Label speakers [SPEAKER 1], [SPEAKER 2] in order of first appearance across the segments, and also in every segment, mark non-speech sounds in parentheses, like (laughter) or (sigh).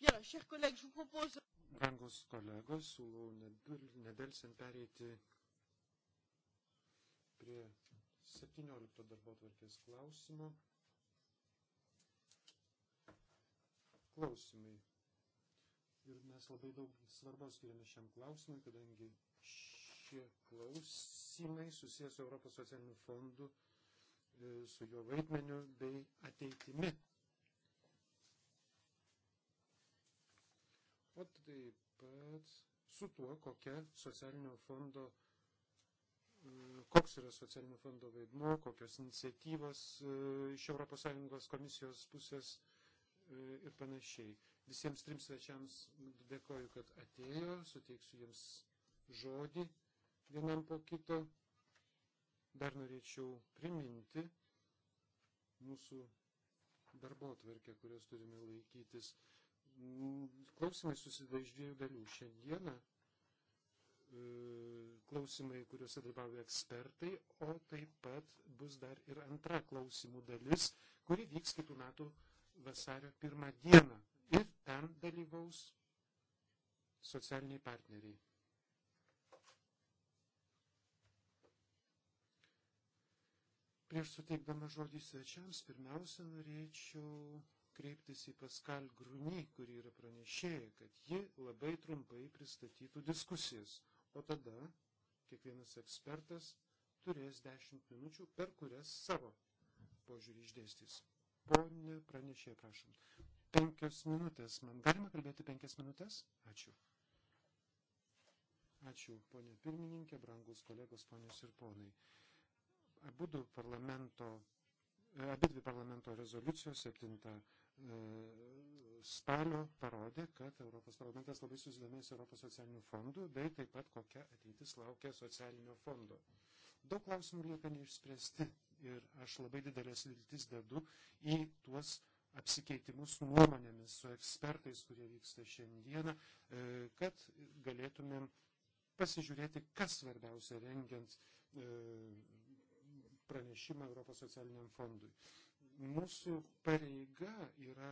[SPEAKER 1] Brangus
[SPEAKER 2] kolegos, siūlau nedelsint pereiti prie 17 darbo tvarkės klausimo. Klausimai. Ir mes labai daug svarbos skiriame šiam klausimui, kadangi šie klausimai susijęs su Europos socialiniu fondu, e, su jo vaidmeniu bei ateitimi o taip pat su tuo, kokia socialinio fondo, mm, koks yra socialinio fondo vaidmo, kokios iniciatyvos e, iš ES komisijos pusės e, ir panašiai. Visiems trims svečiams dėkoju, kad atėjo, suteiksiu jiems žodį vienam po kito. Dar norėčiau priminti mūsų darbo atverkę, kurios turime laikytis. Mm, klausimai susideda iš dviejų dalių. Šiandieną e, klausimai, kuriuose dalyvauja ekspertai, o taip pat bus dar ir antra klausimų dalis, kuri vyks kitų metų vasario pirmą dieną. Ir ten dalyvaus socialiniai partneriai. Prieš suteikdama žodį svečiams, pirmiausia, norėčiau kreiptis į Paskal Grūny, kuri yra pranešėja, kad ji labai trumpai pristatytų diskusijas. O tada kiekvienas ekspertas turės 10 minučių, per kurias savo požiūrį išdėstys. Pone pranešė, prašom. Penkios minutės. Man galima kalbėti penkias minutės? Ačiū. Ačiū, ponė pirmininkė, brangus kolegos, ponios ir ponai. Abudu parlamento, abidvi parlamento rezoliucijos, 7 E, spalio parodė, kad Europos parlamentas labai susidomės Europos socialinių fondų, bei taip pat kokia ateitis laukia socialinio fondo. Daug klausimų lieka neišspręsti ir aš labai didelės viltis dedu į tuos apsikeitimus nuomonėmis su ekspertais, kurie vyksta šiandieną, e, kad galėtumėm pasižiūrėti, kas svarbiausia rengiant e, pranešimą Europos socialiniam fondui mūsų pareiga yra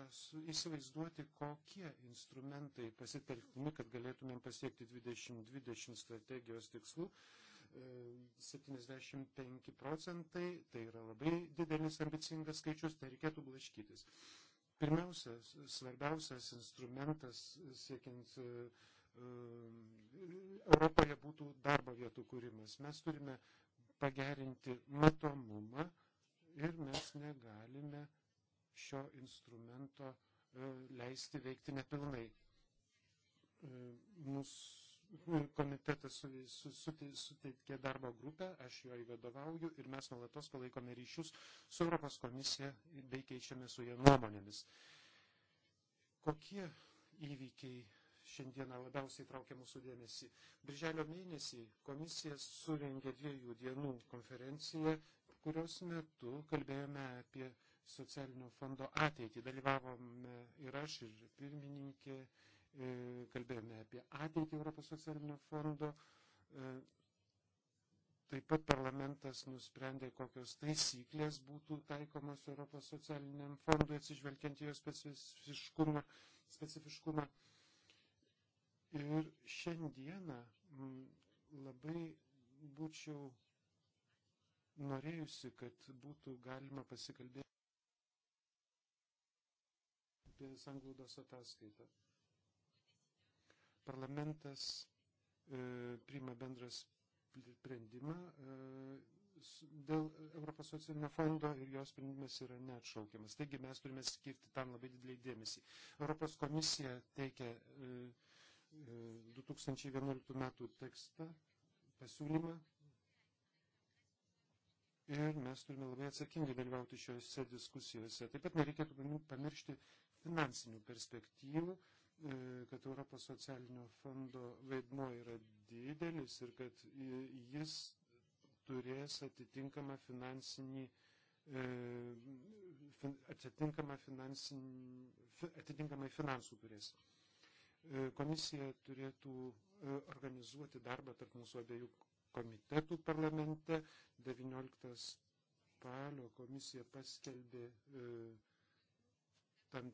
[SPEAKER 2] įsivaizduoti, kokie instrumentai pasitelkimi, kad galėtumėm pasiekti 2020 strategijos tikslų. 75 e, procentai, tai yra labai didelis ambicingas skaičius, tai reikėtų blaškytis. Pirmiausias, svarbiausias instrumentas siekiant e, e, Europoje būtų darbo vietų kūrimas. Mes turime pagerinti matomumą, ir mes negalime šio instrumento e, leisti veikti nepilnai. E, mūsų e, komitetas suteikė darbo grupę, aš jo įvedovauju ir mes nuolatos palaikome ryšius su Europos komisija bei keičiame su jie nuomonėmis. Kokie įvykiai šiandieną labiausiai traukia mūsų dėmesį. Birželio mėnesį komisija surengė dviejų dienų konferenciją kurios metu kalbėjome apie socialinio fondo ateitį. Dalyvavome ir aš, ir pirmininkė, e, kalbėjome apie ateitį Europos socialinio fondo. E, taip pat parlamentas nusprendė, kokios taisyklės būtų taikomos Europos socialiniam fondui atsižvelgiant į jo specifiškumą. specifiškumą. Ir šiandieną labai būčiau norėjusi, kad būtų galima pasikalbėti apie sanglaudos ataskaitą. Parlamentas e, priima bendras sprendimą e, dėl Europos socialinio fondo ir jos sprendimas yra neatšaukiamas. Taigi mes turime skirti tam labai didelį dėmesį. Europos komisija teikia e, 2011 e, metų tekstą, pasiūlymą ir mes turime labai atsakingai dalyvauti šiuose diskusijose. Taip pat nereikėtų pamiršti finansinių perspektyvų, e, kad Europos socialinio fondo vaidmo yra didelis ir kad jis turės atitinkamą finansinį e, atitinkamą, atitinkamai finansų turės. E, komisija turėtų organizuoti darbą tarp mūsų abiejų komitetų parlamente. 19 spalio komisija paskelbė e, tam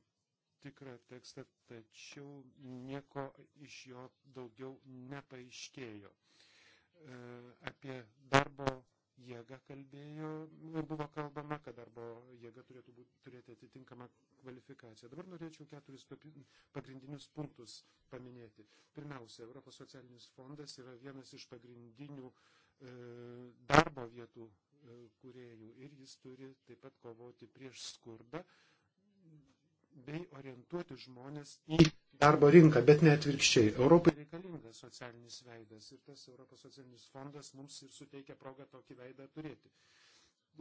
[SPEAKER 2] tikrą tekstą, tačiau nieko iš jo daugiau nepaaiškėjo. E, apie darbo jėgą kalbėjo ir buvo kalbama, kad darbo jėga turėtų būt, turėti atitinkamą kvalifikaciją. Dabar norėčiau keturis pagrindinius punktus paminėti. Pirmiausia, Europos socialinis fondas yra vienas iš pagrindinių e, darbo vietų e, kuriejų ir jis turi taip pat kovoti prieš skurdą bei orientuoti žmonės į darbo rinką, bet ne atvirkščiai. Europai reikalingas socialinis veidas ir tas Europos socialinis fondas mums ir suteikia progą tokį veidą turėti.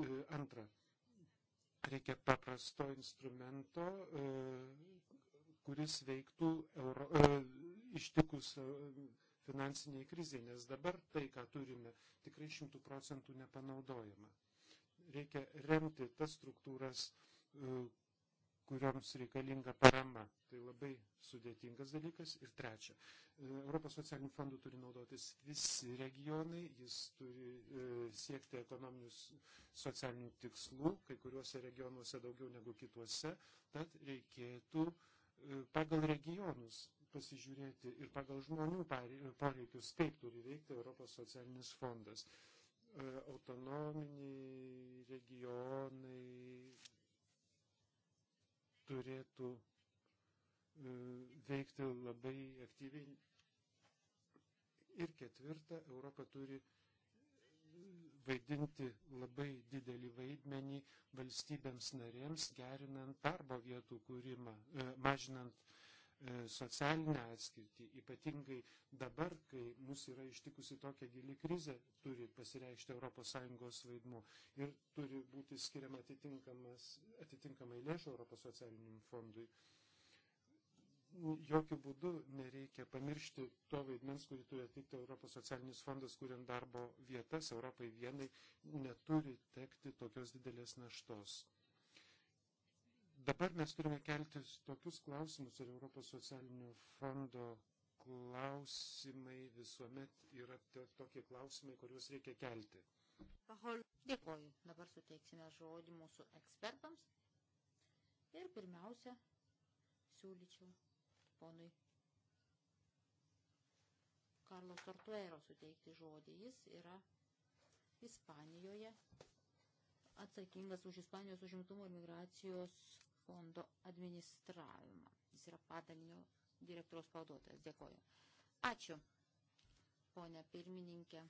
[SPEAKER 2] E, antra, reikia paprasto instrumento, e, kuris veiktų Euro, e, ištikus finansiniai kriziai, nes dabar tai, ką turime, tikrai šimtų procentų nepanaudojama. Reikia remti tas struktūras, kuriams reikalinga parama. Tai labai sudėtingas dalykas. Ir trečia, e, Europos socialinių fondų turi naudotis visi regionai, jis turi e, siekti ekonominius socialinių tikslų, kai kuriuose regionuose daugiau negu kituose, tad reikėtų e, pagal regionus pasižiūrėti ir pagal žmonių poreikius, taip turi veikti Europos socialinis fondas. Autonominiai regionai, turėtų e, veikti labai aktyviai. Ir ketvirta, Europa turi e, vaidinti labai didelį vaidmenį valstybėms narėms, gerinant darbo vietų kūrimą, e, mažinant E, socialinę atskirtį, ypatingai dabar, kai mus yra ištikusi tokia gili krizė, turi pasireikšti ES vaidmuo ir turi būti skiriama atitinkamai lėšų ES fondui. Jokių būdų nereikia pamiršti to vaidmens, kurį turi atlikti ES fondas, kuriant darbo vietas Europai vienai, neturi tekti tokios didelės naštos. Dabar mes turime kelti tokius klausimus ir Europos socialinio fondo klausimai visuomet yra tokie klausimai, kuriuos reikia kelti.
[SPEAKER 1] Dėkoju. Dabar suteiksime žodį mūsų ekspertams. Ir pirmiausia, siūlyčiau ponui Karlo Tortuero suteikti žodį. Jis yra Ispanijoje atsakingas už Ispanijos užimtumo ir migracijos fondo administravimą. Jis yra padalinio direktoriaus pavaduotojas. Dėkoju. Ačiū, ponia pirmininkė,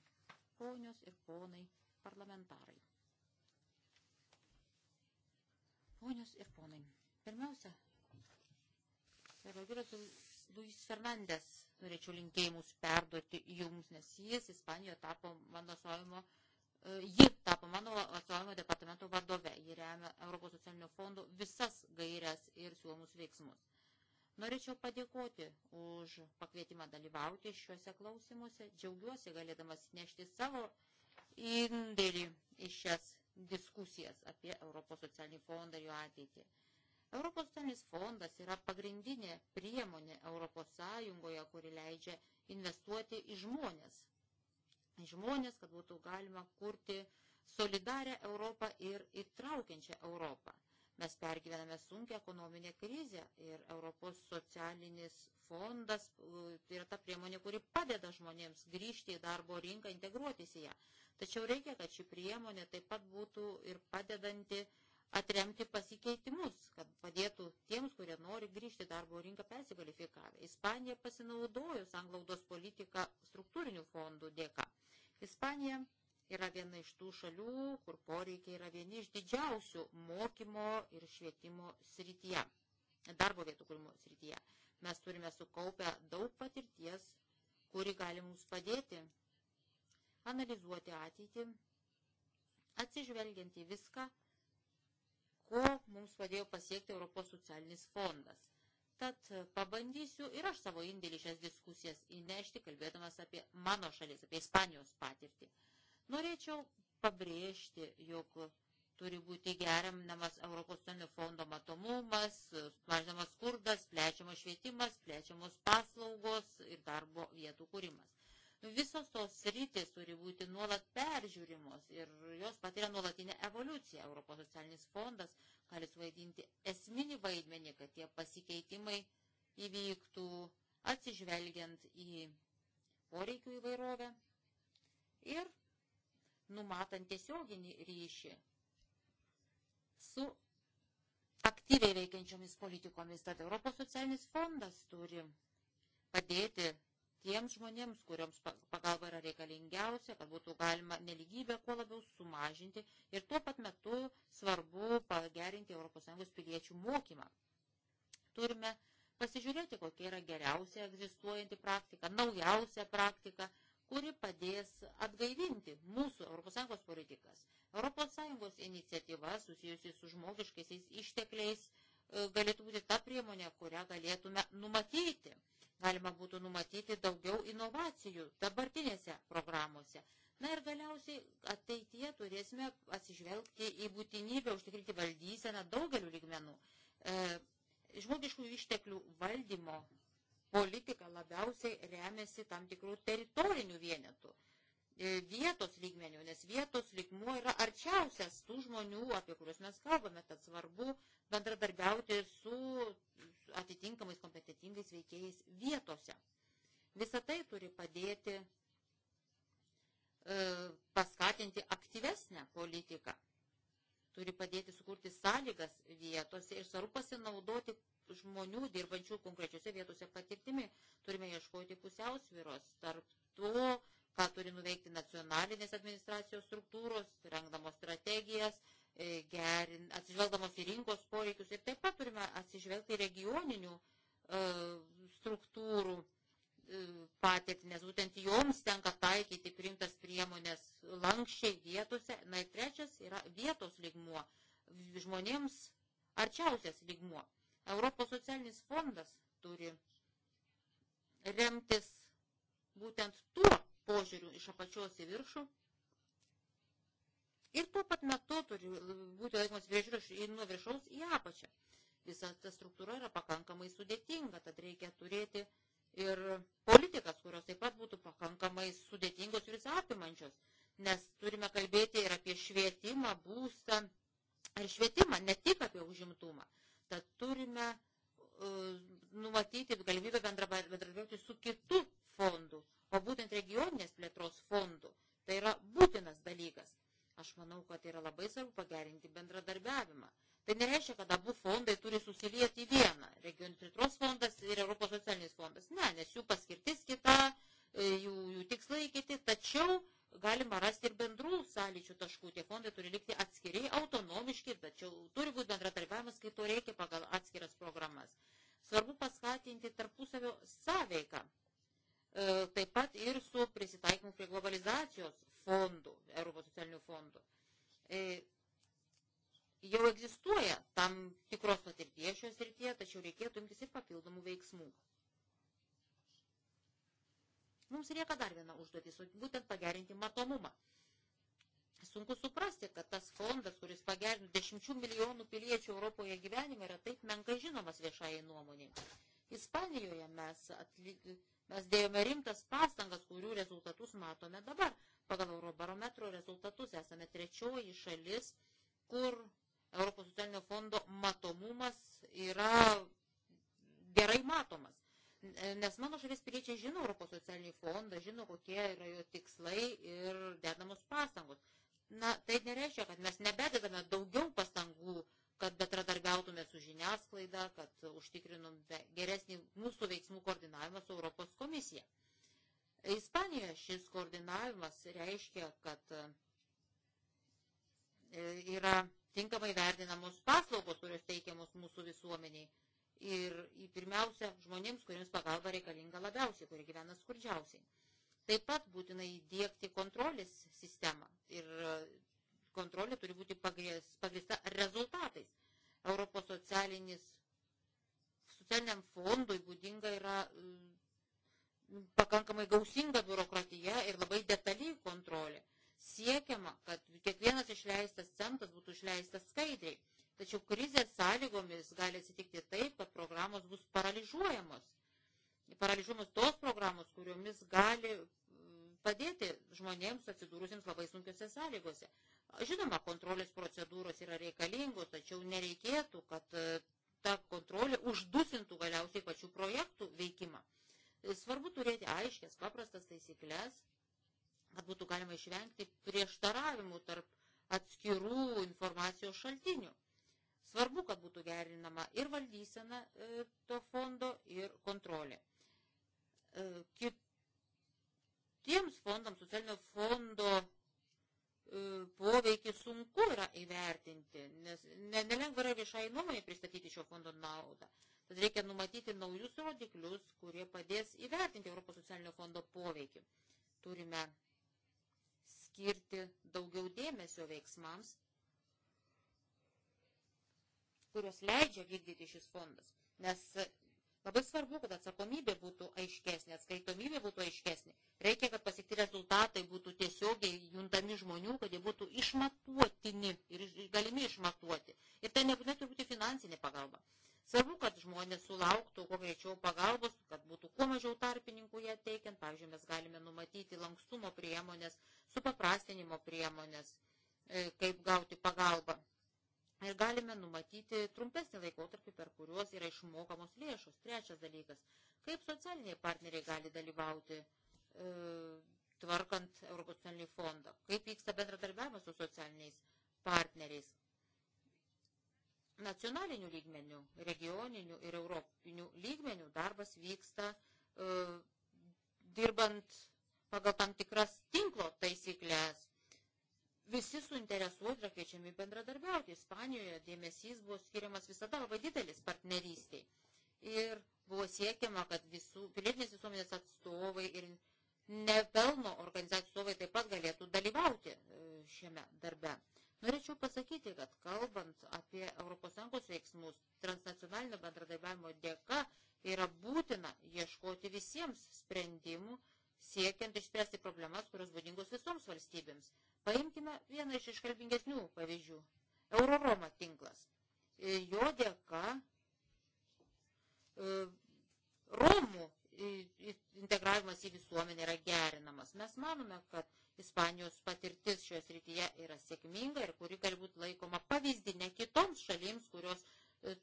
[SPEAKER 1] ponios ir ponai parlamentarai. Ponios ir ponai, pirmiausia, Roberto Luis Fernandes norėčiau linkėjimus perduoti jums, nes jis Ispanijoje tapo mano savimo Ji tapo mano atstovavimo departamento vadove. Ji remia Europos socialinio fondo visas gairias ir siūlomus veiksmus. Norėčiau padėkoti už pakvietimą dalyvauti šiuose klausimuose. Džiaugiuosi galėdamas nešti savo indėlį į šias diskusijas apie Europos socialinį fondą ir jo ateitį. Europos socialinis fondas yra pagrindinė priemonė Europos Sąjungoje, kuri leidžia investuoti į žmonės žmonės, kad būtų galima kurti solidarę Europą ir įtraukiančią Europą. Mes pergyvename sunkia ekonominė krizė ir Europos socialinis fondas tai yra ta priemonė, kuri padeda žmonėms grįžti į darbo rinką, integruotis į ją. Tačiau reikia, kad ši priemonė taip pat būtų ir padedanti atremti pasikeitimus, kad padėtų tiems, kurie nori grįžti darbo rinką persikvalifikavę. Ispanija pasinaudojo sanglaudos politiką struktūrinių fondų dėka. Ispanija yra viena iš tų šalių, kur poreikiai yra vieni iš didžiausių mokymo ir švietimo srityje, darbo vietų kūrimo srityje. Mes turime sukaupę daug patirties, kuri gali mums padėti analizuoti ateitį, atsižvelgiant į viską, ko mums padėjo pasiekti Europos socialinis fondas. Tad e, pabandysiu ir aš savo indėlį šias diskusijas įnešti, kalbėdamas apie mano šalis, apie Ispanijos patirtį. Norėčiau pabrėžti, jog turi būti gerinamas Europos Sąjungų fondo matomumas, mažinamas skurdas, plečiamas švietimas, plečiamos paslaugos ir darbo vietų kūrimas. Visos tos rytis turi būti nuolat peržiūrimos ir jos patiria nuolatinę evoliuciją. Europos socialinis fondas gali suvaidinti esminį vaidmenį, kad tie pasikeitimai įvyktų atsižvelgiant į poreikių įvairovę ir numatant tiesioginį ryšį su aktyviai veikiančiomis politikomis. Tad Europos socialinis fondas turi padėti tiems žmonėms, kuriems pagalba yra reikalingiausia, kad būtų galima neligybę kuo labiau sumažinti ir tuo pat metu svarbu pagerinti ES piliečių mokymą. Turime pasižiūrėti, kokia yra geriausia egzistuojanti praktika, naujausia praktika, kuri padės atgaivinti mūsų ES politikas. ES iniciatyva susijusi su žmogiškaisiais ištekliais e, galėtų būti ta priemonė, kurią galėtume numatyti Galima būtų numatyti daugiau inovacijų dabartinėse programuose. Na ir galiausiai ateityje turėsime atsižvelgti į būtinybę užtikrinti valdyseną daugeliu lygmenų. E, žmogiškų išteklių valdymo politika labiausiai remiasi tam tikrų teritorinių vienetų. E, vietos lygmenių, nes vietos lygmuo yra arčiausias tų žmonių, apie kuriuos mes kalbame, tad svarbu bendradarbiauti su atitinkamais kompetitingais veikėjais vietose. Visą tai turi padėti e, paskatinti aktyvesnę politiką, turi padėti sukurti sąlygas vietose ir svarbu pasinaudoti žmonių dirbančių konkrečiose vietose patirtimi. Turime ieškoti pusiausviros tarp to, ką turi nuveikti nacionalinės administracijos struktūros, rengdamos strategijas, e, gerin, atsižvelgdamos į rinkos poreikius ir taip pat turime atsižvelgti regioninių e, struktūrų e, patirtį, nes būtent joms tenka taikyti priimtas priemonės lankščiai vietose. Na ir trečias yra vietos ligmuo, žmonėms arčiausias ligmuo. Europos socialinis fondas turi remtis būtent tuo, požiūrių iš apačios į viršų. Ir tuo pat metu turi būti laikomas priežiūros nuo viršaus į apačią. Visa ta struktūra yra pakankamai sudėtinga, tad reikia turėti ir politikas, kurios taip pat būtų pakankamai sudėtingos ir apimančios, nes turime kalbėti ir apie švietimą, būstą ir švietimą, ne tik apie užimtumą. Tad turime uh, numatyti galimybę bendradarbiauti su kitu fondų, o būtent regioninės plėtros fondų. Tai yra būtinas dalykas. Aš manau, kad yra labai svarbu pagerinti bendradarbiavimą. Tai nereiškia, kad abu fondai turi susilieti į vieną. Regionų plėtros fondas ir Europos socialinis fondas. Ne, nes jų paskirtis kita, jų, jų tikslai kiti. Tačiau galima rasti ir bendrų sąlyčių taškų. Tie fondai turi likti atskiriai, autonomiški, tačiau turi būti bendradarbiavimas, kai to reikia pagal atskiras programas. Svarbu paskatinti tarpusavio sąveiką Э, taip pat ir su prisitaikymu prie globalizacijos fondų, Europos socialinių fondų. Э, Jau egzistuoja tam tikros patirties šios rytyje, tačiau reikėtų imtis ir papildomų veiksmų. Mums lieka dar viena užduotis, būtent pagerinti matomumą. Sunku suprasti, kad tas fondas, kuris pagerino dešimčių milijonų piliečių Europoje gyvenimą, yra taip menkai žinomas viešai nuomonė. Ispanijoje mes atlikome Mes dėjome rimtas pastangas, kurių rezultatus matome dabar. Pagal Eurobarometro rezultatus esame trečioji šalis, kur Europos socialinio fondo matomumas yra gerai matomas. Nes mano šalies piliečiai žino Europos socialinį fondą, žino, kokie yra jo tikslai ir dedamos pastangos. Na, tai nereiškia, kad mes nebededame daugiau pastangų kad betradarbiautume su žiniasklaida, kad užtikrinume geresnį mūsų veiksmų koordinavimą su Europos komisija. Ispanijoje šis koordinavimas reiškia, kad e, yra tinkamai vertinamos paslaugos, kurios teikiamos mūsų visuomeniai. Ir pirmiausia, žmonėms, kuriems pagalba reikalinga labiausiai, kurie gyvena skurdžiausiai. Taip pat būtina įdėkti kontrolės sistemą ir kontrolė turi būti pagrįsta rezultatais. Europos socialinis, socialiniam fondui būdinga yra mm, mm, pakankamai gausinga biurokratija ir labai detali kontrolė. Siekiama, kad kiekvienas išleistas centas būtų išleistas skaidriai. Tačiau krizės sąlygomis gali atsitikti taip, kad programos bus paralyžiuojamos. Paralyžiuojamos tos programos, kuriomis gali mm, padėti žmonėms atsidūrusiems labai sunkiose sąlygose. Žinoma, kontrolės procedūros yra reikalingos, tačiau nereikėtų, kad e, ta kontrolė uždusintų galiausiai pačių projektų veikimą. E, svarbu turėti aiškias, paprastas taisyklės, kad būtų galima išvengti prieštaravimų tarp atskirų informacijos šaltinių. Svarbu, kad būtų gerinama ir valdysena e, to fondo, ir kontrolė. E, kitiems fondams, socialinio fondo E, poveikį sunku yra įvertinti, nes nelengva yra viešai nuomonė pristatyti šio fondo naudą. Tad reikia numatyti naujus rodiklius, kurie padės įvertinti Europos socialinio fondo poveikį. Turime skirti daugiau dėmesio veiksmams, kurios leidžia vykdyti šis fondas. Nes Labai svarbu, kad atsakomybė būtų aiškesnė, atskaitomybė būtų aiškesnė. Reikia, kad pasiekti rezultatai būtų tiesiogiai juntami žmonių, kad jie būtų išmatuotini ir galimi išmatuoti. Ir tai nebūtinai turi būti finansinė pagalba. Svarbu, kad žmonės sulauktų kuo greičiau pagalbos, kad būtų kuo mažiau tarpininkų ją teikiant. Pavyzdžiui, mes galime numatyti lankstumo priemonės, supaprastinimo priemonės, e, kaip gauti pagalbą ir galime numatyti trumpesnį laikotarpį, per kuriuos yra išmokamos lėšos. Trečias dalykas, kaip socialiniai partneriai gali dalyvauti e, tvarkant Europos socialinį fondą, kaip vyksta bendradarbiavimas su socialiniais partneriais nacionalinių lygmenių, regioninių ir europinių lygmenių darbas vyksta e, dirbant pagal tam tikras tinklo taisyklės, Visi suinteresuoti yra kviečiami bendradarbiauti. Ispanijoje dėmesys buvo skiriamas visada labai didelis partnerystiai. Ir buvo siekiama, kad visų pilietinės visuomenės atstovai ir nepelno organizacijų atstovai taip pat galėtų dalyvauti e, šiame darbe. Norėčiau pasakyti, kad kalbant apie ES veiksmus, transnacionalinio bendradarbiavimo dėka yra būtina ieškoti visiems sprendimų, siekiant išspręsti problemas, kurios būdingos visoms valstybėms. Paimkime vieną iš iškalbingesnių pavyzdžių – Euroroma tinklas. E, jo dėka e, Romų integravimas į visuomenę yra gerinamas. Mes manome, kad Ispanijos patirtis šioje srityje yra sėkminga ir kuri gali būti laikoma pavyzdinė kitoms šalims, kurios e,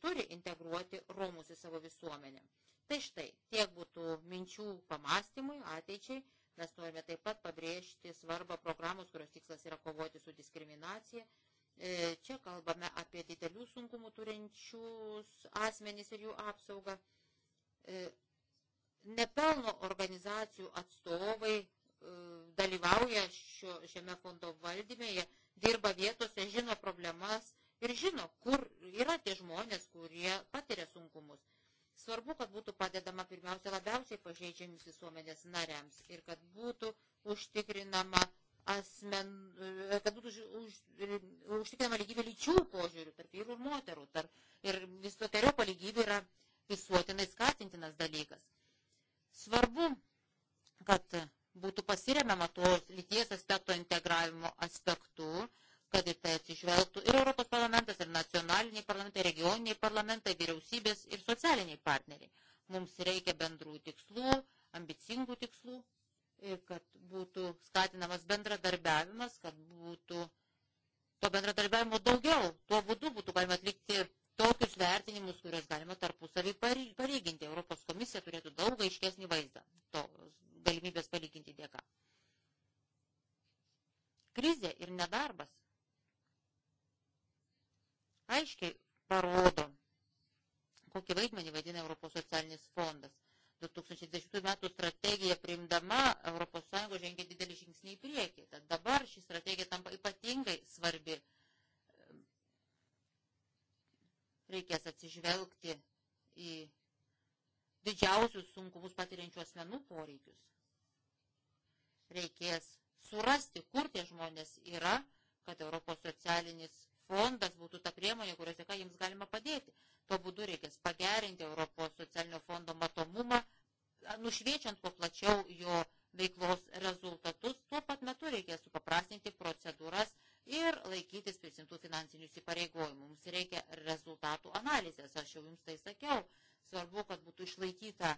[SPEAKER 1] turi integruoti Romus į savo visuomenę. Tai štai, tiek būtų minčių pamastymui ateičiai. Mes norime taip pat pabrėžti svarbą programos, kurios tikslas yra kovoti su diskriminacija. E, čia kalbame apie didelių sunkumų turinčius asmenys ir jų apsaugą. E, nepelno organizacijų atstovai e, dalyvauja šio, šiame fondo valdymėje, dirba vietose, žino problemas ir žino, kur yra tie žmonės, kurie patiria sunkumus. Svarbu, kad būtų padedama pirmiausia labiausiai pažeidžiamis visuomenės nariams ir kad būtų užtikrinama asmen, e, kad būtų už, už, e, užtikrinama lygybė lyčių požiūrių tarp vyrų ir moterų. Tarp, ir visokiojo palygybė yra visuotinai skatintinas dalykas. Svarbu, kad būtų pasiremiama to lyties aspekto integravimo aspektu kad į tai atsižvelgtų ir Europos parlamentas, ir nacionaliniai parlamentai, regioniniai parlamentai, vyriausybės ir socialiniai partneriai. Mums reikia bendrų tikslų, ambicingų tikslų, kad būtų skatinamas bendradarbiavimas, kad būtų to bendradarbiavimo daugiau. Tuo būdu būtų galima atlikti tokius vertinimus, kuriuos galima tarpusavį palyginti. Europos komisija turėtų daug aiškesnį vaizdą to galimybės palyginti dėka. Krizė ir nedarbas aiškiai parodo, kokį vaidmenį vaidina Europos socialinis fondas. 2010 metų strategija priimdama ES žengė didelį žingsnį į priekį. Tad dabar ši strategija tampa ypatingai svarbi. Reikės atsižvelgti į didžiausius sunkumus patiriančių asmenų poreikius. Reikės surasti, kur tie žmonės yra, kad Europos socialinis fondas būtų ta priemonė, kurios dėka jiems galima padėti. Tuo būdu reikės pagerinti Europos socialinio fondo matomumą, nušviečiant kuo plačiau jo veiklos rezultatus, tuo pat metu reikės supaprastinti procedūras ir laikytis prisimtų finansinių įsipareigojimų. Mums reikia rezultatų analizės, aš jau jums tai sakiau. Svarbu, kad būtų išlaikyta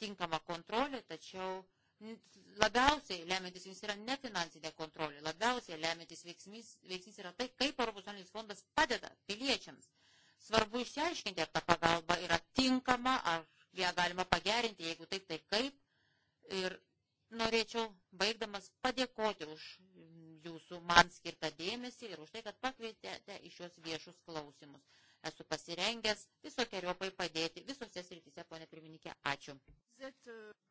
[SPEAKER 1] tinkama kontrolė, tačiau labiausiai lemiantis veiksnys yra ne finansinė kontrolė, labiausiai lemiantis veiksnys, veiksnys yra tai, kaip ES fondas padeda piliečiams. Svarbu išsiaiškinti, ar ta pagalba yra tinkama, ar ją galima pagerinti, jeigu taip, tai kaip. Ir norėčiau, baigdamas, padėkoti už jūsų man skirtą dėmesį ir už tai, kad pakvietėte į šios viešus klausimus. Esu pasirengęs visokiojopai padėti visose srityse, ponė pirmininkė. Ačiū.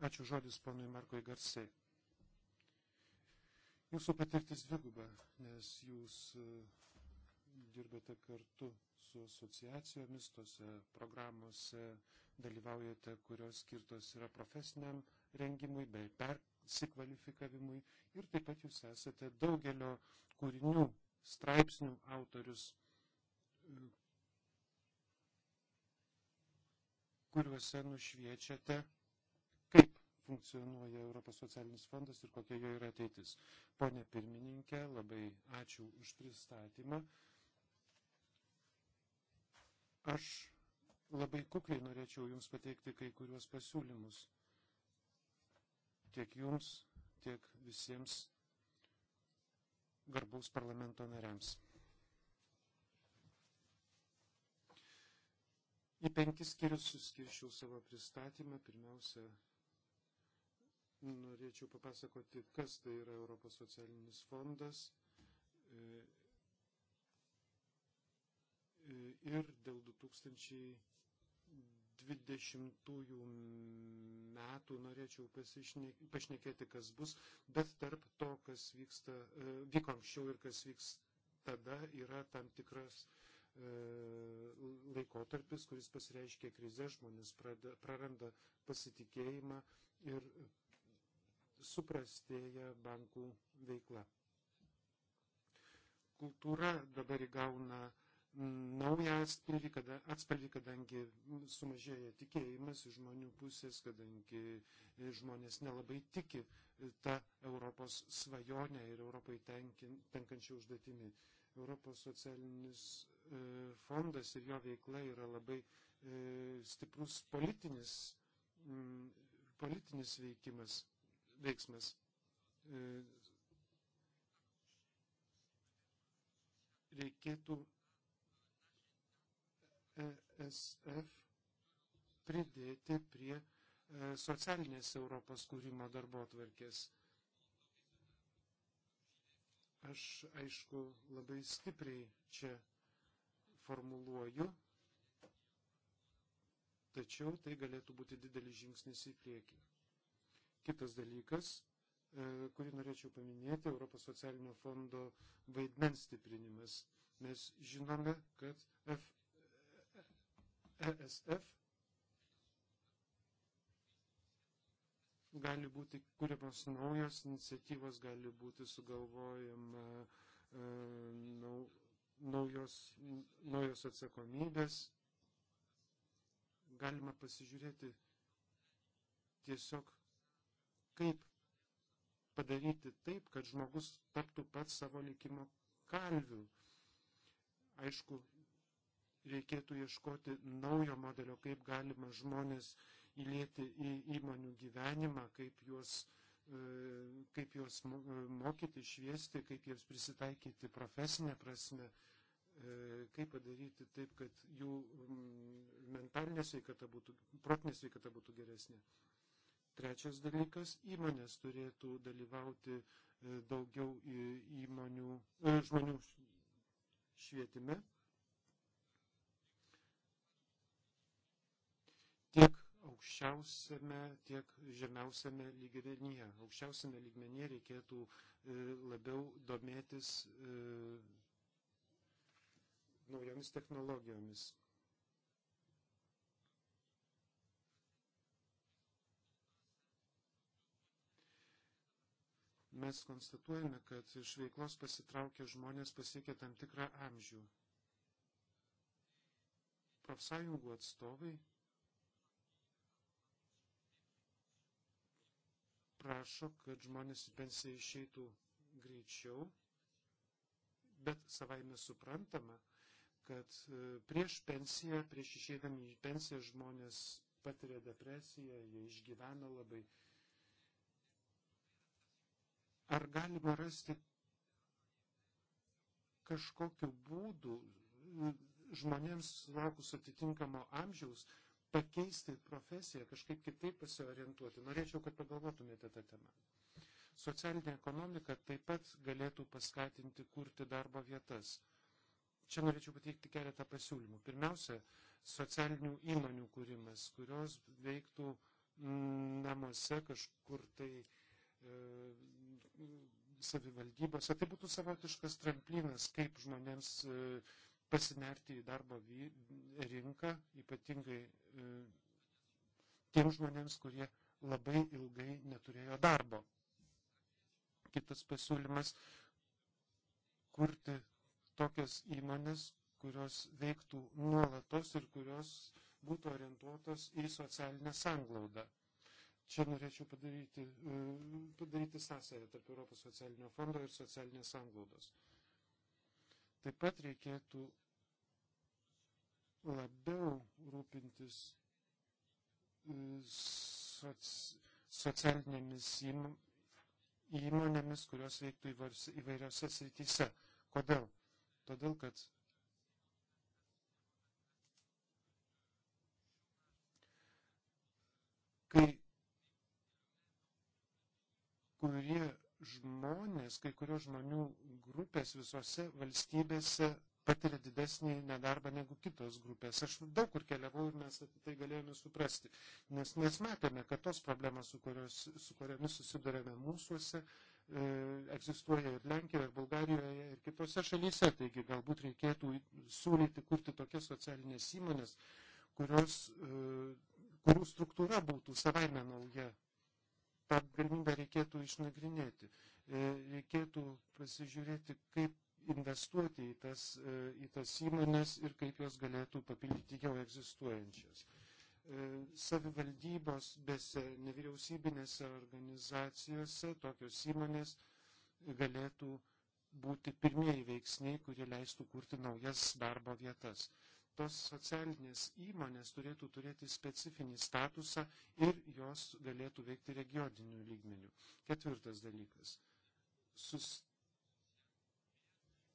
[SPEAKER 2] Ačiū žodis ponui Markui Garsai. Jūsų patirtis dviguba, nes jūs e, dirbate kartu su asociacijomis, tose programuose dalyvaujate, kurios skirtos yra profesiniam rengimui bei persikvalifikavimui ir taip pat jūs esate daugelio kūrinių straipsnių autorius, e, kuriuose nušviečiate, kaip funkcionuoja Europos socialinis fondas ir kokia jo yra ateitis. Pone pirmininkė, labai ačiū už pristatymą. Aš labai kukliai norėčiau Jums pateikti kai kuriuos pasiūlymus. Tiek Jums, tiek visiems garbaus parlamento nariams. Į penkis skirius suskirčiau savo pristatymą. Pirmiausia, norėčiau papasakoti, kas tai yra Europos socialinis fondas e, ir dėl 2020 metų norėčiau pašnekėti, kas bus, bet tarp to, kas vyksta, e, vyko anksčiau ir kas vyks tada, yra tam tikras E, laikotarpis, kuris pasireiškia krize, žmonės praranda pasitikėjimą ir suprastėja bankų veikla. Kultūra dabar įgauna naują atspalvį, kada, atspalvį, kadangi sumažėja tikėjimas iš žmonių pusės, kadangi žmonės nelabai tiki tą Europos svajonę ir Europai tenkin, tenkančią užduotimį. Europos socialinis E, fondas ir jo veikla yra labai e, stiprus politinis, politinis veikimas, veiksmas. E, reikėtų ESF pridėti prie socialinės Europos kūrimo darbo atvarkės. Aš, aišku, labai stipriai čia formuluoju, tačiau tai galėtų būti didelis žingsnis į priekį. Kitas dalykas, e, kurį norėčiau paminėti, Europos socialinio fondo vaidmens stiprinimas. Mes žinome, kad F, ESF e gali būti kūriamas naujos iniciatyvos, gali būti sugalvojama e, nau, naujos, naujos atsakomybės. Galima pasižiūrėti tiesiog, kaip padaryti taip, kad žmogus taptų pats savo likimo kalvių. Aišku, reikėtų ieškoti naujo modelio, kaip galima žmonės įlėti į įmonių gyvenimą, kaip juos uh, kaip juos mokyti, šviesti, kaip jiems prisitaikyti profesinę prasme, e, kaip padaryti taip, kad jų mentalinė sveikata būtų, protinė sveikata būtų geresnė. Trečias dalykas - įmonės turėtų dalyvauti e, daugiau įmonių, e, žmonių švietime. aukščiausiame, tiek žemiausiame lygmenyje. Aukščiausiame lygmenyje reikėtų e, labiau domėtis e, naujomis technologijomis. Mes konstatuojame, kad iš veiklos pasitraukia žmonės pasiekia tam tikrą amžių. Profsąjungų atstovai prašo, kad žmonės į pensiją išeitų greičiau, bet savaime suprantama, kad e, prieš pensiją, prieš išeidami į pensiją žmonės patiria depresiją, jie išgyvena labai. Ar galima rasti kažkokiu būdu žmonėms sulaukus atitinkamo amžiaus pakeisti profesiją, kažkaip kitaip pasiorientuoti. Norėčiau, kad pagalvotumėte tą temą. Socialinė ekonomika taip pat galėtų paskatinti kurti darbo vietas. Čia norėčiau pateikti keletą pasiūlymų. Pirmiausia, socialinių įmonių kūrimas, kurios veiktų mm, namuose kažkur tai e, savivaldybose. Tai būtų savotiškas tramplinas, kaip žmonėms e, pasinerti į darbo rinką, ypatingai E, tiems žmonėms, kurie labai ilgai neturėjo darbo. Kitas pasiūlymas - kurti tokias įmonės, kurios veiktų nuolatos ir kurios būtų orientuotos į socialinę sanglaudą. Čia norėčiau padaryti, e, padaryti sąsąją tarp Europos socialinio fondo ir socialinės sanglaudos. Taip pat reikėtų labiau rūpintis e, soc, socialinėmis įmonėmis, kurios veiktų įvairiose srityse. Kodėl? Todėl, kad kai kurie žmonės, kai kurios žmonių grupės visose valstybėse patiria didesnį nedarbą negu kitos grupės. Aš daug kur keliavau ir mes apie tai galėjome suprasti, nes mes matėme, kad tos problemos, su, kurios, su kuriamis susidurėme mūsųse, e, egzistuoja ir Lenkijoje, ir Bulgarijoje, ir kitose šalyse. Taigi galbūt reikėtų siūlyti kurti tokias socialinės įmonės, kurios, e, kurių struktūra būtų savaime nauja. Ta galimybė reikėtų išnagrinėti e, reikėtų pasižiūrėti, kaip investuoti į tas, e, į tas įmonės ir kaip jos galėtų papildyti jau egzistuojančias. E, savivaldybos, bese nevyriausybinėse organizacijose tokios įmonės galėtų būti pirmieji veiksniai, kurie leistų kurti naujas darbo vietas. Tos socialinės įmonės turėtų turėti specifinį statusą ir jos galėtų veikti regioninių lygmenių. Ketvirtas dalykas. Sust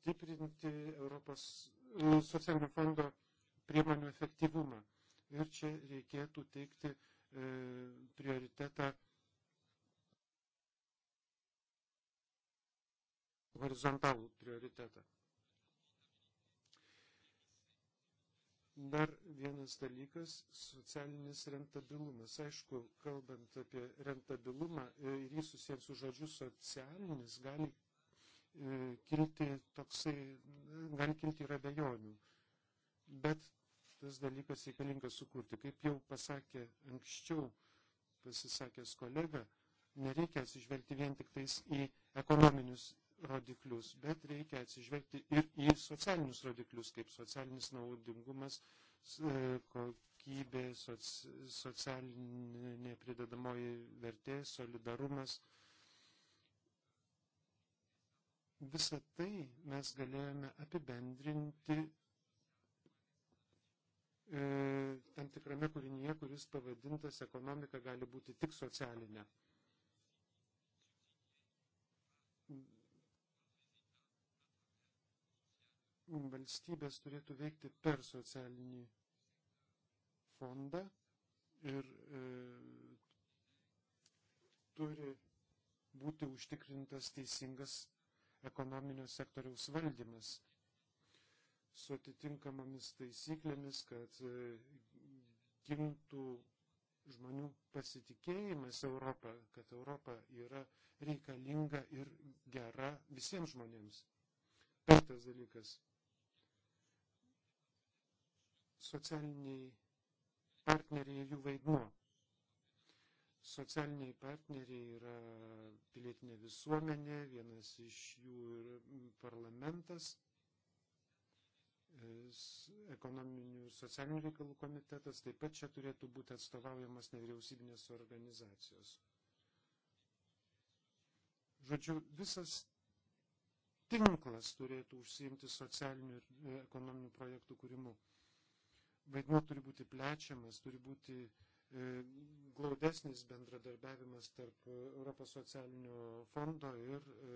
[SPEAKER 2] stiprinti Europos nu, socialinio fondo priemonių efektyvumą. Ir čia reikėtų teikti e, prioritetą
[SPEAKER 3] horizontalų
[SPEAKER 2] prioritetą. Dar vienas dalykas - socialinis rentabilumas. Aišku, kalbant apie rentabilumą e, ir jį susijęs su žodžiu socialinis, gali E, kilti toksai, gali kilti ir abejonių. Bet tas dalykas reikalingas sukurti. Kaip jau pasakė anksčiau pasisakęs kolega, nereikia atsižvelgti vien tik tais į ekonominius rodiklius, bet reikia atsižvelgti ir į socialinius rodiklius, kaip socialinis naudingumas, e, kokybė, soc, socialinė pridedamoji vertė, solidarumas Visą tai mes galėjome apibendrinti e, tam tikrame kūrinyje, kuris pavadintas ekonomika gali būti tik socialinė. valstybės turėtų veikti per socialinį fondą ir e, turi būti užtikrintas teisingas ekonominio sektoriaus valdymas su atitinkamomis taisyklėmis, kad e, gimtų žmonių pasitikėjimas Europą, kad Europa yra reikalinga ir gera visiems žmonėms. Penktas dalykas. Socialiniai partneriai ir jų vaidmuo. Socialiniai partneriai yra pilietinė visuomenė, vienas iš jų yra parlamentas, ekonominių ir socialinių reikalų komitetas, taip pat čia turėtų būti atstovaujamas nevyriausybinės organizacijos. Žodžiu, visas tinklas turėtų užsiimti socialinių ir e, ekonominių projektų kūrimu. Vaidmuo turi būti plečiamas, turi būti uh, E, glaudesnis bendradarbiavimas tarp e, Europos socialinio fondo ir e,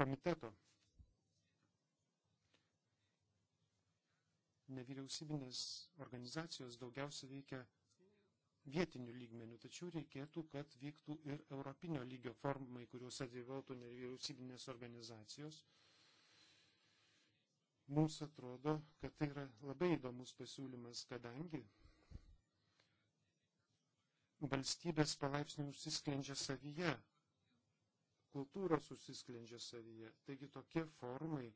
[SPEAKER 2] komiteto. Nevyriausybinės organizacijos daugiausia veikia vietinių lygmenių, tačiau reikėtų, kad vyktų ir europinio lygio formai, kuriuose dalyvautų nevyriausybinės organizacijos Mums atrodo, kad tai yra labai įdomus pasiūlymas, kadangi valstybės palaipsniui užsisklendžia savyje, kultūros užsisklendžia savyje. Taigi tokie formai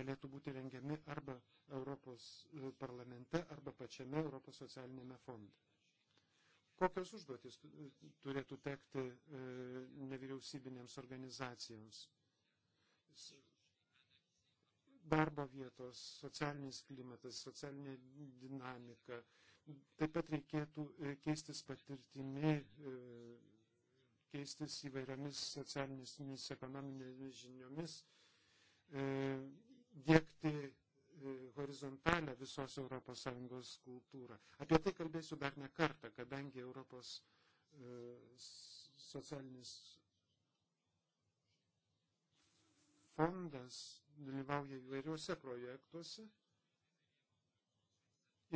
[SPEAKER 2] galėtų būti rengiami arba Europos e, parlamente, arba pačiame Europos socialinėme fonde. Kokios užduotis e, turėtų tekti e, nevyriausybinėms organizacijoms? darbo vietos, socialinis klimatas, socialinė dinamika. Taip pat reikėtų e, keistis patirtimi, e, keistis įvairiomis socialinėmis, ekonominėmis žiniomis, e, dėkti horizontalę visos ES kultūrą. Apie tai kalbėsiu dar ne kartą, kadangi Europos socialinis fondas dalyvauja įvairiuose projektuose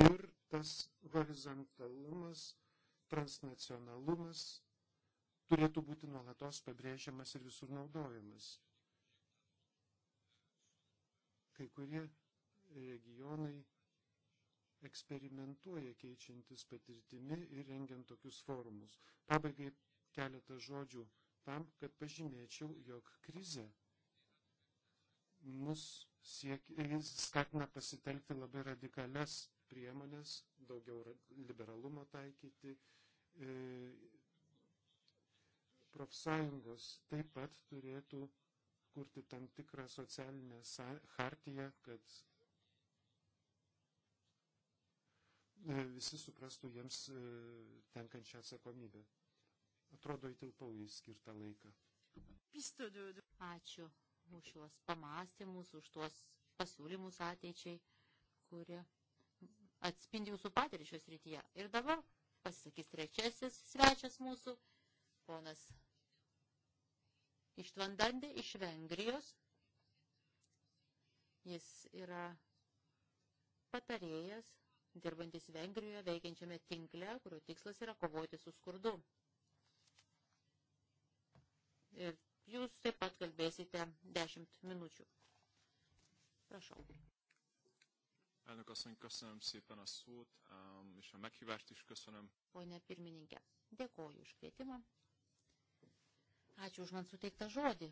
[SPEAKER 2] ir tas horizontalumas, transnacionalumas turėtų būti nuolatos pabrėžiamas ir visur naudojamas. Kai kurie regionai eksperimentuoja keičiantis patirtimi ir rengiant tokius forumus. Pabaigai keletą žodžių tam, kad pažymėčiau, jog krize mus siek, skatina pasitelkti labai radikales priemonės, daugiau liberalumo taikyti. E, profsąjungos taip pat turėtų kurti tam tikrą socialinę hartiją, kad e, visi suprastų jiems e, tenkančią atsakomybę. Atrodo, įtilpau į skirtą laiką.
[SPEAKER 1] Ačiū už šios pamastymus, už tuos pasiūlymus ateičiai, kurie atspindi jūsų patirtį šios rytyje. Ir dabar pasisakys trečiasis svečias mūsų, ponas Ištvandandė iš Vengrijos. Jis yra patarėjas, dirbantis Vengrijoje veikiančiame tinkle, kurio tikslas yra kovoti su skurdu. Ir Jūs taip pat kalbėsite 10 minučių. Prašau.
[SPEAKER 2] Elnök asszony, köszönöm szépen a szót, és a meghívást is köszönöm.
[SPEAKER 1] Pone pirmininkė, dėkoju už kvietimą. Ačiū už man suteiktą žodį.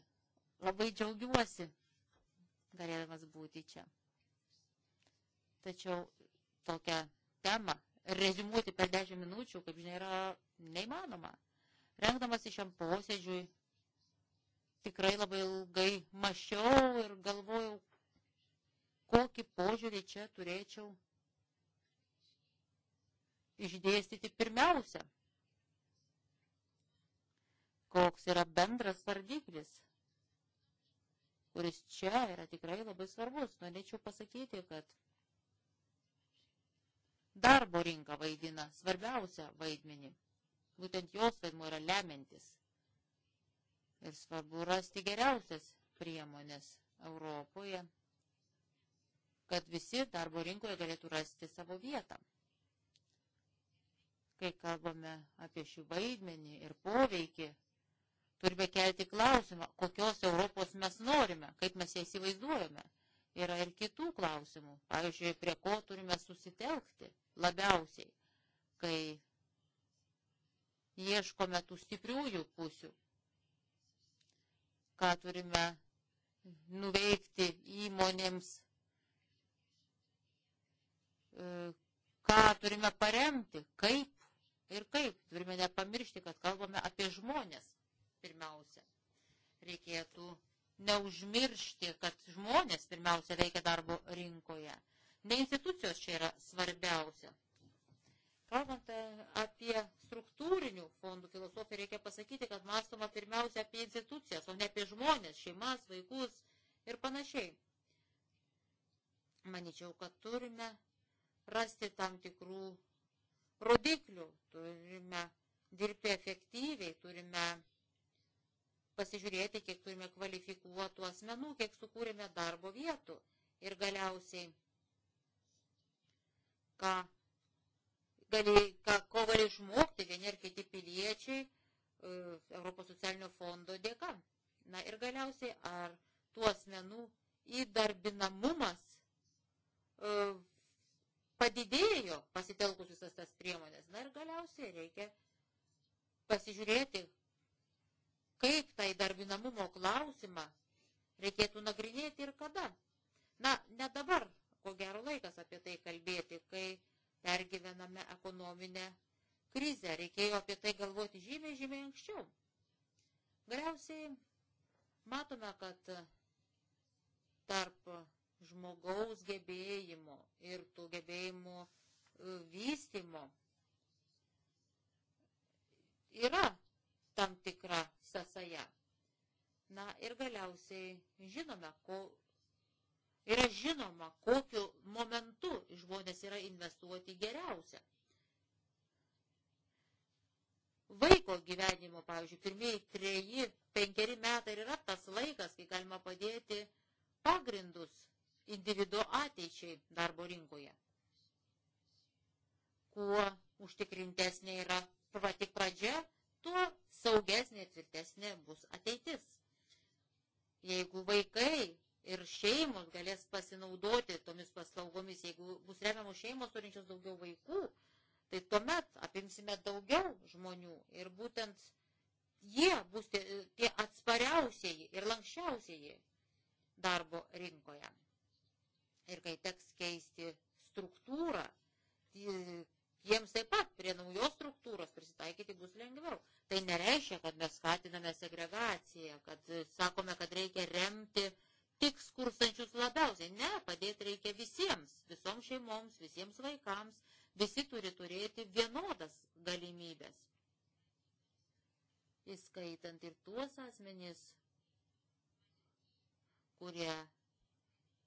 [SPEAKER 1] Labai džiaugiuosi, galėdamas būti čia. Tačiau tokią temą rezimuoti per 10 minučių, kaip žinia, yra neįmanoma. Rengdamas į šiam posėdžiui, tikrai labai ilgai mašiau ir galvojau, kokį požiūrį čia turėčiau išdėstyti pirmiausia. Koks yra bendras vardiklis, kuris čia yra tikrai labai svarbus. Norėčiau pasakyti, kad darbo rinka vaidina svarbiausią vaidmenį. Būtent jos vaidmo yra lemintis. Ir svarbu rasti geriausias priemonės Europoje, kad visi darbo rinkoje galėtų rasti savo vietą. Kai kalbame apie šį vaidmenį ir poveikį, turime kelti klausimą, kokios Europos mes norime, kaip mes ją įsivaizduojame. Yra ir kitų klausimų, pavyzdžiui, prie ko turime susitelkti labiausiai, kai ieškome tų stipriųjų pusių, ką turime nuveikti įmonėms, e, ką turime paremti, kaip ir kaip. Turime nepamiršti, kad kalbame apie žmonės pirmiausia. Reikėtų neužmiršti, kad žmonės pirmiausia veikia darbo rinkoje. Ne institucijos čia yra svarbiausia. Kalbant e, apie struktūrinių fondų filosofiją, reikia pasakyti, kad mąstoma pirmiausia apie institucijas, o ne apie žmonės, šeimas, vaikus ir panašiai. Maničiau, kad turime rasti tam tikrų rodiklių, turime dirbti efektyviai, turime pasižiūrėti, kiek turime kvalifikuotų asmenų, kiek sukūrėme darbo vietų ir galiausiai, ką dalyką, ko gali išmokti vieni ar kiti piliečiai Europos socialinio fondo dėka. Na ir galiausiai, ar tų asmenų įdarbinamumas padidėjo pasitelkus visas tas priemonės. Na ir galiausiai reikia pasižiūrėti, kaip tą įdarbinamumo klausimą reikėtų nagrinėti ir kada. Na, ne dabar, ko gero laikas apie tai kalbėti, kai pergyvename ekonominę krizę. Reikėjo apie tai galvoti žymiai, žymiai anksčiau. Galiausiai matome, kad tarp žmogaus gebėjimo ir tų gebėjimų e, vystimo yra tam tikra sąsaja. Na ir galiausiai žinome, ko Yra žinoma, kokiu momentu žmonės yra investuoti geriausia. Vaiko gyvenimo, pavyzdžiui, pirmieji treji, penkeri metai yra tas laikas, kai galima padėti pagrindus individuo ateičiai darbo rinkoje. Kuo užtikrintesnė yra pati pradžia, tuo saugesnė ir tvirtesnė bus ateitis. Jeigu vaikai ir šeimos galės pasinaudoti tomis paslaugomis. Jeigu bus remiamos šeimos turinčios daugiau vaikų, tai tuomet apimsime daugiau žmonių ir būtent jie bus tie, tie atspariausieji ir lankščiausieji darbo rinkoje. Ir kai teks keisti struktūrą, jiems taip pat prie naujos struktūros prisitaikyti bus lengviau. Tai nereiškia, kad mes skatiname segregaciją, kad sakome, kad reikia remti uh, tik skurstančius labiausiai. Ne, padėti reikia visiems, visoms šeimoms, visiems vaikams. Visi turi turėti vienodas galimybės. Įskaitant ir tuos asmenys, kurie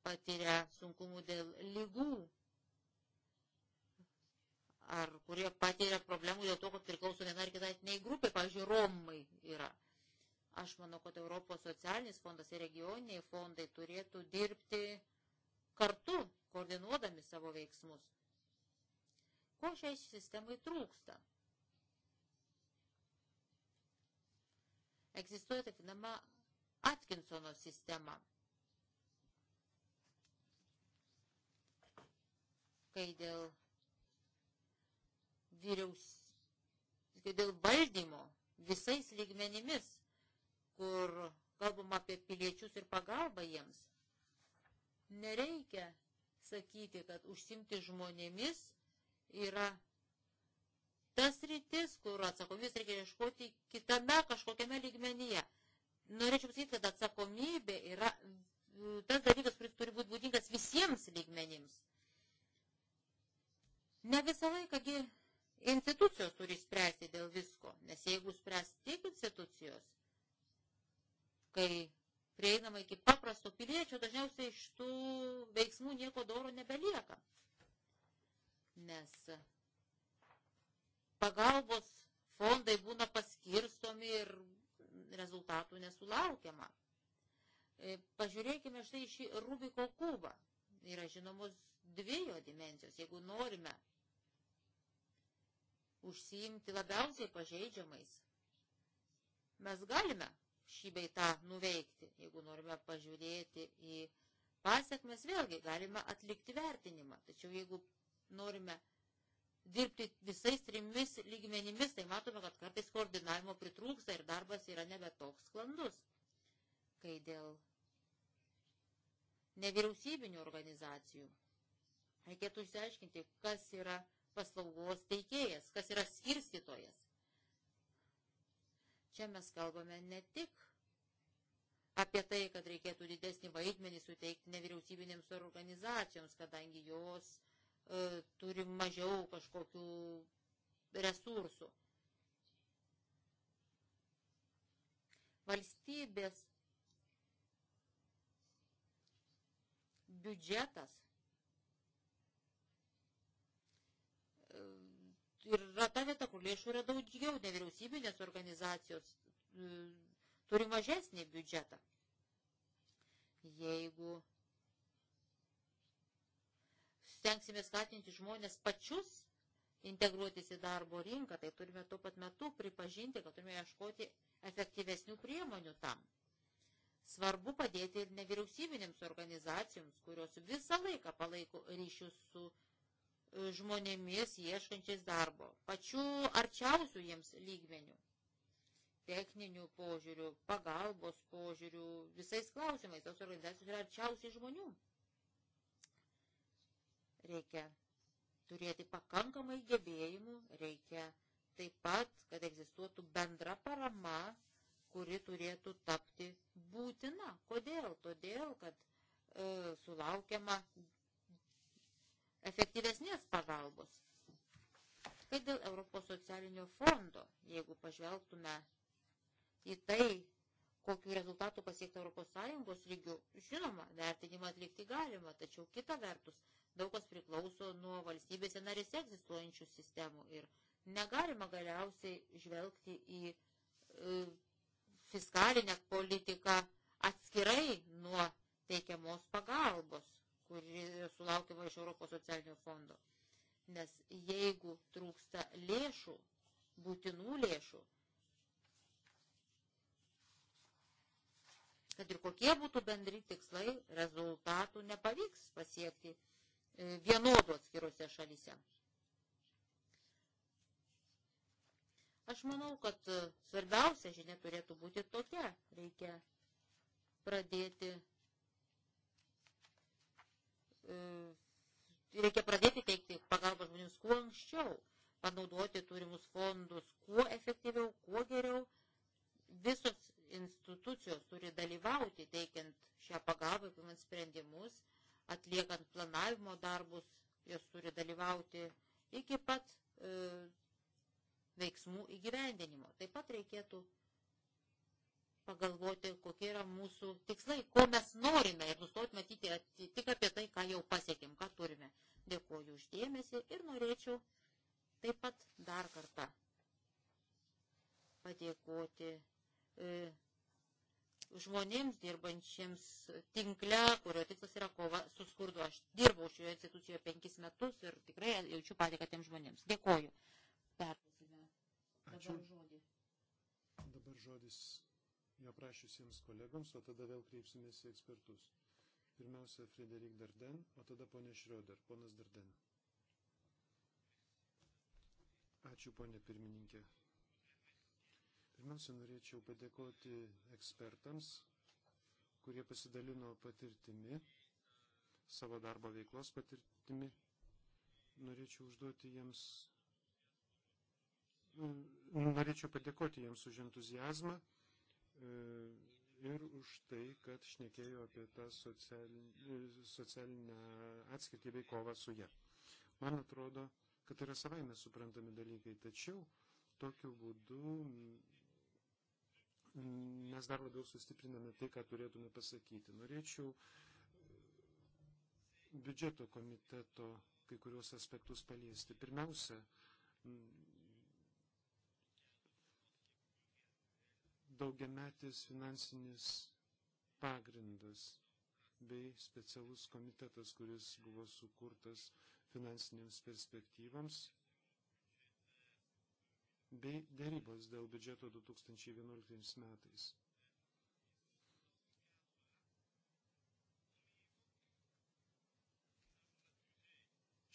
[SPEAKER 1] patiria sunkumų dėl lygų ar kurie patiria problemų dėl to, kad priklauso viena ar kitai etiniai grupė, pavyzdžiui, Romai yra. Aš manau, kad Europos socialinis fondas ir regioniniai fondai turėtų dirbti kartu, koordinuodami savo veiksmus. Ko šiai sistemai trūksta? Egzistuoja taip vadinama Atkinsono sistema. Kai dėl vyriaus, kai dėl valdymo visais lygmenimis kur kalbam apie piliečius ir pagalbą jiems, nereikia sakyti, kad užsimti žmonėmis yra tas rytis, kur atsakomybės reikia ieškoti kitame kažkokiame lygmenyje. Norėčiau pasakyti, kad atsakomybė yra mm, tas dalykas, kuris turi būti būdingas visiems lygmenims. Ne visą laikągi institucijos turi spręsti dėl visko, nes jeigu spręs tik institucijos, kai prieinama iki paprasto piliečio, dažniausiai iš tų veiksmų nieko doro nebelieka. Nes pagalbos fondai būna paskirstomi ir rezultatų nesulaukiama. E, pažiūrėkime štai šį Rubiko kubą. Yra žinomos dviejo dimensijos. Jeigu norime užsiimti labiausiai pažeidžiamais, mes galime šį beitą nuveikti. Jeigu norime pažiūrėti į pasiekmes, vėlgi galime atlikti vertinimą. Tačiau jeigu norime dirbti visais trimis lygmenimis, tai matome, kad kartais koordinavimo pritrūksta ir darbas yra nebe toks sklandus. Kai dėl nevyriausybinių organizacijų reikėtų išsiaiškinti, kas yra paslaugos teikėjas, kas yra skirstytojas. Čia mes kalbame ne tik apie tai, kad reikėtų didesnį vaidmenį suteikti nevyriausybinėms organizacijoms, kadangi jos e, turi mažiau kažkokių resursų. Valstybės biudžetas yra ta vieta, kur lėšų yra daugiau, nevyriausybinės organizacijos e, turi mažesnį biudžetą. Jeigu stengsime skatinti žmonės pačius integruotis į darbo rinką, tai turime tuo pat metu pripažinti, kad turime ieškoti efektyvesnių priemonių tam. Svarbu padėti ir nevyriausybinėms organizacijoms, kurios visą laiką palaiko ryšius su E, žmonėmis ieškančiais darbo, pačių arčiausių jiems lygmenių, techninių požiūrių, pagalbos požiūrių, visais klausimais tos organizacijos yra arčiausiai žmonių. Reikia turėti pakankamai gebėjimų, reikia taip pat, kad egzistuotų bendra parama, kuri turėtų tapti būtina. Kodėl? Todėl, kad e, sulaukiama efektyvesnės pagalbos. Kai dėl Europos socialinio fondo, jeigu pažvelgtume į tai, kokiu rezultatu pasiekti ES lygių, žinoma, vertinimą atlikti galima, tačiau kita vertus, daug kas priklauso nuo valstybėse narėse egzistuojančių sistemų ir negalima galiausiai žvelgti į e, fiskalinę politiką atskirai nuo teikiamos pagalbos kuri sulaukiama iš Europos socialinio fondo. Nes jeigu trūksta lėšų, būtinų lėšų, kad ir kokie būtų bendri tikslai, rezultatų nepavyks pasiekti e, vienodų atskiruose šalyse. Aš manau, kad e, svarbiausia žinia turėtų būti tokia. Reikia pradėti E, reikia pradėti teikti pagalbą žmonėms kuo anksčiau, panaudoti turimus fondus kuo efektyviau, kuo geriau. Visos institucijos turi dalyvauti teikiant šią pagalbą, priimant sprendimus, atliekant planavimo darbus, jos turi dalyvauti iki pat e, veiksmų įgyvendinimo. Taip pat reikėtų pagalvoti, kokie yra mūsų tikslai, ko mes norime ir nustoti matyti tik apie tai, ką jau pasiekėm, ką turime. Dėkuoju uždėmesi ir norėčiau taip pat dar kartą padėkoti e, žmonėms dirbančiems tinkle, kurio tikslas yra kova su skurdu. Aš dirbau šioje institucijoje penkis metus ir tikrai jaučiu patiką tiem žmonėms. Dėkoju. Perduosime dabar Ačiū. žodį.
[SPEAKER 2] Dabar žodis jo prašysiems kolegoms, o tada vėl kreipsimės į ekspertus. Pirmiausia, Frederik Darden, o tada ponė Šrioder, ponas Darden. Ačiū, ponė pirmininkė. Pirmiausia, norėčiau padėkoti ekspertams, kurie pasidalino patirtimi, savo darbo veiklos patirtimi. Norėčiau užduoti jiems. Norėčiau padėkoti jiems už entuzijazmą E, ir už tai, kad šnekėjo apie tą socialinę atskirtį bei kovą su ją. Man atrodo, kad yra savaime suprantami dalykai, tačiau tokiu būdu mes dar labiau sustipriname tai, ką turėtume pasakyti. Norėčiau biudžeto komiteto kai kurios aspektus paliesti. Pirmiausia, daugiametis finansinis pagrindas bei specialus komitetas, kuris buvo sukurtas finansinėms perspektyvams bei dėrybos dėl biudžeto 2011 metais.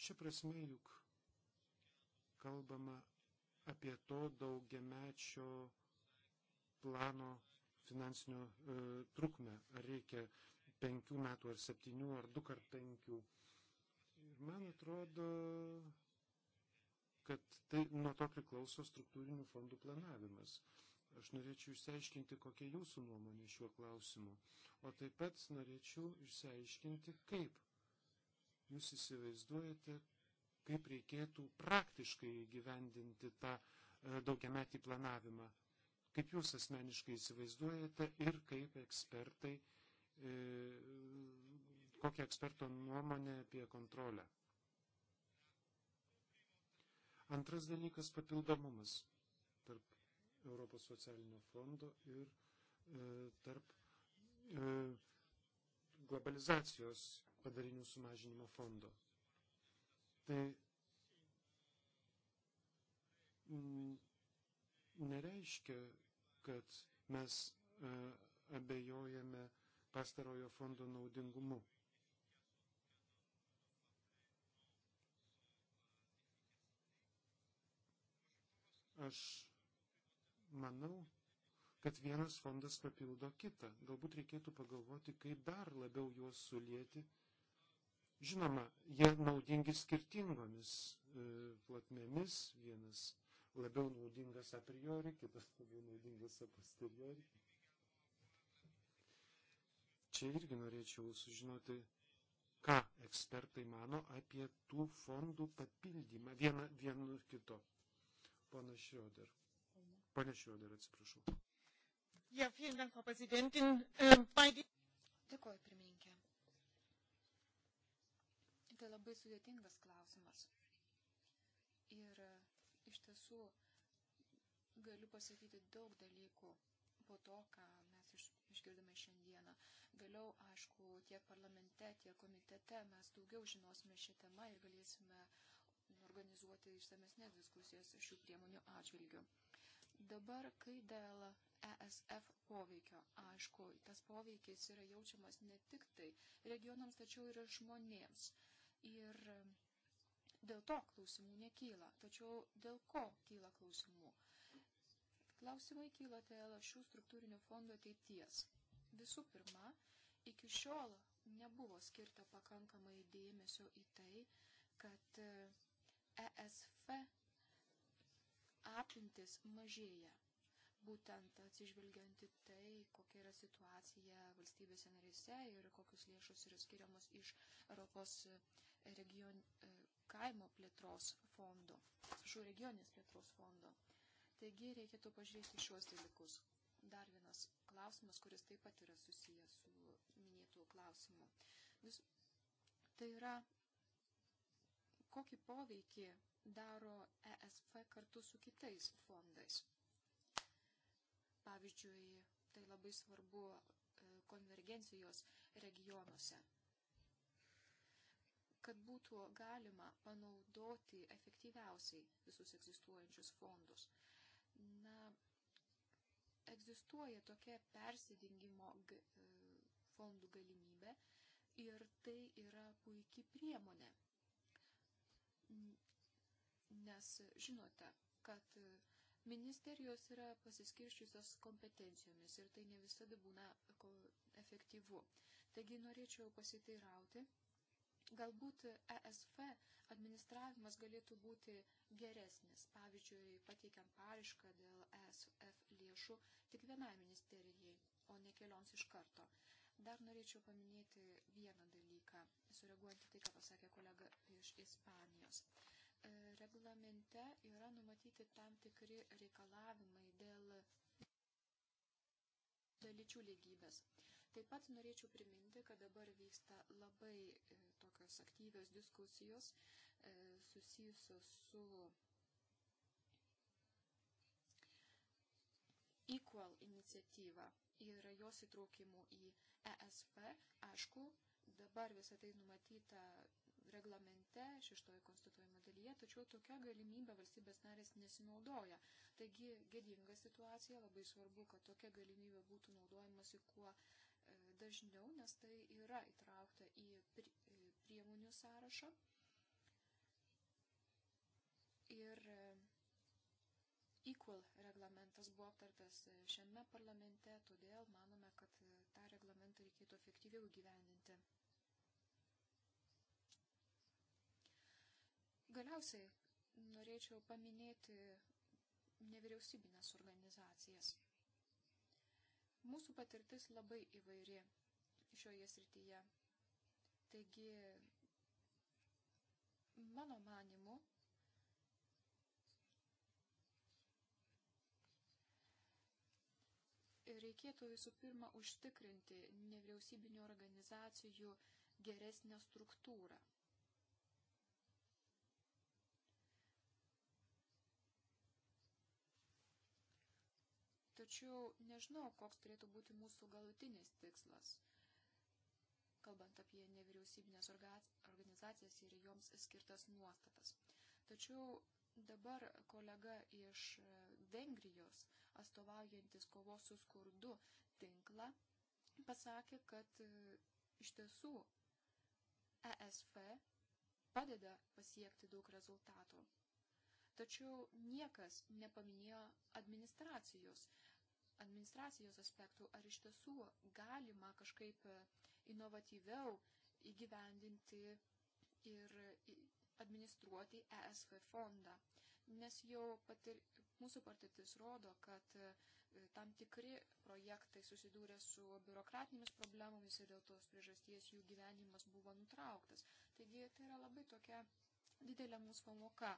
[SPEAKER 2] Šia prasme juk kalbama apie to daugiamečio plano finansinio e, trukmę, ar reikia penkių metų, ar septynių, ar du kart penkių. Ir man atrodo, kad tai nuo to priklauso struktūrinių fondų planavimas. Aš norėčiau išsiaiškinti, kokia jūsų nuomonė šiuo klausimu. O taip pat norėčiau išsiaiškinti, kaip jūs įsivaizduojate, kaip reikėtų praktiškai įgyvendinti tą e, daugiametį planavimą. Kaip jūs asmeniškai įsivaizduojate ir kaip ekspertai, e, kokia eksperto nuomonė apie kontrolę? Antras dalykas - papildomumas tarp Europos socialinio fondo ir e, tarp e, globalizacijos padarinių sumažinimo fondo. Tai mm, nereiškia, kad mes e, abejojame pastarojo fondo naudingumu. Aš manau, kad vienas fondas papildo kitą. Galbūt reikėtų pagalvoti, kaip dar labiau juos sulieti. Žinoma, jie naudingi skirtingomis e, platmėmis, vienas labiau naudingas a priori, kitas labiau naudingas a posteriori. Čia irgi norėčiau sužinoti, ką ekspertai mano apie tų fondų papildymą vieną, vienu kito. Pana Šrioder. Pane Šrioder, atsiprašau.
[SPEAKER 1] Ja, vielen Dank, Frau Präsidentin. Ähm, bei die...
[SPEAKER 3] Dėkuoju, pirmininkė. Tai labai sudėtingas klausimas. Ir iš tiesų galiu pasakyti daug dalykų po to, ką mes iš, išgirdome šiandieną. Vėliau, aišku, tiek parlamente, tiek komitete mes daugiau žinosime šią temą ir galėsime organizuoti išsamesnės diskusijas šių priemonių atžvilgių. Dabar, kai dėl ESF poveikio. Aišku, tas poveikis yra jaučiamas ne tik tai regionams, tačiau ir žmonėms. Ir Dėl to klausimų nekyla. Tačiau dėl ko kyla klausimų? Klausimai kyla dėl šių struktūrinių fondų ateities. Visų pirma, iki šiol nebuvo skirta pakankamai dėmesio į tai, kad ESF e, apimtis mažėja. Būtent atsižvelgiant į tai, kokia yra situacija valstybėse narėse ir kokius lėšus yra skiriamos iš Europos region, kaimo plėtros fondo, atsiprašau, regioninės plėtros fondo. Taigi reikėtų pažiūrėti šiuos dalykus. Dar vienas klausimas, kuris taip pat yra susijęs su minėtų klausimu. Vis, tai yra, kokį poveikį daro ESF kartu su kitais fondais. Pavyzdžiui, tai labai svarbu e, konvergencijos regionuose kad būtų galima panaudoti efektyviausiai visus egzistuojančius fondus. Na, egzistuoja tokia persidingimo e, fondų galimybė ir tai yra puikiai priemonė. Nes žinote, kad e, ministerijos yra pasiskirščiusios kompetencijomis ir tai ne visada būna efektyvu. Taigi norėčiau pasiteirauti, Galbūt ESF administravimas galėtų būti geresnis, pavyzdžiui, pateikiant paraišką dėl ESF lėšų tik vienai ministerijai, o ne kelioms iš karto. Dar norėčiau paminėti vieną dalyką, sureaguojant į tai, ką pasakė kolega iš Ispanijos. E, reglamente yra numatyti tam tikri reikalavimai dėl lyčių lygybės. Taip pat norėčiau priminti, kad dabar vyksta labai e, tokios aktyvios diskusijos e, susijusios su Equal iniciatyva ir jos įtraukimu į ESP. Aišku, dabar visą tai numatyta reglamente, šeštojo konstatuojimo dalyje, tačiau tokia galimybė valstybės narės nesinaudoja. Taigi gėdinga situacija, labai svarbu, kad tokia galimybė būtų naudojamasi kuo e, dažniau, nes tai yra įtraukta į priemonių sąrašą. Ir e, Equal reglamentas buvo aptartas e, šiame parlamente, todėl manome, kad e, tą reglamentą reikėtų efektyviau gyveninti. Galiausiai norėčiau paminėti nevyriausybinės organizacijas. Mūsų patirtis labai įvairi šioje srityje. Taigi, mano manimu, reikėtų visų pirma užtikrinti nevyriausybinio organizacijų geresnę struktūrą. Tačiau nežinau, koks turėtų būti mūsų galutinis tikslas kalbant apie nevyriausybinės organizacijas ir joms skirtas nuostatas. Tačiau dabar kolega iš Vengrijos, atstovaujantis kovos su skurdu tinklą, pasakė, kad e, iš tiesų ESF padeda pasiekti daug rezultatų. Tačiau niekas nepaminėjo administracijos, administracijos aspektų, ar iš tiesų galima kažkaip uh, inovatyviau įgyvendinti ir administruoti ESF fondą. Nes jau patir, mūsų patirtis rodo, kad e, tam tikri projektai susidūrė su biurokratinėmis problemomis ir dėl tos priežasties jų gyvenimas buvo nutrauktas. Taigi tai yra labai tokia didelė mūsų pamoka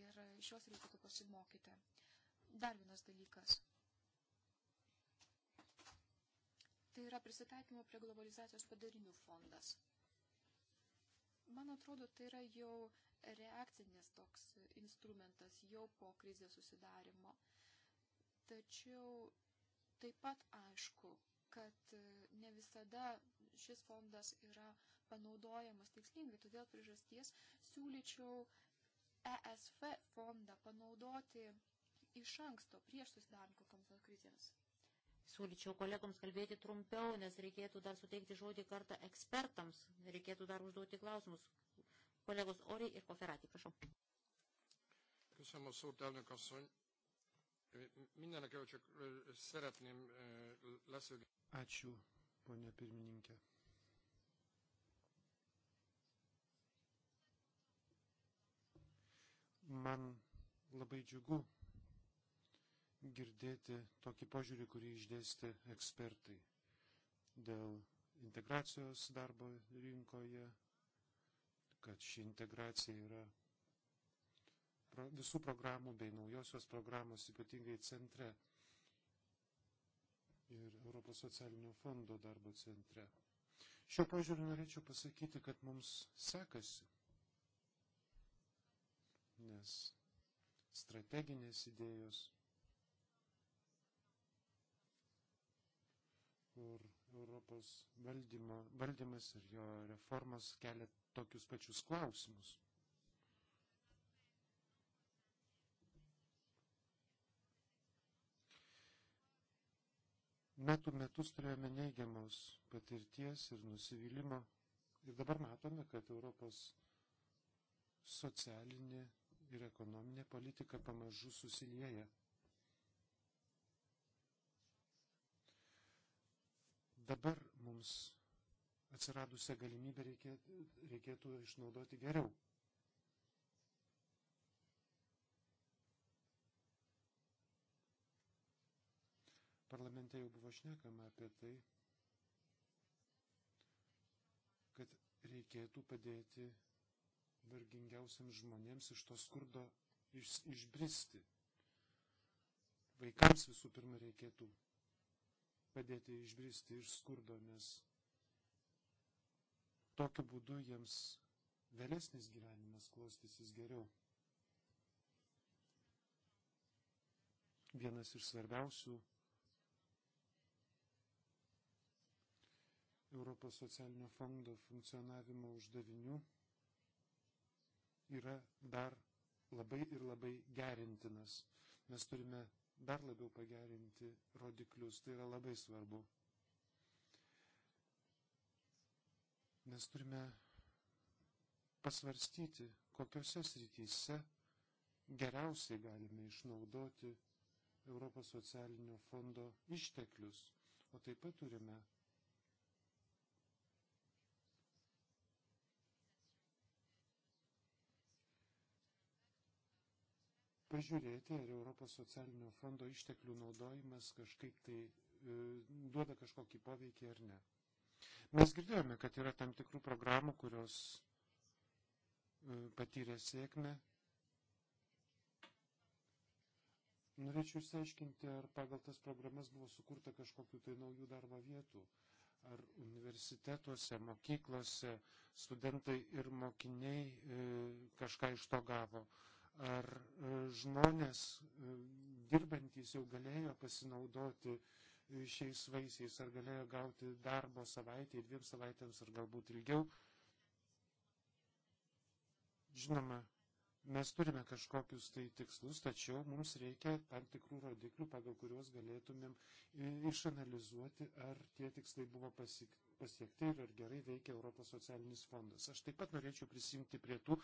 [SPEAKER 3] ir šios reikėtų pasimokyti. Dar vienas dalykas. Tai yra prisitaikymo prie globalizacijos padarinių fondas. Man atrodo, tai yra jau reakcinis toks instrumentas jau po krizės susidarimo. Tačiau taip pat aišku, kad e, ne visada šis fondas yra panaudojamas tikslingai, todėl priežasties siūlyčiau ESF fondą panaudoti iš anksto prieš susidarant kokioms nors krizėms.
[SPEAKER 1] Siūlyčiau kolegoms kalbėti trumpiau, nes reikėtų dar suteikti žodį kartą ekspertams, reikėtų dar užduoti klausimus. Kolegos Oriai ir Koferati, prašau.
[SPEAKER 2] Köszönöm a szót, elnök asszony. Mindenek előtt csak szeretném leszögezni. Ácsú, mondja pirmininke. Man labai džiugu, girdėti tokį požiūrį, kurį išdėsti ekspertai dėl integracijos darbo rinkoje, kad ši integracija yra visų programų bei naujosios programos ypatingai centre ir Europos socialinio fondo darbo centre. Šio požiūriu norėčiau pasakyti, kad mums sekasi, nes strateginės idėjos kur Europos valdymo, valdymas ir jo reformas kelia tokius pačius klausimus. Metų metus turėjome neigiamos patirties ir nusivylimo. Ir dabar matome, kad Europos socialinė ir ekonominė politika pamažu susilieja. dabar mums atsiradusią galimybę reikėtų, reikėtų išnaudoti geriau. Parlamente jau buvo šnekama apie tai, kad reikėtų padėti vargingiausiams žmonėms iš to skurdo iš, išbristi. Vaikams visų pirma reikėtų padėti išbristi iš skurdo, nes tokiu būdu jiems vėlesnis gyvenimas klostysis geriau. Vienas iš svarbiausių Europos socialinio fondo funkcionavimo uždavinių yra dar labai ir labai gerintinas. Mes turime dar labiau pagerinti rodiklius. Tai yra labai svarbu. Mes turime pasvarstyti, kokiuose srityse geriausiai galime išnaudoti Europos socialinio fondo išteklius. O taip pat turime pažiūrėti, ar Europos socialinio fondo išteklių naudojimas kažkaip tai e, duoda kažkokį poveikį ar ne. Mes girdėjome, kad yra tam tikrų programų, kurios e, patyrė sėkmę. Norėčiau išsiaiškinti, ar pagal tas programas buvo sukurta kažkokiu tai naujų darbo vietų, ar universitetuose, mokyklose studentai ir mokiniai e, kažką iš to gavo ar e, žmonės e, dirbantys jau galėjo pasinaudoti e, šiais vaisiais, ar galėjo gauti darbo savaitę, dviem savaitėms, ar galbūt ilgiau. Žinoma, mes turime kažkokius tai tikslus, tačiau mums reikia tam tikrų rodiklių, pagal kuriuos galėtumėm išanalizuoti, ar tie tikslai buvo pasiekti ir ar gerai veikia Europos socialinis fondas. Aš taip pat norėčiau prisimti prie tų,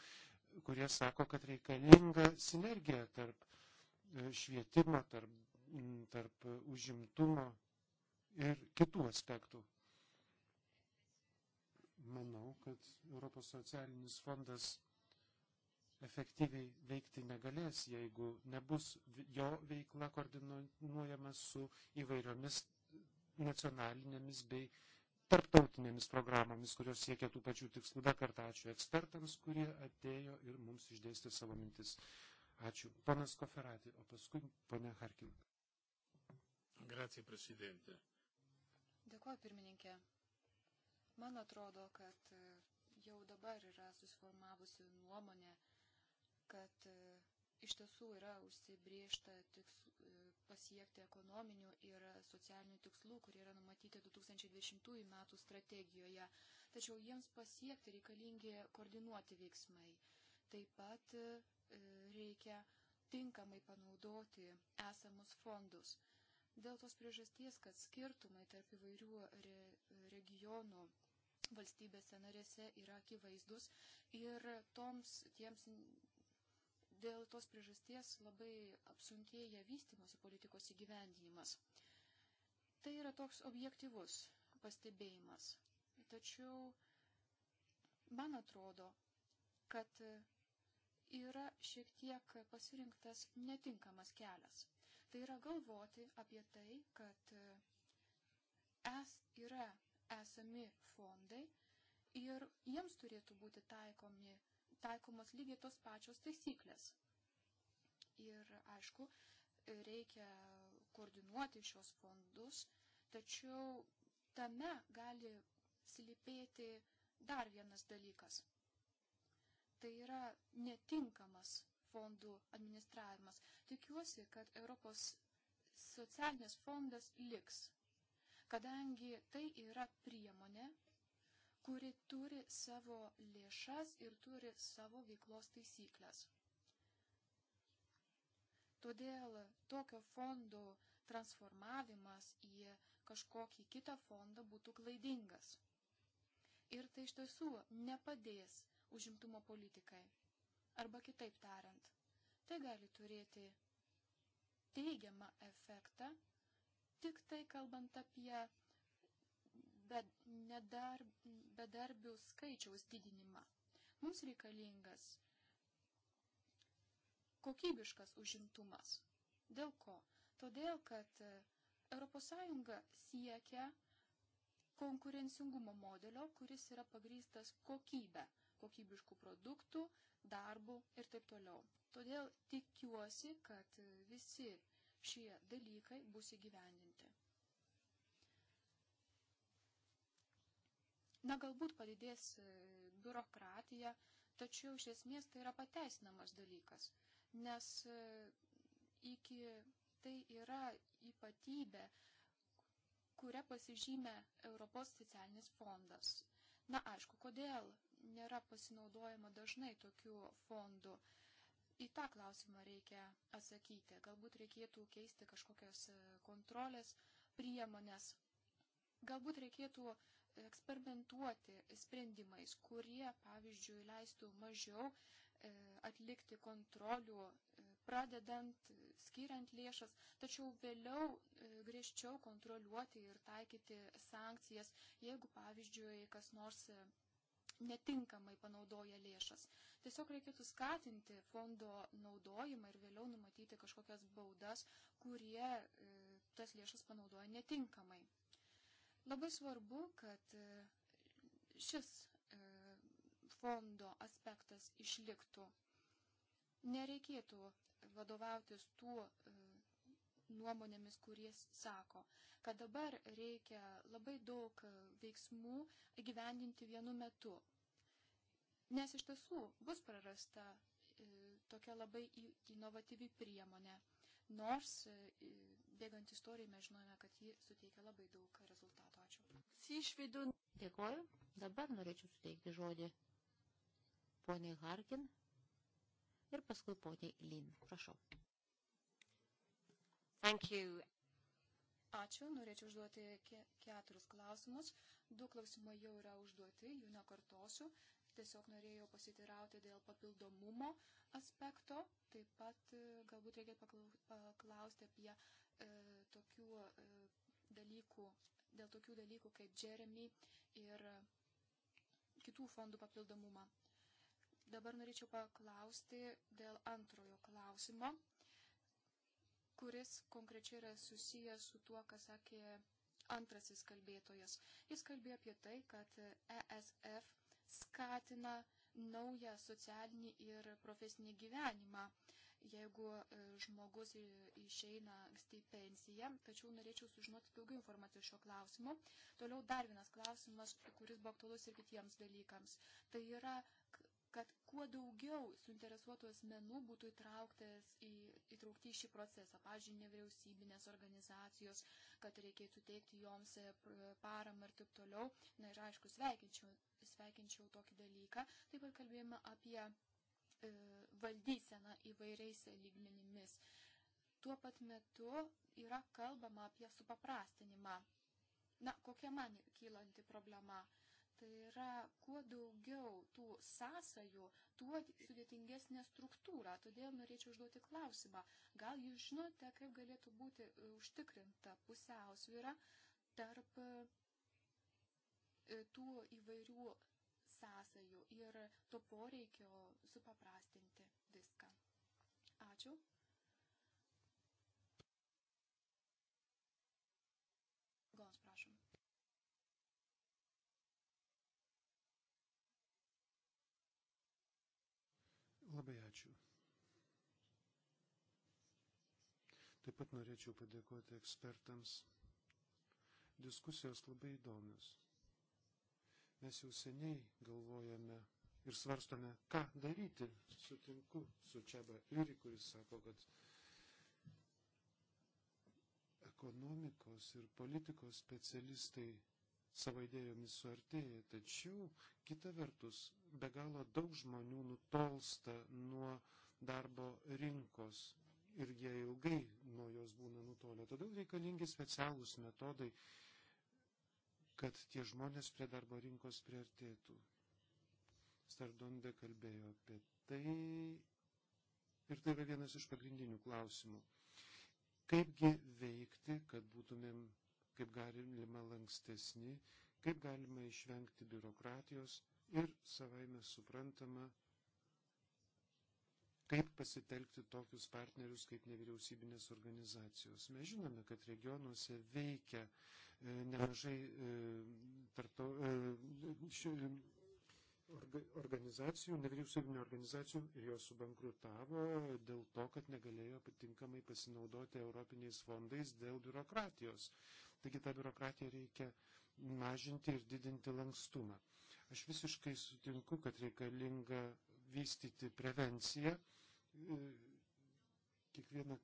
[SPEAKER 2] kurie sako, kad reikalinga sinergija tarp e, švietimo, tarp, tarp e, užimtumo ir kitų aspektų. Manau, kad Europos socialinis fondas efektyviai veikti negalės, jeigu nebus jo veikla koordinuojama su įvairiomis nacionalinėmis bei tarptautinėmis programomis, kurios siekia tų pačių tikslų. Dar kartą ačiū ekspertams, kurie atėjo ir mums išdėstė savo mintis. Ačiū. Panas Koferati, o paskui ponė Harkin. Grazie, prezidente.
[SPEAKER 3] Dėkuoju, pirmininkė. Man atrodo, kad e, jau dabar yra susiformavusi nuomonė, kad e, iš tiesų yra užsibriežta tiks, e, pasiekti ekonominių ir socialinių tikslų, kurie yra numatyti 2020 metų strategijoje, tačiau jiems pasiekti reikalingi koordinuoti veiksmai. Taip pat e, reikia tinkamai panaudoti esamus fondus. Dėl tos priežasties, kad skirtumai tarp įvairių re, regionų valstybėse narėse yra akivaizdus ir toms tiems dėl tos priežasties labai apsunkėja vystimosi politikos įgyvendinimas. Tai yra toks objektivus pastebėjimas. Tačiau man atrodo, kad yra šiek tiek pasirinktas netinkamas kelias. Tai yra galvoti apie tai, kad es yra esami fondai ir jiems turėtų būti taikomi taikomos lygiai tos pačios taisyklės. Ir aišku, reikia koordinuoti šios fondus, tačiau tame gali slypėti dar vienas dalykas. Tai yra netinkamas fondų administravimas. Tikiuosi, kad Europos socialinės fondas liks, kadangi tai yra priemonė, kuri turi savo lėšas ir turi savo veiklos taisyklės. Todėl tokio fondo transformavimas į kažkokį kitą fondą būtų klaidingas. Ir tai iš tiesų nepadės užimtumo politikai. Arba kitaip tariant, tai gali turėti teigiamą efektą, tik tai kalbant apie bed nedar, bedarbių skaičiaus didinimą. Mums reikalingas kokybiškas užimtumas. Dėl ko? Todėl, kad ES siekia konkurencingumo modelio, kuris yra pagrystas kokybę, kokybiškų produktų, darbų ir taip toliau. Todėl tikiuosi, kad e, visi šie dalykai bus įgyvendinti. Na, galbūt padidės e, biurokratija, tačiau iš esmės tai yra pateisinamas dalykas, nes e, iki tai yra ypatybė, kuria pasižymė Europos socialinis fondas. Na, aišku, kodėl nėra pasinaudojama dažnai tokių fondų. Į tą klausimą reikia atsakyti. Galbūt reikėtų keisti kažkokias e, kontrolės priemonės. Galbūt reikėtų uh, eksperimentuoti sprendimais, kurie, pavyzdžiui, leistų mažiau e, atlikti kontrolių, e, pradedant, skiriant lėšas, tačiau vėliau e, griežčiau kontroliuoti ir taikyti sankcijas, jeigu, pavyzdžiui, kas nors netinkamai panaudoja lėšas. Tiesiog reikėtų skatinti fondo naudojimą ir vėliau numatyti kažkokias baudas, kurie tas lėšas panaudoja netinkamai. Labai svarbu, kad e, šis e, fondo aspektas išliktų. Nereikėtų vadovautis tuo e, nuomonėmis, kurie sako, kad dabar reikia labai daug veiksmų gyvendinti vienu metu. Nes iš tiesų bus prarasta tokia labai inovatyvi priemonė. Nors bėgant istorijai mes žinome, kad ji suteikia labai daug rezultatų.
[SPEAKER 1] Dėkoju. Dabar norėčiau suteikti žodį poniai Harkin ir paskui poniai Lin. Prašau. Thank you.
[SPEAKER 3] Ačiū. Norėčiau užduoti keturis klausimus. Du klausimai jau yra užduoti, jų nekartosiu. Tiesiog norėjau pasitirauti dėl papildomumo aspekto. Taip pat e, galbūt reikia paklausti apie e, tokių e, dalykų dėl tokių dalykų kaip Jeremy ir kitų fondų papildomumą. Dabar norėčiau paklausti dėl antrojo klausimo, kuris konkrečiai yra susijęs su tuo, ką sakė antrasis kalbėtojas. Jis kalbėjo apie tai, kad ESF skatina naują socialinį ir profesinį gyvenimą jeigu e, žmogus išeina anksti į pensiją, tačiau norėčiau sužinoti daugiau informacijos šio klausimo. Toliau dar vienas klausimas, kuris buvo aktualus ir kitiems dalykams. Tai yra, kad kuo daugiau suinteresuotų asmenų būtų įtrauktas į, įtraukti į šį procesą, pavyzdžiui, nevyriausybinės organizacijos, kad reikėtų teikti joms e, paramą ir taip toliau. Na ir aišku, sveikinčiau, sveikinčiau tokį dalyką. Taip pat kalbėjome apie E, valdysena įvairiais lygmenimis. Tuo pat metu yra kalbama apie supaprastinimą. Na, kokia man kylanti problema? Tai yra, kuo daugiau tų sąsajų, tuo sudėtingesnė struktūra. Todėl norėčiau užduoti klausimą. Gal jūs žinote, kaip galėtų būti e, užtikrinta pusiausvyra tarp e, tų įvairių sąsajų ir to poreikio supaprastinti viską. Ačiū. Gons, prašom.
[SPEAKER 2] Labai ačiū. Taip pat norėčiau padėkoti ekspertams. Diskusijos labai įdomios. Mes jau seniai galvojame ir svarstome, ką daryti. Sutinku su Čeba Iri, kuris sako, kad ekonomikos ir politikos specialistai savo idėjomis suartėja, tačiau kita vertus be galo daug žmonių nutolsta nuo darbo rinkos ir jie ilgai nuo jos būna nutolę. Todėl reikalingi specialūs metodai, kad tie žmonės prie darbo rinkos priartėtų. Stardonde kalbėjo apie tai ir tai yra vienas iš pagrindinių klausimų. Kaipgi veikti, kad būtumėm kaip galima lankstesni, kaip galima išvengti biurokratijos ir savaime suprantama, kaip pasitelkti tokius partnerius kaip nevyriausybinės organizacijos. Mes žinome, kad regionuose veikia E, nemažai e, tarto, e, organizacijų, nevyriausybinio organizacijų ir jos subankrutavo dėl to, kad negalėjo patinkamai pasinaudoti europiniais fondais dėl biurokratijos. Taigi tą biurokratiją reikia mažinti ir didinti lankstumą. Aš visiškai sutinku, kad reikalinga vystyti prevenciją. Kiekvieną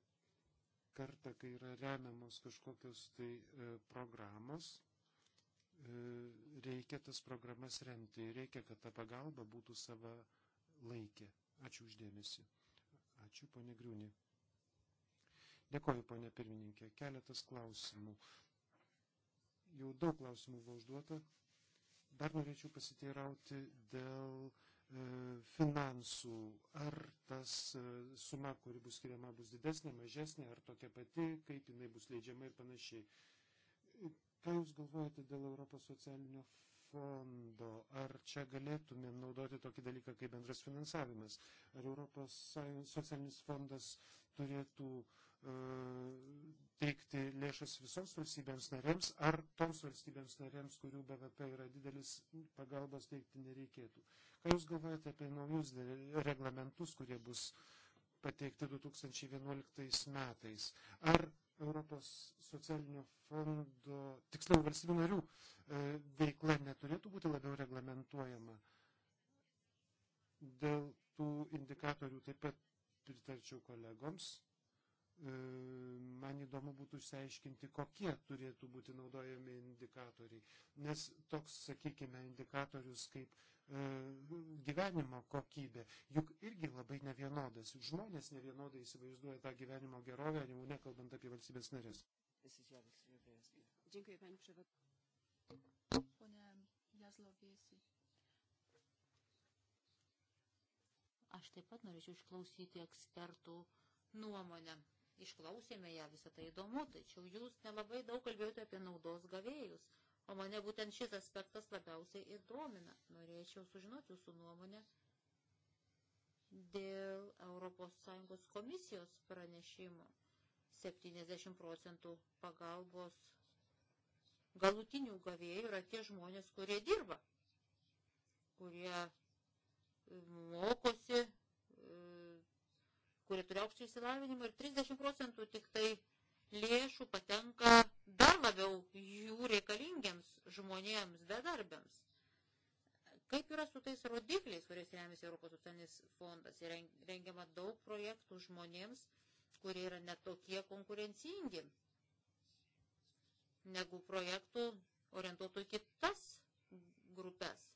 [SPEAKER 2] kartą, kai yra remiamos kažkokios tai e, programos, e, reikia tas programas remti ir reikia, kad ta pagalba būtų sava laikė. Ačiū uždėmesi. Ačiū, ponė Griūnė. Dėkoju, ponė pirmininkė. Keletas klausimų. Jau daug klausimų buvo užduota. Dar norėčiau pasiteirauti dėl E, finansų, ar tas e, suma, kuri bus skiriama, bus didesnė, mažesnė, ar tokia pati, kaip jinai bus leidžiama ir panašiai. Ką Jūs galvojate dėl Europos socialinio fondo? Ar čia galėtume naudoti tokį dalyką kaip bendras finansavimas? Ar Europos socialinis fondas turėtų e, teikti lėšas visoms valstybėms narėms ar toms valstybėms narėms, kurių BVP yra didelis, pagalbos teikti nereikėtų. Uh, Ką Jūs galvojate apie naujus reglamentus, kurie bus pateikti 2011 metais? Ar Europos socialinio fondo, tiksliau valstybių narių e, veikla neturėtų būti labiau reglamentuojama? Dėl tų indikatorių taip pat pritarčiau kolegoms e, man įdomu būtų išsiaiškinti, kokie turėtų būti naudojami indikatoriai. Nes toks, sakykime, indikatorius kaip E, gyvenimo kokybė juk irgi labai nevienodas. Žmonės nevienodai įsivaizduoja tą gyvenimo gerovę, jau nekalbant apie valstybės narės.
[SPEAKER 3] Dziękuję Pani Przewodnicząca. Panie Jazlowiesi.
[SPEAKER 1] Aš taip pat norėčiau išklausyti ekspertų nuomonę. Išklausėme ją, visą tai įdomu, tačiau jūs nelabai daug kalbėjote apie naudos gavėjus. O mane būtent šis aspektas labiausiai ir domina. Norėčiau sužinoti jūsų nuomonę dėl ES komisijos pranešimo. 70 procentų pagalbos galutinių gavėjų yra tie žmonės, kurie dirba, kurie e, mokosi, e, kurie turi aukštą įsilavinimą ir 30 procentų tik tai lėšų patenka dar labiau jų reikalingiems žmonėms, bedarbiams. Kaip yra su tais rodikliais, kuriais remiasi Europos socialinis fondas? Rengiama daug projektų žmonėms, kurie yra netokie konkurencingi negu projektų orientuotų į kitas grupės.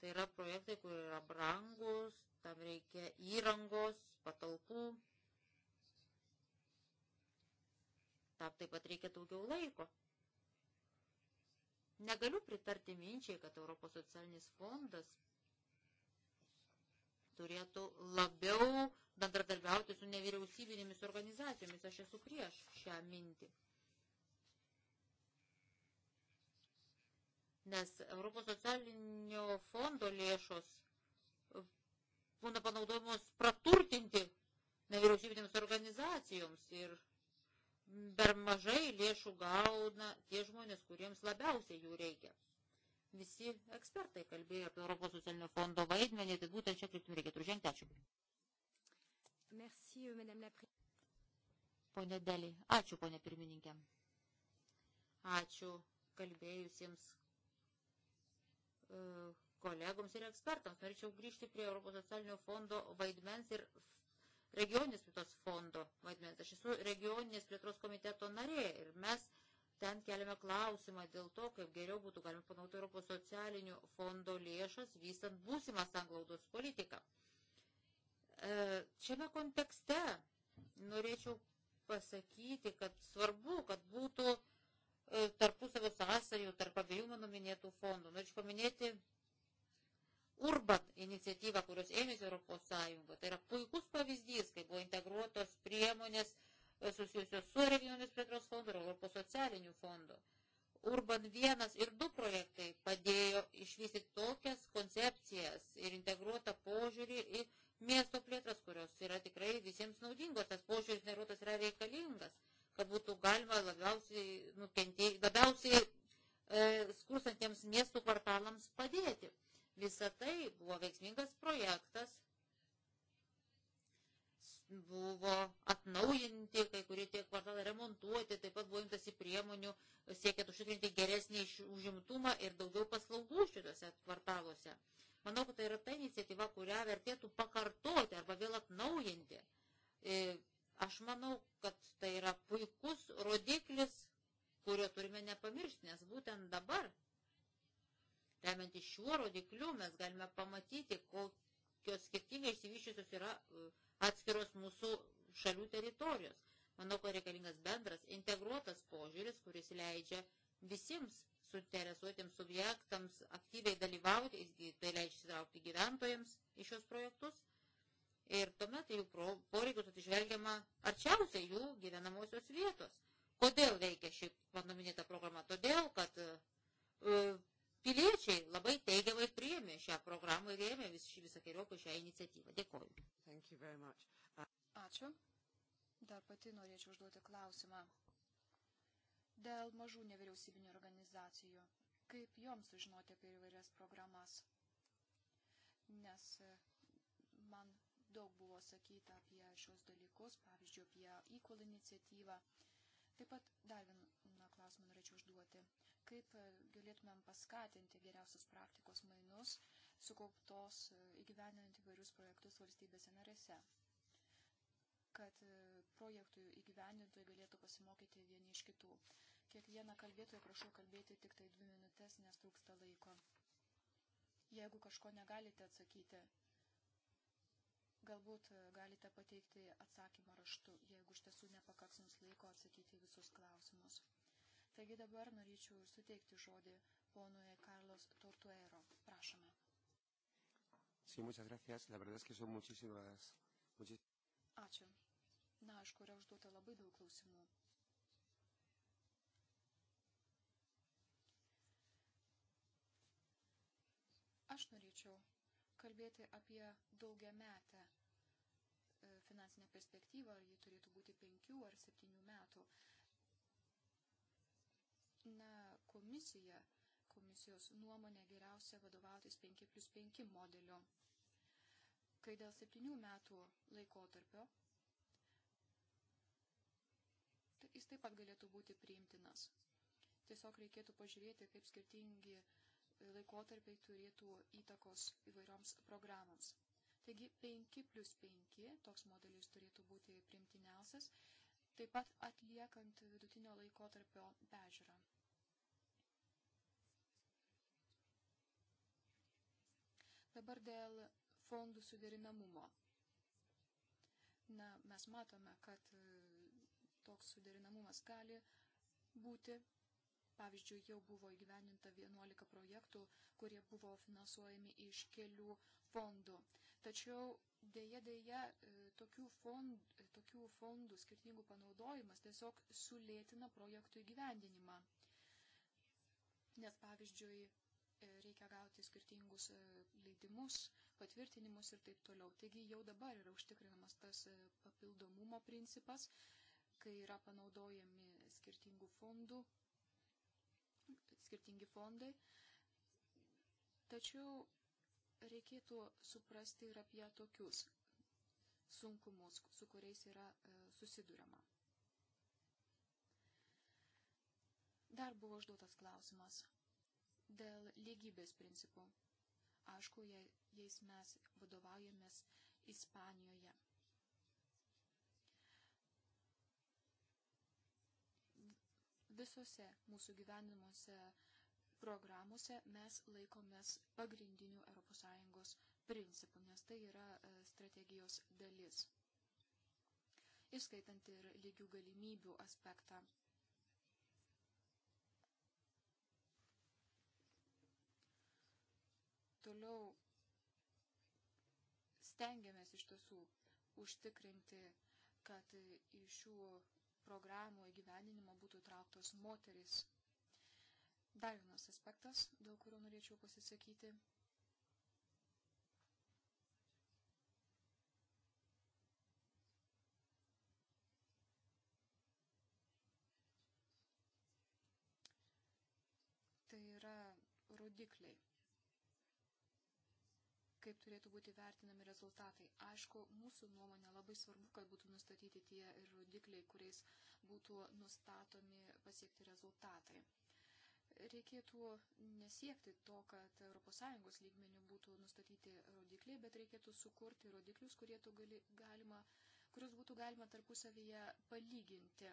[SPEAKER 1] Tai yra projektai, kur yra brangus, tam reikia įrangos, patalpų. Tam taip pat reikia daugiau laiko. Negaliu pritarti minčiai, kad Europos socialinis fondas turėtų labiau bendradarbiauti su nevyriausybinėmis organizacijomis. Aš esu prieš šią mintį. Nes Europos socialinio fondo lėšos būna panaudojamos praturtinti nevyriausybinėms organizacijoms ir per mažai lėšų gauna tie žmonės, kuriems labiausiai jų reikia. Visi ekspertai kalbėjo apie Europos socialinio fondo vaidmenį, tai būtent čia kryptim reikėtų žengti. Ačiū.
[SPEAKER 3] Merci, euh, madame la
[SPEAKER 1] Pone Deli, ačiū, pone pirmininkė. Ačiū kalbėjusiems e, kolegoms ir ekspertams. Norėčiau grįžti prie Europos socialinio fondo vaidmens ir regioninės plėtros fondo vaidmens. Aš esu regioninės plėtros komiteto narė ir mes ten keliame klausimą dėl to, kaip geriau būtų galima panaudoti Europos socialinių fondo lėšas, vystant būsimą sanglaudos politiką. E, šiame kontekste norėčiau pasakyti, kad svarbu, kad būtų e, tarpusavio sąsajų tarp abiejų mano minėtų fondų. Norėčiau paminėti Urban iniciatyvą, kurios ėmėsi Europos Sąjunga. Tai yra puikus pavyzdys, kai buvo integruotos priemonės susijusios su regioninis plėtros fondu ir Europos socialiniu fondu. Urban 1 ir 2 projektai padėjo išvystyti tokias koncepcijas ir integruotą požiūrį į miesto plėtras, kurios yra tikrai visiems naudingos. Tas požiūris nerotas yra reikalingas, kad būtų galima labiausiai nukentėti, labiausiai e, skursantiems miestų kvartalams padėti. Visa tai buvo veiksmingas projektas, buvo atnaujinti, kai kurie tie kvartalai remontuoti, taip pat buvo imtasi priemonių siekiant užtikrinti geresnį užimtumą ir daugiau paslaugų šituose kvartaluose. Manau, kad tai yra ta iniciatyva, kurią vertėtų pakartoti arba vėl atnaujinti. E, aš manau, kad tai yra puikus rodiklis, kurio turime nepamiršti, nes būtent dabar Remiantis šiuo rodikliu mes galime pamatyti, kokios skirtingai išsivyščiusios yra e, atskiros mūsų šalių teritorijos. Manau, kad reikalingas bendras, integruotas požiūris, kuris leidžia visiems suinteresuotiems subjektams aktyviai dalyvauti, tai leidžia įsitraukti gyventojams į šios projektus. Ir tuomet jų poreikius atsižvelgiama arčiausiai jų gyvenamosios vietos. Kodėl veikia ši mano minėta programa? Todėl, kad e, Piliečiai labai teigiamai priėmė šią programą ir ėmė vis, visokiojo šią iniciatyvą. Dėkoju. Uh,
[SPEAKER 3] Ačiū. Dar pati norėčiau užduoti klausimą. Dėl mažų nevyriausybinio organizacijų. Kaip joms sužinoti apie įvairias programas? Nes uh, man daug buvo sakyta apie šios dalykus, pavyzdžiui, apie įkol iniciatyvą. Taip pat dar vien, klausimą norėčiau užduoti. Kaip e, galėtumėm paskatinti geriausios praktikos mainus sukauptos e, įgyveninant įvairius projektus valstybėse narėse? kad e, projektų įgyvendintojai galėtų pasimokyti vieni iš kitų. Kiekvieną kalbėtoją prašau kalbėti tik tai dvi minutės, nes trūksta laiko. Jeigu kažko negalite atsakyti, galbūt galite pateikti atsakymą raštu, jeigu iš tiesų nepakaks jums laiko atsakyti visus klausimus. Taigi dabar norėčiau ir suteikti žodį ponui Carlos Tortuero. Prašome.
[SPEAKER 2] Sí, muchas gracias. La verdad es que son muchísimas. Muchis...
[SPEAKER 3] Ačiū. Na, aišku, yra užduota labai daug klausimų. Aš norėčiau kalbėti apie daugiametę e, finansinę perspektyvą, ar ji turėtų būti penkių ar septynių metų na, komisija, komisijos nuomonė geriausia vadovautis 5 plus 5 modeliu, kai dėl 7 metų laikotarpio tai jis taip pat galėtų būti priimtinas. Tiesiog reikėtų pažiūrėti, kaip skirtingi laikotarpiai turėtų įtakos įvairioms programoms. Taigi 5 plus 5 toks modelis turėtų būti primtiniausias, taip pat atliekant vidutinio laikotarpio pežiūrą. Dabar dėl fondų suderinamumo. Na, mes matome, kad e, toks suderinamumas gali būti. Pavyzdžiui, jau buvo įgyveninta 11 projektų, kurie buvo finansuojami iš kelių fondų. Tačiau dėja, dėja, e, tokių fondų, e, tokių fondų skirtingų panaudojimas tiesiog sulėtina projektų įgyvendinimą. Nes, pavyzdžiui, reikia gauti skirtingus e, leidimus, patvirtinimus ir taip toliau. Taigi jau dabar yra užtikrinamas tas e, papildomumo principas, kai yra panaudojami skirtingų fondų, skirtingi fondai. Tačiau reikėtų suprasti ir apie tokius sunkumus, su kuriais yra e, susidurama. Dar buvo užduotas klausimas dėl lygybės principų. Aišku, jais mes vadovaujamės Ispanijoje. Visose mūsų gyvenimuose programuose mes laikomės pagrindinių ES principų, nes tai yra e, strategijos dalis, įskaitant ir lygių galimybių aspektą. toliau stengiamės iš tiesų užtikrinti, kad į šių programų įgyvendinimą būtų trauktos moteris. Dar vienas aspektas, dėl kurio norėčiau pasisakyti. Tai yra rodikliai kaip turėtų būti vertinami rezultatai. Aišku, mūsų nuomonė labai svarbu, kad būtų nustatyti tie rodikliai, kuriais būtų nustatomi pasiekti rezultatai. Reikėtų nesiekti to, kad ES lygmenių būtų nustatyti rodikliai, bet reikėtų sukurti rodiklius, gali, galima, kuriuos būtų galima tarpusavyje palyginti.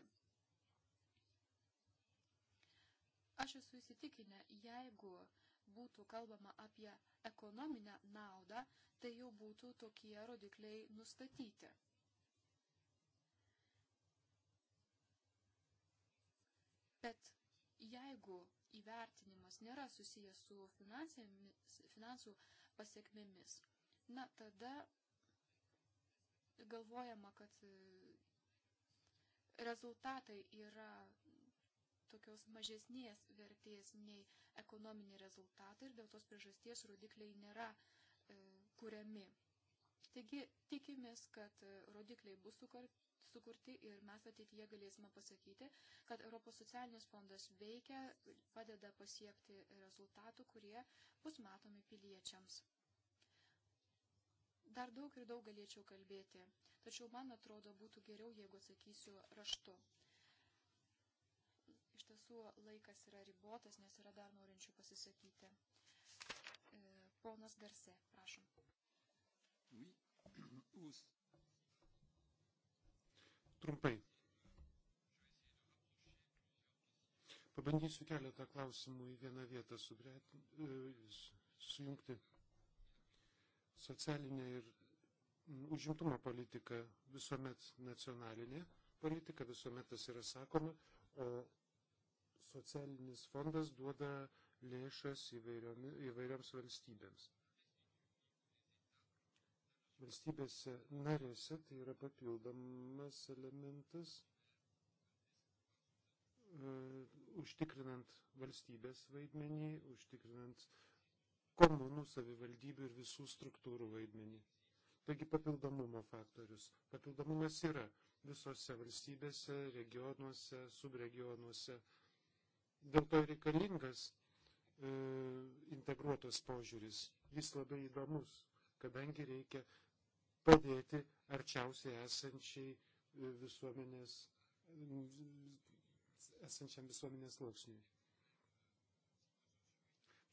[SPEAKER 3] Aš esu įsitikinę, jeigu būtų kalbama apie ekonominę naudą, tai jau būtų tokie rodikliai nustatyti. Bet jeigu įvertinimas nėra susijęs su finansų pasiekmėmis, na tada galvojama, kad e, rezultatai yra tokios mažesnės vertės nei ekonominiai rezultatai ir dėl tos priežasties rodikliai nėra e, kuriami. Taigi tikimės, kad e, rodikliai bus sukurti ir mes ateityje galėsime pasakyti, kad Europos socialinis fondas veikia, padeda pasiekti rezultatų, kurie bus matomi piliečiams. Dar daug ir daug galėčiau kalbėti, tačiau man atrodo būtų geriau, jeigu atsakysiu raštu tiesų laikas yra ribotas, nes yra dar norinčių pasisakyti. E, ponas Garse, prašom. Oui. (clears throat) Us.
[SPEAKER 2] Trumpai. Pabandysiu keletą klausimų į vieną vietą subreti, e, sujungti. Socialinė ir užimtumo politika visuomet nacionalinė, politika visuomet tas yra sakoma, o socialinis fondas duoda lėšas įvairioms valstybėms. Valstybėse narėse tai yra papildomas elementas, e, užtikrinant valstybės vaidmenį, užtikrinant komunų, savivaldybių ir visų struktūrų vaidmenį. Taigi papildomumo faktorius. Papildomumas yra visose valstybėse, regionuose, subregionuose Dėl to reikalingas e, integruotas požiūris. Jis labai įdomus, kadangi reikia padėti arčiausiai esančiai e, visuomenės, esančiam visuomenės lauksniui.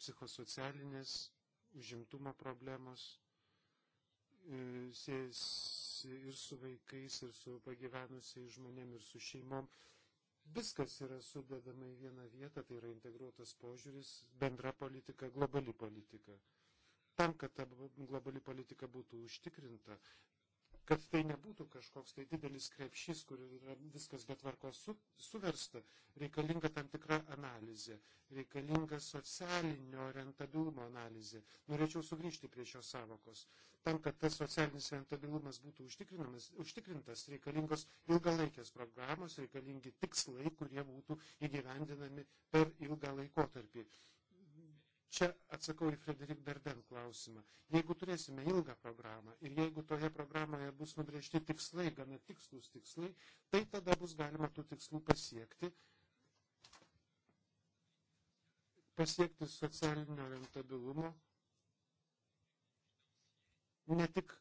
[SPEAKER 2] Psichosocialinės užimtumo problemos e, siejasi ir su vaikais, ir su pagyvenusiais žmonėm, ir su šeimom, Viskas yra sudedama į vieną vietą, tai yra integruotas požiūris, bendra politika, globali politika. Tam, kad ta globali politika būtų užtikrinta, kad tai nebūtų kažkoks tai didelis krepšys, kur yra viskas betvarko su, suversta, reikalinga tam tikra analizė, reikalinga socialinio rentabilumo analizė. Norėčiau sugrįžti prie šios savokos. Tam, kad tas socialinis rentabilumas būtų užtikrintas, reikalingos ilgalaikės programos, reikalingi tikslai, kurie būtų įgyvendinami per ilgą laikotarpį. Čia atsakau į Frederik Darden klausimą. Jeigu turėsime ilgą programą ir jeigu toje programoje bus nubrėžti tikslai, gana tikslus tikslai, tai tada bus galima tų tikslų pasiekti, pasiekti socialinio rentabilumo ne tik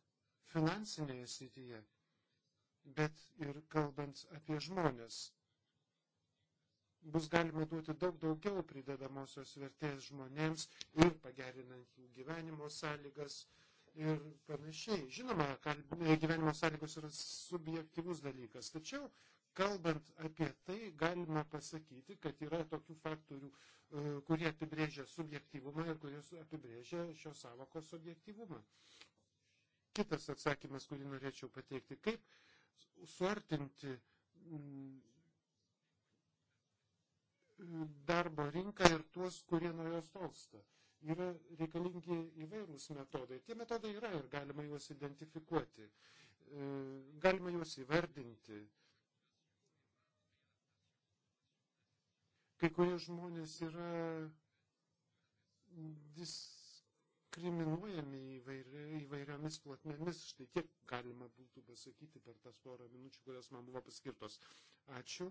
[SPEAKER 2] finansinėje srityje, bet ir kalbant apie žmonės bus galima duoti daug daugiau pridedamosios vertės žmonėms ir pagerinant jų gyvenimo sąlygas ir panašiai. Žinoma, gyvenimo sąlygos yra subjektivus dalykas, tačiau kalbant apie tai galima pasakyti, kad yra tokių faktorių, e, kurie apibrėžia subjektivumą ir kurie apibrėžia šios savokos subjektivumą. Kitas atsakymas, kurį norėčiau pateikti, kaip suartinti darbo rinką ir tuos, kurie nuo jos tolsta. Yra reikalingi įvairūs metodai. Tie metodai yra ir galima juos identifikuoti, e, galima juos įvardinti. Kai kurie žmonės yra diskriminuojami įvairia, įvairiomis platmėmis. Štai tiek galima būtų pasakyti per tas porą minučių, kurios man buvo paskirtos. Ačiū.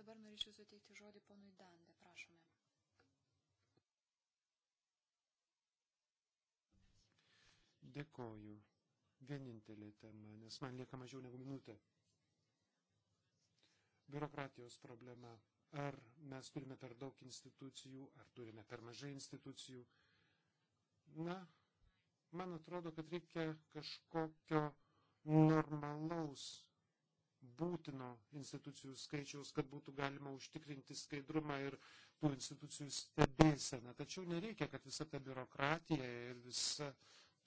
[SPEAKER 3] Dabar norėčiau suteikti žodį ponui Dandė. Prašome.
[SPEAKER 2] Dėkoju. Vienintelė tema, nes man lieka mažiau negu minutė. Biurokratijos problema. Ar mes turime per daug institucijų, ar turime per mažai institucijų? Na, man atrodo, kad reikia kažkokio normalaus būtino institucijų skaičiaus, kad būtų galima užtikrinti skaidrumą ir tų institucijų stebėseną. Tačiau nereikia, kad visa ta biurokratija ir visa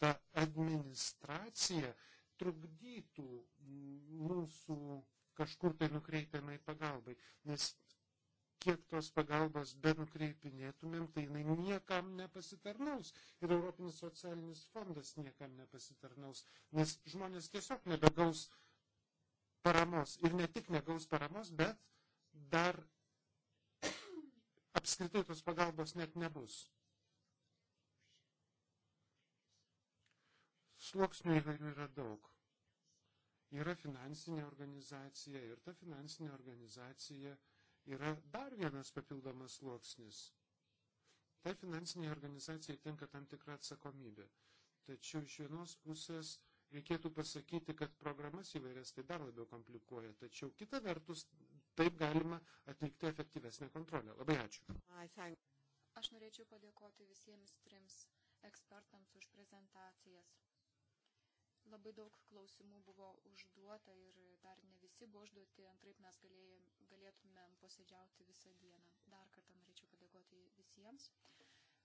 [SPEAKER 2] ta administracija trukdytų mūsų kažkur tai nukreipiamai pagalbai. Nes kiek tos pagalbos be nukreipinėtumėm, tai jinai niekam nepasitarnaus. Ir Europinis socialinis fondas niekam nepasitarnaus, nes žmonės tiesiog nebegaus uh, paramos. Ir ne tik negaus paramos, bet dar apskritai tos pagalbos net nebus. Sluoksnių įvairių yra daug. Yra finansinė organizacija ir ta finansinė organizacija yra dar vienas papildomas sluoksnis. Tai finansinė organizacija tenka tam tikrą atsakomybę. Tačiau iš vienos pusės reikėtų pasakyti, kad programas įvairias tai dar labiau komplikuoja, tačiau kita vertus taip galima atlikti efektyvesnę kontrolę. Labai
[SPEAKER 3] ačiū. Aš norėčiau padėkoti visiems trims ekspertams už prezentacijas. Labai daug klausimų buvo užduota ir dar ne visi buvo užduoti, antraip mes galėjom, galėtumėm posėdžiauti visą dieną. Dar kartą norėčiau padėkoti visiems.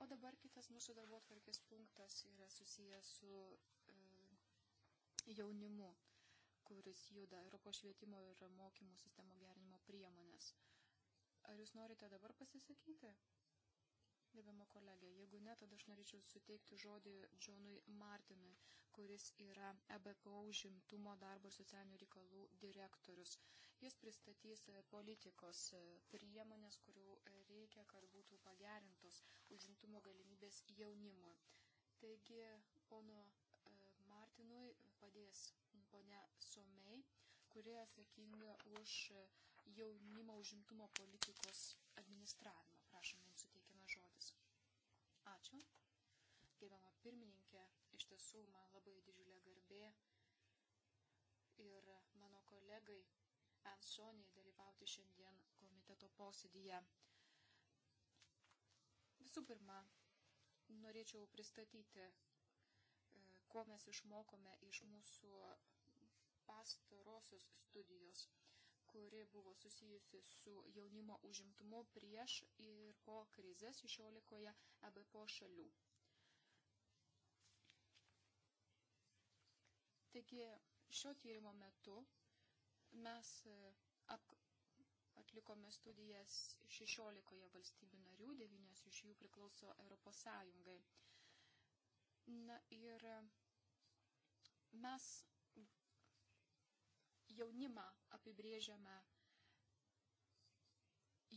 [SPEAKER 3] O dabar kitas mūsų darbo atvarkės punktas yra susijęs su jaunimu, kuris juda Europos švietimo ir mokymų sistemų gerinimo priemonės. Ar jūs norite dabar pasisakyti? Gerbiama kolegė, jeigu ne, tada aš norėčiau suteikti žodį Džonui Martinui, kuris yra EBPO žimtumo darbo ir socialinių reikalų direktorius. Jis pristatys e, politikos e, priemonės, kurių e, reikia, kad būtų pagerintos užimtumo galimybės jaunimui. Taigi, pono Martinui padės ponia Somei, kuri atsakinga už jaunimo užimtumo politikos administravimą. Prašom, jums suteikiamas žodis. Ačiū. Gerbiama pirmininkė, iš tiesų man labai didžiulė garbė ir mano kolegai Ansoniai dalyvauti šiandien komiteto posėdyje. Visų pirma, norėčiau pristatyti ko mes išmokome iš mūsų pastarosios studijos, kuri buvo susijusi su jaunimo užimtumu prieš ir po krizės 16 EBPO šalių. Taigi šio tyrimo metu mes e, atlikome studijas 16 valstybių narių, 9 iš jų priklauso Europos Sąjungai. Na ir e, mes jaunimą apibrėžiame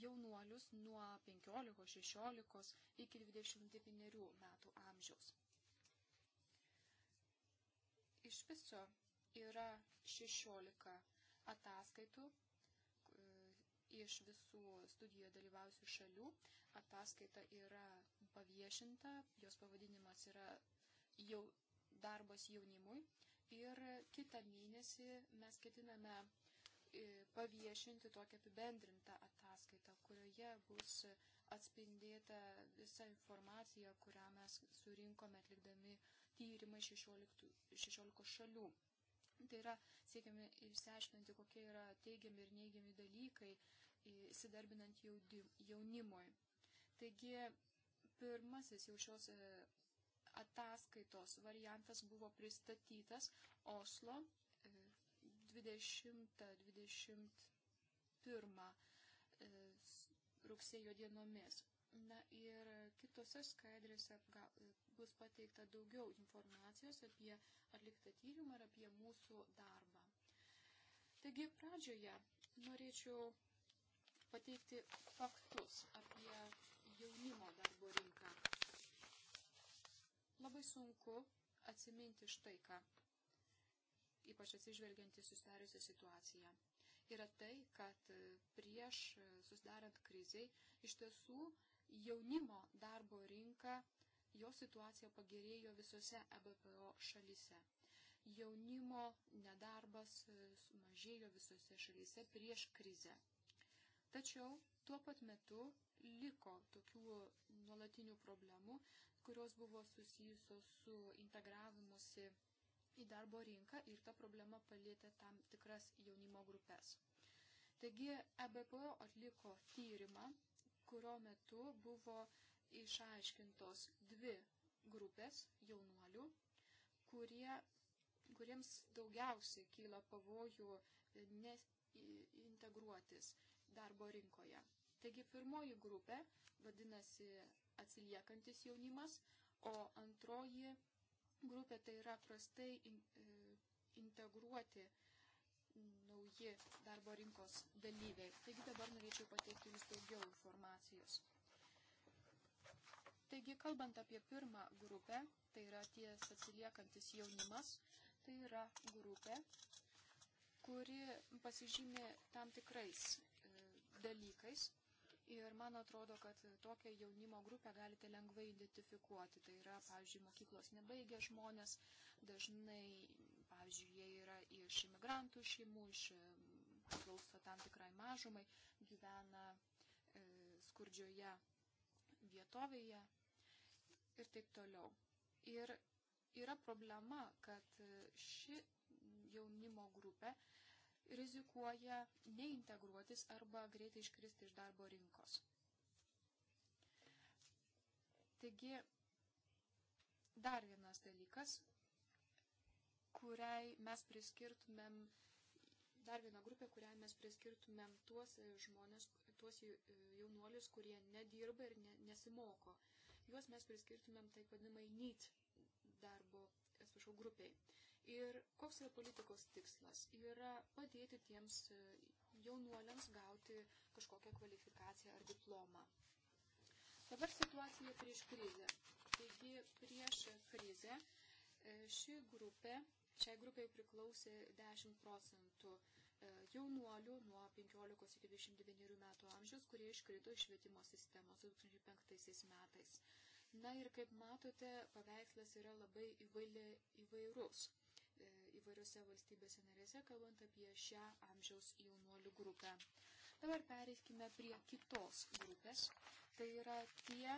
[SPEAKER 3] jaunuolius nuo 15-16 iki 29 metų amžiaus. Iš viso yra 16 ataskaitų e, iš visų studijoje dalyvausių šalių. Ataskaita yra paviešinta, jos pavadinimas yra jau darbas jaunimui. Ir kitą mėnesį mes ketiname e, paviešinti tokią apibendrintą ataskaitą, kurioje bus atspindėta visa informacija, kurią mes surinkome atlikdami tyrimą 16, 16 šalių. Tai yra siekiame išsiaiškinti, kokie yra teigiami ir neigiami dalykai e, įsidarbinant jaunimui. Taigi, pirmasis jau šios e, ataskaitos variantas buvo pristatytas Oslo 20-21 e, e, rugsėjo dienomis. Na ir kitose skaidrėse e, bus pateikta daugiau informacijos apie atliktą tyrimą ir apie mūsų darbą. Taigi pradžioje norėčiau pateikti faktus apie jaunimo darbo rinką labai sunku atsiminti štai ką, ypač atsižvelgiant į susidariusią situaciją. Yra tai, kad e, prieš e, susidarant kriziai iš tiesų jaunimo darbo rinka, jo situacija pagerėjo visose EBPO šalyse. Jaunimo nedarbas e, sumažėjo visose šalyse prieš krizę. Tačiau tuo pat metu liko tokių nuolatinių problemų kurios buvo susijusios su integravimusi į darbo rinką ir ta problema palėtė tam tikras jaunimo grupės. Taigi EBPO atliko tyrimą, kurio metu buvo išaiškintos dvi grupės jaunuolių, kurie, kuriems daugiausiai kyla pavojų neintegruotis darbo rinkoje. Taigi pirmoji grupė vadinasi atsiliekantis jaunimas, o antroji grupė tai yra prastai e, integruoti nauji darbo rinkos dalyviai. Taigi dabar norėčiau pateikti jums daugiau informacijos. Taigi, kalbant apie pirmą grupę, tai yra ties atsiliekantis jaunimas, tai yra grupė, kuri pasižymė tam tikrais e, dalykais. Ir man atrodo, kad tokią jaunimo grupę galite lengvai identifikuoti. Tai yra, pavyzdžiui, mokyklos nebaigę žmonės, dažnai, pavyzdžiui, jie yra iš imigrantų šeimų, iš mm, klauso tam tikrai mažumai, gyvena e, skurdžioje vietovėje ir taip toliau. Ir yra problema, kad e, ši jaunimo grupė rizikuoja neintegruotis arba greitai iškristi iš darbo rinkos. Taigi, dar vienas dalykas, kuriai mes priskirtumėm, dar viena grupė, kuriai mes priskirtumėm tuos žmonės, tuos jaunuolius, kurie nedirba ir ne, nesimoko. Juos mes priskirtumėm taip vadinamai NEET darbo, atsiprašau, grupiai. Ir koks yra politikos tikslas? Yra padėti tiems e, jaunuoliams gauti kažkokią kvalifikaciją ar diplomą. Dabar situacija prieš krizę. Taigi prieš krizę e, ši grupė, šiai grupiai priklausė 10 procentų e, jaunuolių nuo 15 iki 29 metų amžiaus, kurie iškrito iš švietimo sistemos 2005 metais. Na ir kaip matote, paveikslas yra labai įvaili, įvairus įvairiose valstybėse narėse, kalbant apie šią amžiaus jaunuolių grupę. Dabar pereikime prie kitos grupės. Tai yra tie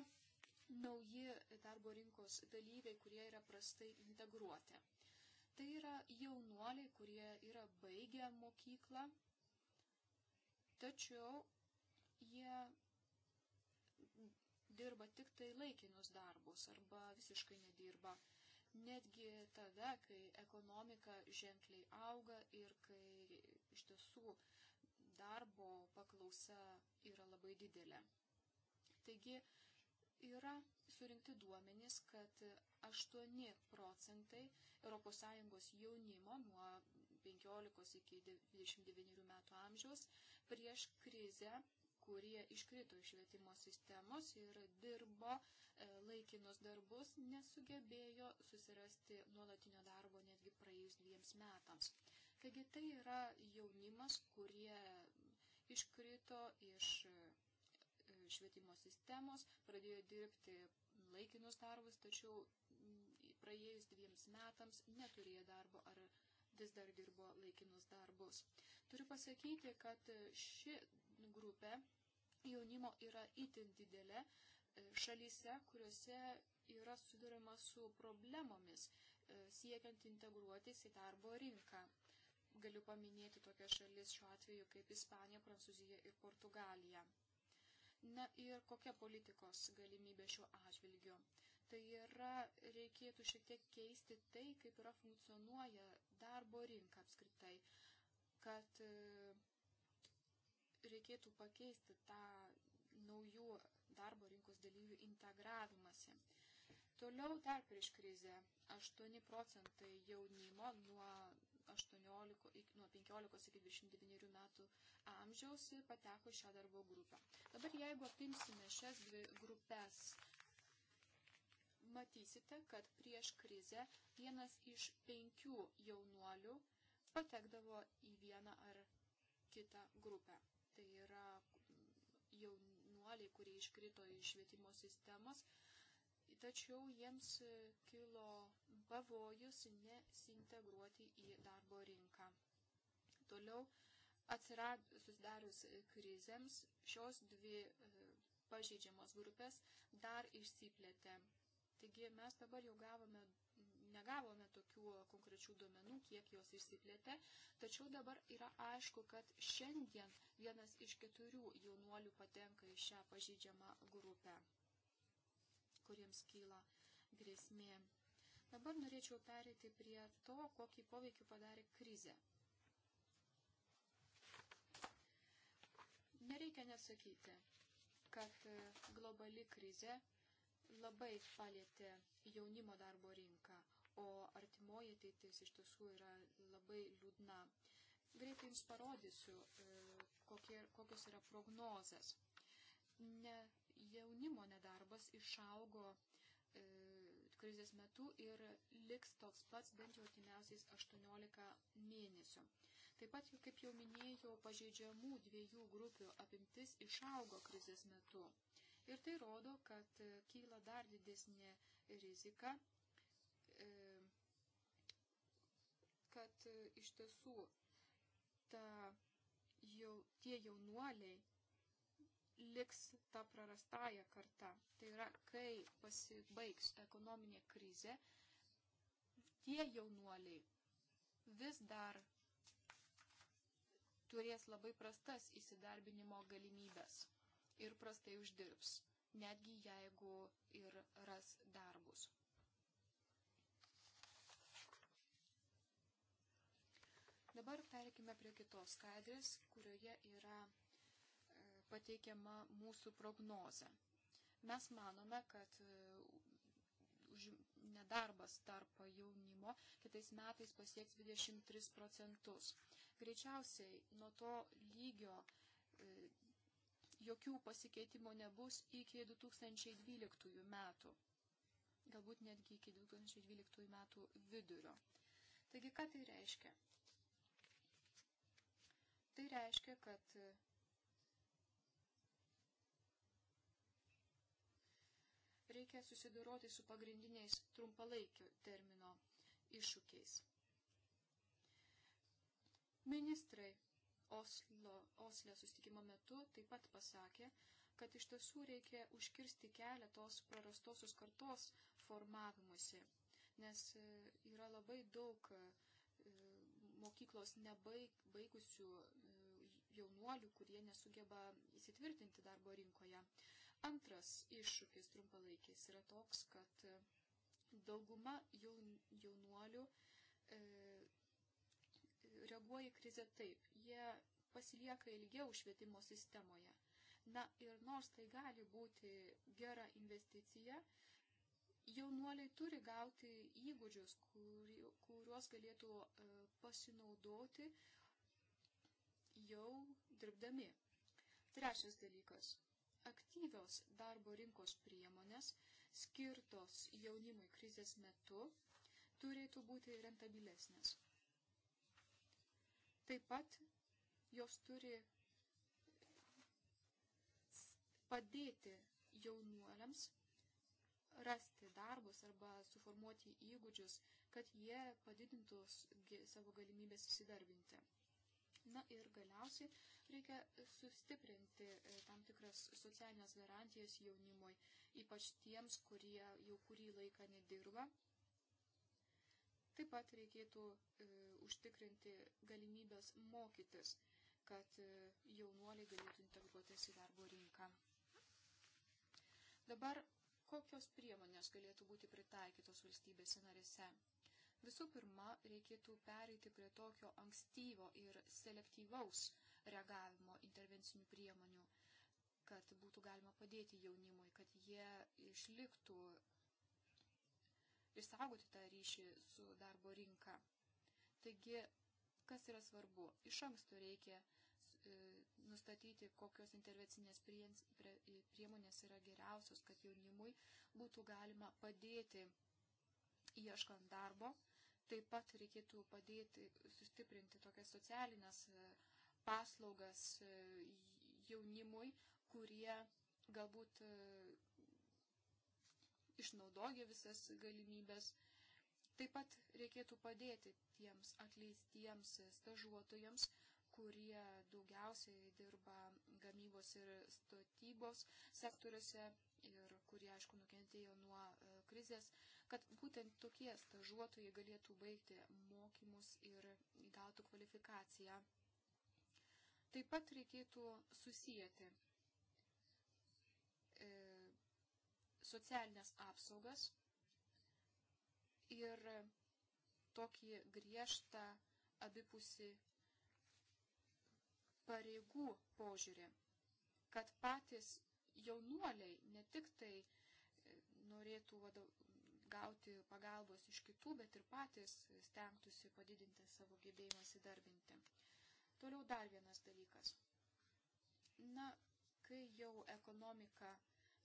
[SPEAKER 3] nauji darbo rinkos dalyviai, kurie yra prastai integruoti. Tai yra jaunuoliai, kurie yra baigę mokyklą, tačiau jie dirba tik tai laikinus darbus arba visiškai nedirba netgi tada, kai ekonomika ženkliai auga ir kai iš tiesų darbo paklausa yra labai didelė. Taigi yra surinkti duomenys, kad 8 procentai ES jaunimo nuo 15 iki 29 metų amžiaus prieš krizę kurie iškrito iš švietimo sistemos ir dirbo E, laikinus darbus, nesugebėjo susirasti nuolatinio darbo netgi praėjus dviems metams. Taigi tai yra jaunimas, kurie iškrito iš e, švietimo sistemos, pradėjo dirbti laikinus darbus, tačiau mm, praėjus dviems metams neturėjo darbo ar vis dar dirbo laikinus darbus. Turiu pasakyti, kad ši grupė jaunimo yra itin didelė, šalyse, kuriuose yra sudaroma su problemomis e, siekiant integruotis į darbo rinką. Galiu paminėti tokias šalis šiuo atveju kaip Ispanija, Prancūzija ir Portugalija. Na ir kokia politikos galimybė šiuo atžvilgiu? Tai yra, reikėtų šiek tiek keisti tai, kaip yra funkcionuoja darbo rinka apskritai, kad e, reikėtų pakeisti tą naujų darbo rinkos dalyvių integravimasi. Toliau dar prieš krizę 8 procentai jaunimo nuo, 18, nuo 15 iki 29 metų amžiaus pateko šią darbo grupę. Dabar jeigu apimsime šias dvi grupės, matysite, kad prieš krizę vienas iš penkių jaunuolių patekdavo į vieną ar kitą grupę. Tai yra skandaliai, kurie iškrito iš švietimo sistemas, tačiau jiems e, kilo pavojus nesintegruoti į darbo rinką. Toliau atsiradus krizėms šios dvi e, pažeidžiamos grupės dar išsiplėtė. Taigi mes dabar jau gavome negavome tokių konkrečių duomenų, kiek jos išsiplėtė, tačiau dabar yra aišku, kad šiandien vienas iš keturių jaunuolių patenka į šią pažydžiamą grupę, kuriems kyla grėsmė. Dabar norėčiau perėti prie to, kokį poveikį padarė krizė. Nereikia nesakyti, kad e, globali krizė labai palėtė jaunimo darbo rinką o artimoji ateitis iš tiesų yra labai liūdna. Greitai jums parodysiu, e, kokie, kokios yra prognozės. Ne, jaunimo nedarbas išaugo e, krizės metu ir liks toks pats bent jau artimiausiais 18 mėnesių. Taip pat, kaip jau minėjau, pažeidžiamų dviejų grupių apimtis išaugo krizės metu. Ir tai rodo, kad e, kyla dar didesnė rizika kad e, iš tiesų ta, jau, tie jaunuoliai liks ta prarastąją kartą. Tai yra, kai pasibaigs ekonominė krizė, tie jaunuoliai vis dar turės labai prastas įsidarbinimo galimybės ir prastai uždirbs, netgi jeigu ir ras darbus. Dabar perkime prie kitos skaidrės, kurioje yra e, pateikiama mūsų prognozė. Mes manome, kad e, nedarbas tarp jaunimo kitais metais pasieks 23 procentus. Greičiausiai nuo to lygio e, jokių pasikeitimo nebus iki 2012 metų, galbūt netgi iki 2012 metų vidurio. Taigi, ką tai reiškia? Tai reiškia, kad reikia susidoroti su pagrindiniais trumpalaikio termino iššūkiais. Ministrai Oslo, Osle sustikimo metu taip pat pasakė, kad iš tiesų reikia užkirsti kelią tos prarastosios kartos formavimuose, nes e, yra labai daug e, mokyklos nebaigusių jaunuolių, kurie nesugeba įsitvirtinti darbo rinkoje. Antras iššūkis trumpalaikis yra toks, kad e, dauguma jaun, jaunuolių e, reaguoja į krizę taip, jie pasilieka ilgiau švietimo sistemoje. Na ir nors tai gali būti gera investicija, jaunuoliai turi gauti įgūdžius, kuriuos galėtų e, pasinaudoti, jau dirbdami. Trečias dalykas - aktyvios darbo rinkos priemonės skirtos jaunimui krizės metu turėtų būti rentabilesnės. Taip pat jos turi padėti jaunuoliams rasti darbus arba suformuoti įgūdžius, kad jie padidintų savo galimybės įsidarbinti ir galiausiai reikia sustiprinti e, tam tikras socialinės garantijas jaunimui, ypač tiems, kurie jau kurį laiką nedirba. Taip pat reikėtų e, užtikrinti galimybės mokytis, kad e, jaunuoliai galėtų integruotis į darbo rinką. Dabar kokios priemonės galėtų būti pritaikytos valstybėse narėse? Visų pirma, reikėtų pereiti prie tokio ankstyvo ir selektyvaus reagavimo intervencinių priemonių, kad būtų galima padėti jaunimui, kad jie išliktų, išsaugoti tą ryšį su darbo rinka. Taigi, kas yra svarbu? Iš anksto reikia e, nustatyti, kokios intervencinės priemonės yra geriausios, kad jaunimui būtų galima padėti ieškant darbo Taip pat reikėtų padėti sustiprinti tokias socialinės e, paslaugas e, jaunimui, kurie galbūt e, išnaudoja visas galimybės. Taip pat reikėtų padėti tiems atleistiems stažuotojams, kurie daugiausiai dirba gamybos ir statybos sektoriuose ir kurie, aišku, nukentėjo nuo krizės kad būtent tokie stažuotojai galėtų baigti mokymus ir įgautų kvalifikaciją. Taip pat reikėtų susijęti e, socialinės apsaugas ir tokį griežtą abipusi pareigų požiūrį, kad patys jaunuoliai ne tik tai e, norėtų gauti pagalbos iš kitų, bet ir patys stengtųsi padidinti savo gebėjimą įdarbinti. Toliau dar vienas dalykas. Na, kai jau ekonomika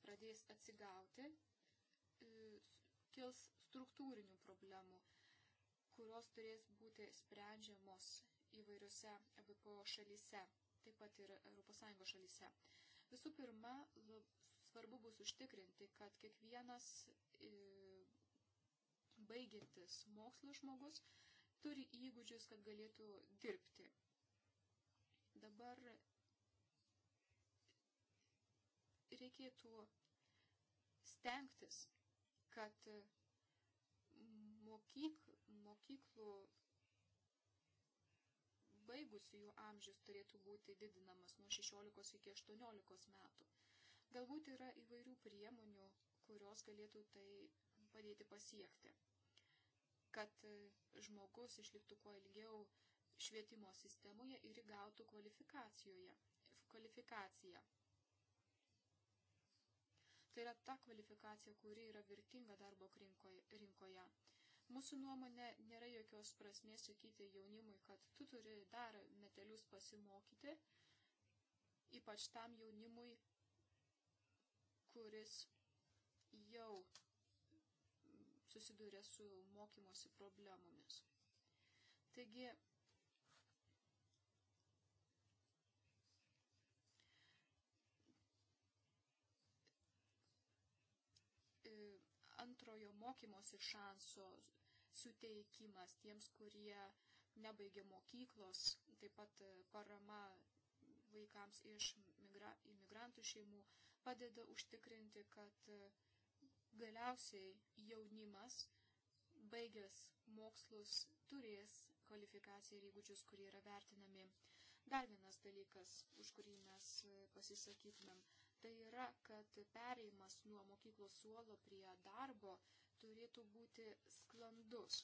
[SPEAKER 3] pradės atsigauti, e, kils struktūrinių problemų, kurios turės būti sprendžiamos įvairiose EBPO šalyse, taip pat ir ES šalyse. Visų pirma, svarbu bus užtikrinti, kad kiekvienas e, baigintis mokslo žmogus turi įgūdžius, kad galėtų dirbti. Dabar reikėtų stengtis, kad mokyk, mokyklų baigusiųjų amžius turėtų būti didinamas nuo 16 iki 18 metų. Galbūt yra įvairių priemonių, kurios galėtų tai padėti pasiekti kad e, žmogus išliktų kuo ilgiau švietimo sistemoje ir įgautų kvalifikacijoje, kvalifikaciją. Tai yra ta kvalifikacija, kuri yra vertinga darbo rinkoje. Mūsų nuomonė nėra jokios prasmės sakyti jaunimui, kad tu turi dar metelius pasimokyti, ypač tam jaunimui, kuris jau susiduria su mokymosi problemomis. Taigi, e, antrojo mokymosi šanso suteikimas tiems, kurie nebaigia mokyklos, taip pat e, parama vaikams iš imigrantų šeimų padeda užtikrinti, kad e, galiausiai jaunimas, baigęs mokslus, turės kvalifikaciją ir įgūdžius, kurie yra vertinami. Dar vienas dalykas, už kurį mes pasisakytumėm, tai yra, kad pereimas nuo mokyklos suolo prie darbo turėtų būti sklandus.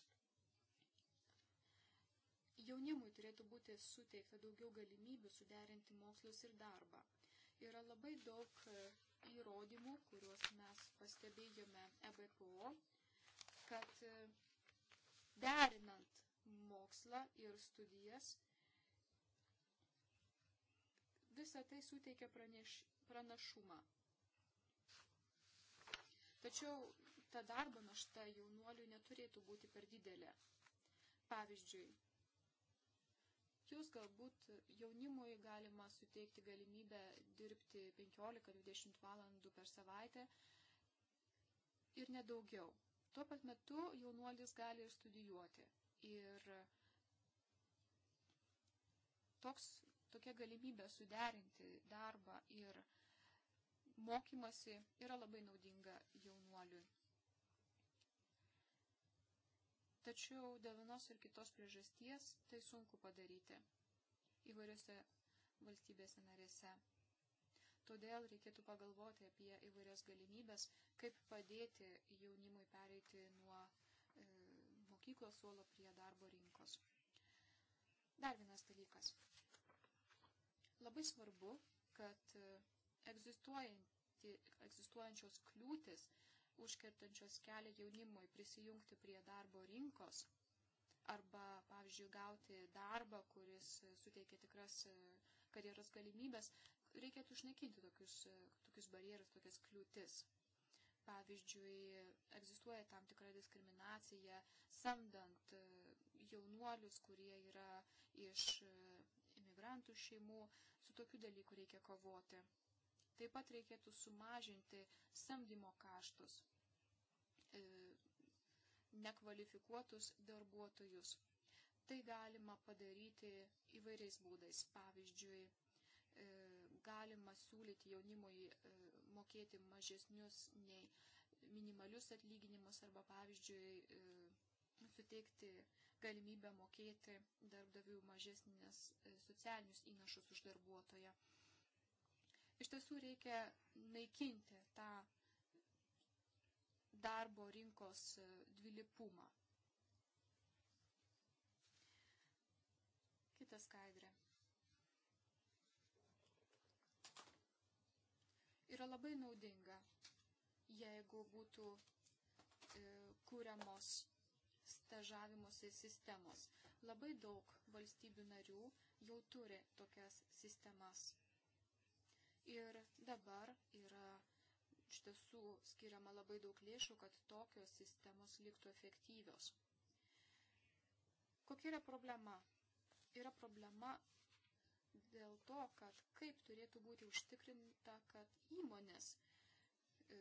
[SPEAKER 3] Jaunimui turėtų būti suteikta daugiau galimybių suderinti mokslus ir darbą. Yra labai daug įrodymų, kuriuos mes pastebėjome EBPO, kad e, derinant mokslą ir studijas, visa tai suteikia praneš, pranašumą. Tačiau ta darbo našta jaunuoliui neturėtų būti per didelė. Pavyzdžiui, Jūs galbūt jaunimui galima suteikti galimybę dirbti 15-20 valandų per savaitę ir nedaugiau. Tuo pat metu jaunuolis gali ir studijuoti. Ir toks, tokia galimybė suderinti darbą ir mokymasi yra labai naudinga jaunuoliui. tačiau dėl vienos ir kitos priežasties tai sunku padaryti įvairiose valstybėse narėse. Todėl reikėtų pagalvoti apie įvairias galimybės, kaip padėti jaunimui pereiti nuo e, mokyklos suolo prie darbo rinkos. Dar vienas dalykas. Labai svarbu, kad e, egzistuojančios kliūtis užkertančios kelią jaunimui prisijungti prie darbo rinkos arba, pavyzdžiui, gauti darbą, kuris e, suteikia tikras e, karjeros galimybės, reikėtų išnaikinti tokius, e, tokius barjerus, tokias kliūtis. Pavyzdžiui, egzistuoja tam tikra diskriminacija, samdant jaunuolius, kurie yra iš imigrantų šeimų, su tokiu dalyku reikia kovoti. Taip pat reikėtų sumažinti samdymo kaštus, e, nekvalifikuotus darbuotojus. Tai galima padaryti įvairiais būdais. Pavyzdžiui, e, galima siūlyti jaunimui e, mokėti mažesnius nei minimalius atlyginimus arba, pavyzdžiui, suteikti galimybę mokėti darbdavių mažesnės socialinius įnašus už darbuotoją. Iš tiesų reikia naikinti tą darbo rinkos e, dvilipumą. Kita skaidrė. Yra labai naudinga, jeigu būtų e, kūriamos stažavimosi sistemos. Labai daug valstybių narių jau turi tokias sistemas. Ir dabar yra iš tiesų skiriama labai daug lėšų, kad tokios sistemos liktų efektyvios. Kokia yra problema? Yra problema dėl to, kad kaip turėtų būti užtikrinta, kad įmonės e,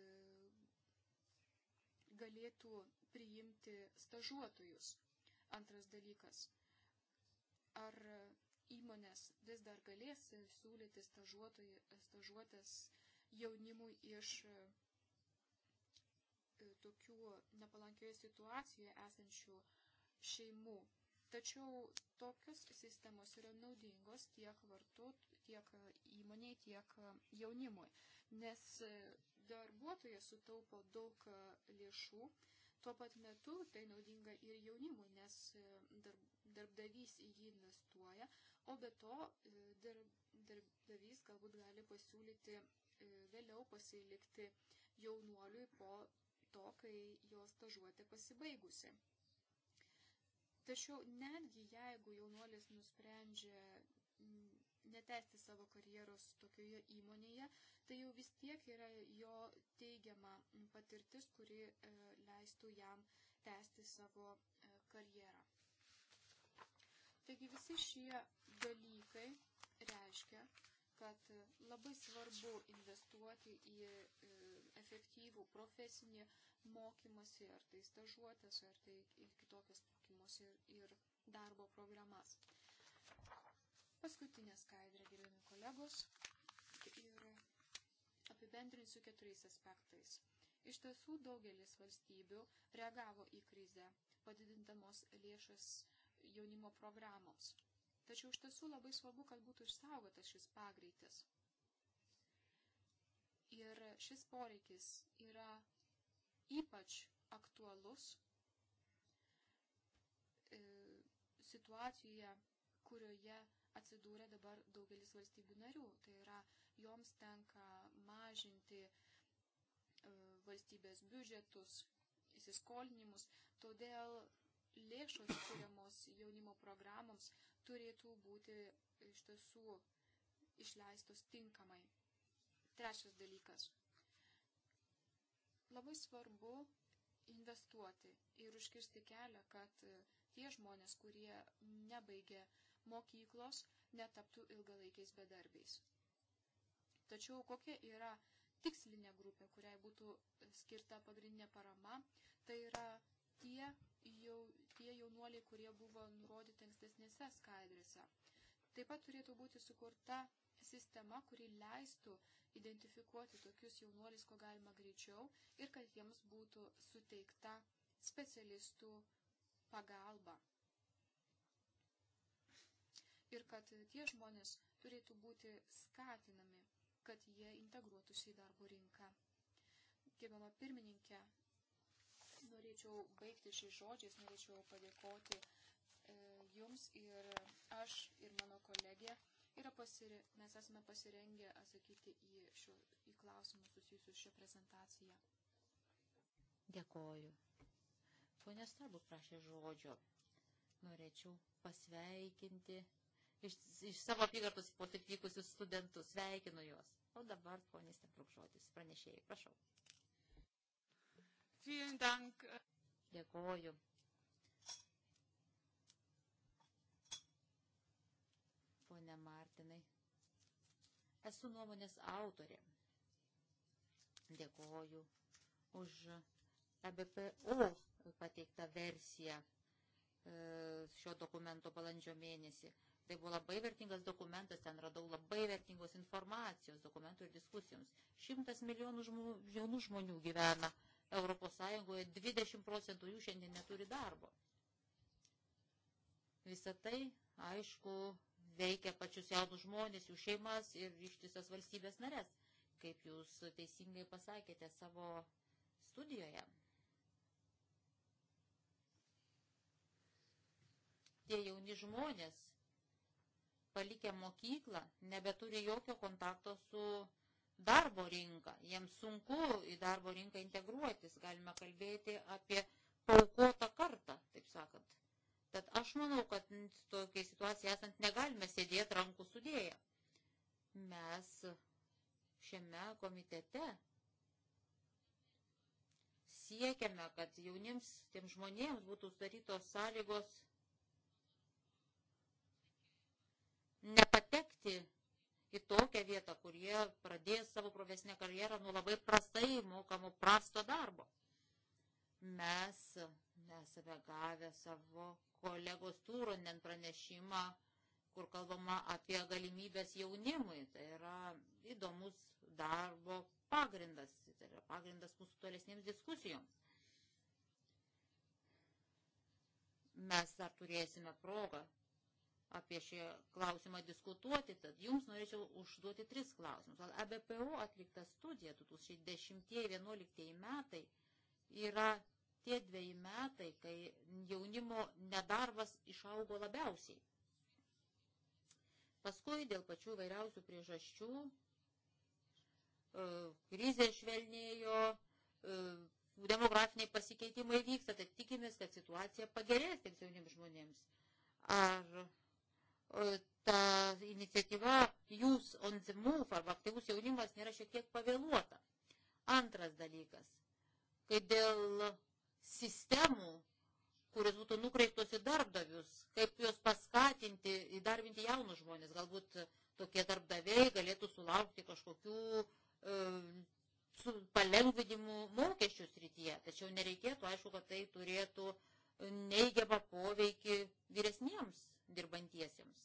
[SPEAKER 3] galėtų priimti stažuotojus. Antras dalykas. Ar įmonės vis dar galės siūlyti stažuotės jaunimui iš e, e, tokių nepalankioje situacijoje esančių šeimų. Tačiau tokios sistemos yra naudingos tiek vartot, tiek įmoniai, tiek jaunimui, nes e, darbuotojas sutaupo daug lėšų, tuo pat metu tai naudinga ir jaunimui, nes darb, darbdavys į jį investuoja, O be to, e, darbdavys galbūt gali pasiūlyti e, vėliau pasilikti jaunuoliui po to, kai jo stažuotė pasibaigusi. Tačiau netgi jeigu jaunuolis nusprendžia mm, netesti savo karjeros tokioje įmonėje, tai jau vis tiek yra jo teigiama mm, patirtis, kuri e, leistų jam tęsti savo karjerą. Taigi visi šie dalykai reiškia, kad labai svarbu investuoti į efektyvų profesinį mokymasi, ar tai stažuotės, ar tai kitokias mokymosi ir, ir darbo programas. Paskutinė skaidrė, gerbiami kolegos, ir apibendrinsiu keturiais aspektais. Iš tiesų daugelis valstybių reagavo į krizę, padidindamos lėšas jaunimo programoms. Tačiau iš tiesų labai svarbu, kad būtų išsaugotas šis pagreitis. Ir šis poreikis yra ypač aktualus e, situacijoje, kurioje atsidūrė dabar daugelis valstybių narių. Tai yra, joms tenka mažinti e, valstybės biudžetus, įsiskolinimus, todėl lėšos skiriamos jaunimo programoms turėtų būti iš tiesų išleistos tinkamai. Trečias dalykas. Labai svarbu investuoti ir užkirsti kelią, kad tie žmonės, kurie nebaigė mokyklos, netaptų ilgalaikiais bedarbiais. Tačiau kokia yra tikslinė grupė, kuriai būtų skirta pagrindinė parama, tai yra tie jau tie jaunuoliai, kurie buvo nurodyti ankstesnėse skaidrėse. Taip pat turėtų būti sukurta sistema, kuri leistų identifikuoti tokius jaunuolis, ko galima greičiau ir kad jiems būtų suteikta specialistų pagalba. Ir kad tie žmonės turėtų būti skatinami, kad jie integruotųsi į darbo rinką. Gerbiama pirmininkė, norėčiau baigti šiais žodžiais, norėčiau padėkoti e, Jums ir aš ir mano kolegė. Pasire, mes esame pasirengę atsakyti į, šio, į klausimus susijusius šią prezentaciją.
[SPEAKER 1] Dėkoju. Pone Stabu prašė žodžio. Norėčiau pasveikinti iš, iš savo apygardos po atvykusius studentus. Sveikinu juos. O dabar, ponė Stebruk, žodis. Pranešėjai, prašau.
[SPEAKER 3] Vielen Dank.
[SPEAKER 1] Dėkoju. Pone Martinai, esu nuomonės autorė. Dėkoju už EBPO pateiktą versiją e, šio dokumento balandžio mėnesį. Tai buvo labai vertingas dokumentas, ten radau labai vertingos informacijos dokumentų ir diskusijoms. Šimtas milijonų žmonių, jaunų žmonių gyvena Europos Sąjungoje 20 procentų jų šiandien neturi darbo. Visą tai, aišku, veikia pačius jaunus žmonės, jų šeimas ir ištisas valstybės narės, kaip jūs teisingai pasakėte savo studijoje. Tie jauni žmonės, palikę mokyklą, nebeturi jokio kontakto su darbo rinką. Jiems sunku į darbo rinką integruotis. Galime kalbėti apie paukotą kartą, taip sakant. Tad aš manau, kad tokiai situacijai esant negalime sėdėti rankų sudėję. Mes šiame komitete siekiame, kad jaunims, tiem žmonėms būtų sudarytos sąlygos nepatekti į tokią vietą, kur jie pradės savo profesinę karjerą nuo labai prastai mokamų prasto darbo. Mes esame gavę savo kolegos Turonen pranešimą, kur kalbama apie galimybės jaunimui. Tai yra įdomus darbo pagrindas, tai yra pagrindas mūsų tolesnėms diskusijoms. Mes dar turėsime progą apie šį klausimą diskutuoti, tad jums norėčiau užduoti tris klausimus. Gal ABPO atlikta studija 2010-2011 metai yra tie dviejai metai, kai jaunimo nedarbas išaugo labiausiai. Paskui dėl pačių vairiausių priežasčių e, krizė švelnėjo, e, demografiniai pasikeitimai vyksta, tad tikimės, kad situacija pagerės tiems jauniems žmonėms. Ar E, ta iniciatyva jūs on the move arba aktyvus jaunimas nėra šiek tiek pavėluota. Antras dalykas, kai dėl sistemų, kuris būtų nukreiptos į darbdavius, kaip juos paskatinti, įdarbinti jaunus žmonės, galbūt tokie darbdaviai galėtų sulaukti kažkokių e, su palengvinimų mokesčių srityje. Tačiau nereikėtų, aišku, kad tai turėtų neigiamą poveikį vyresniems dirbantiesiems.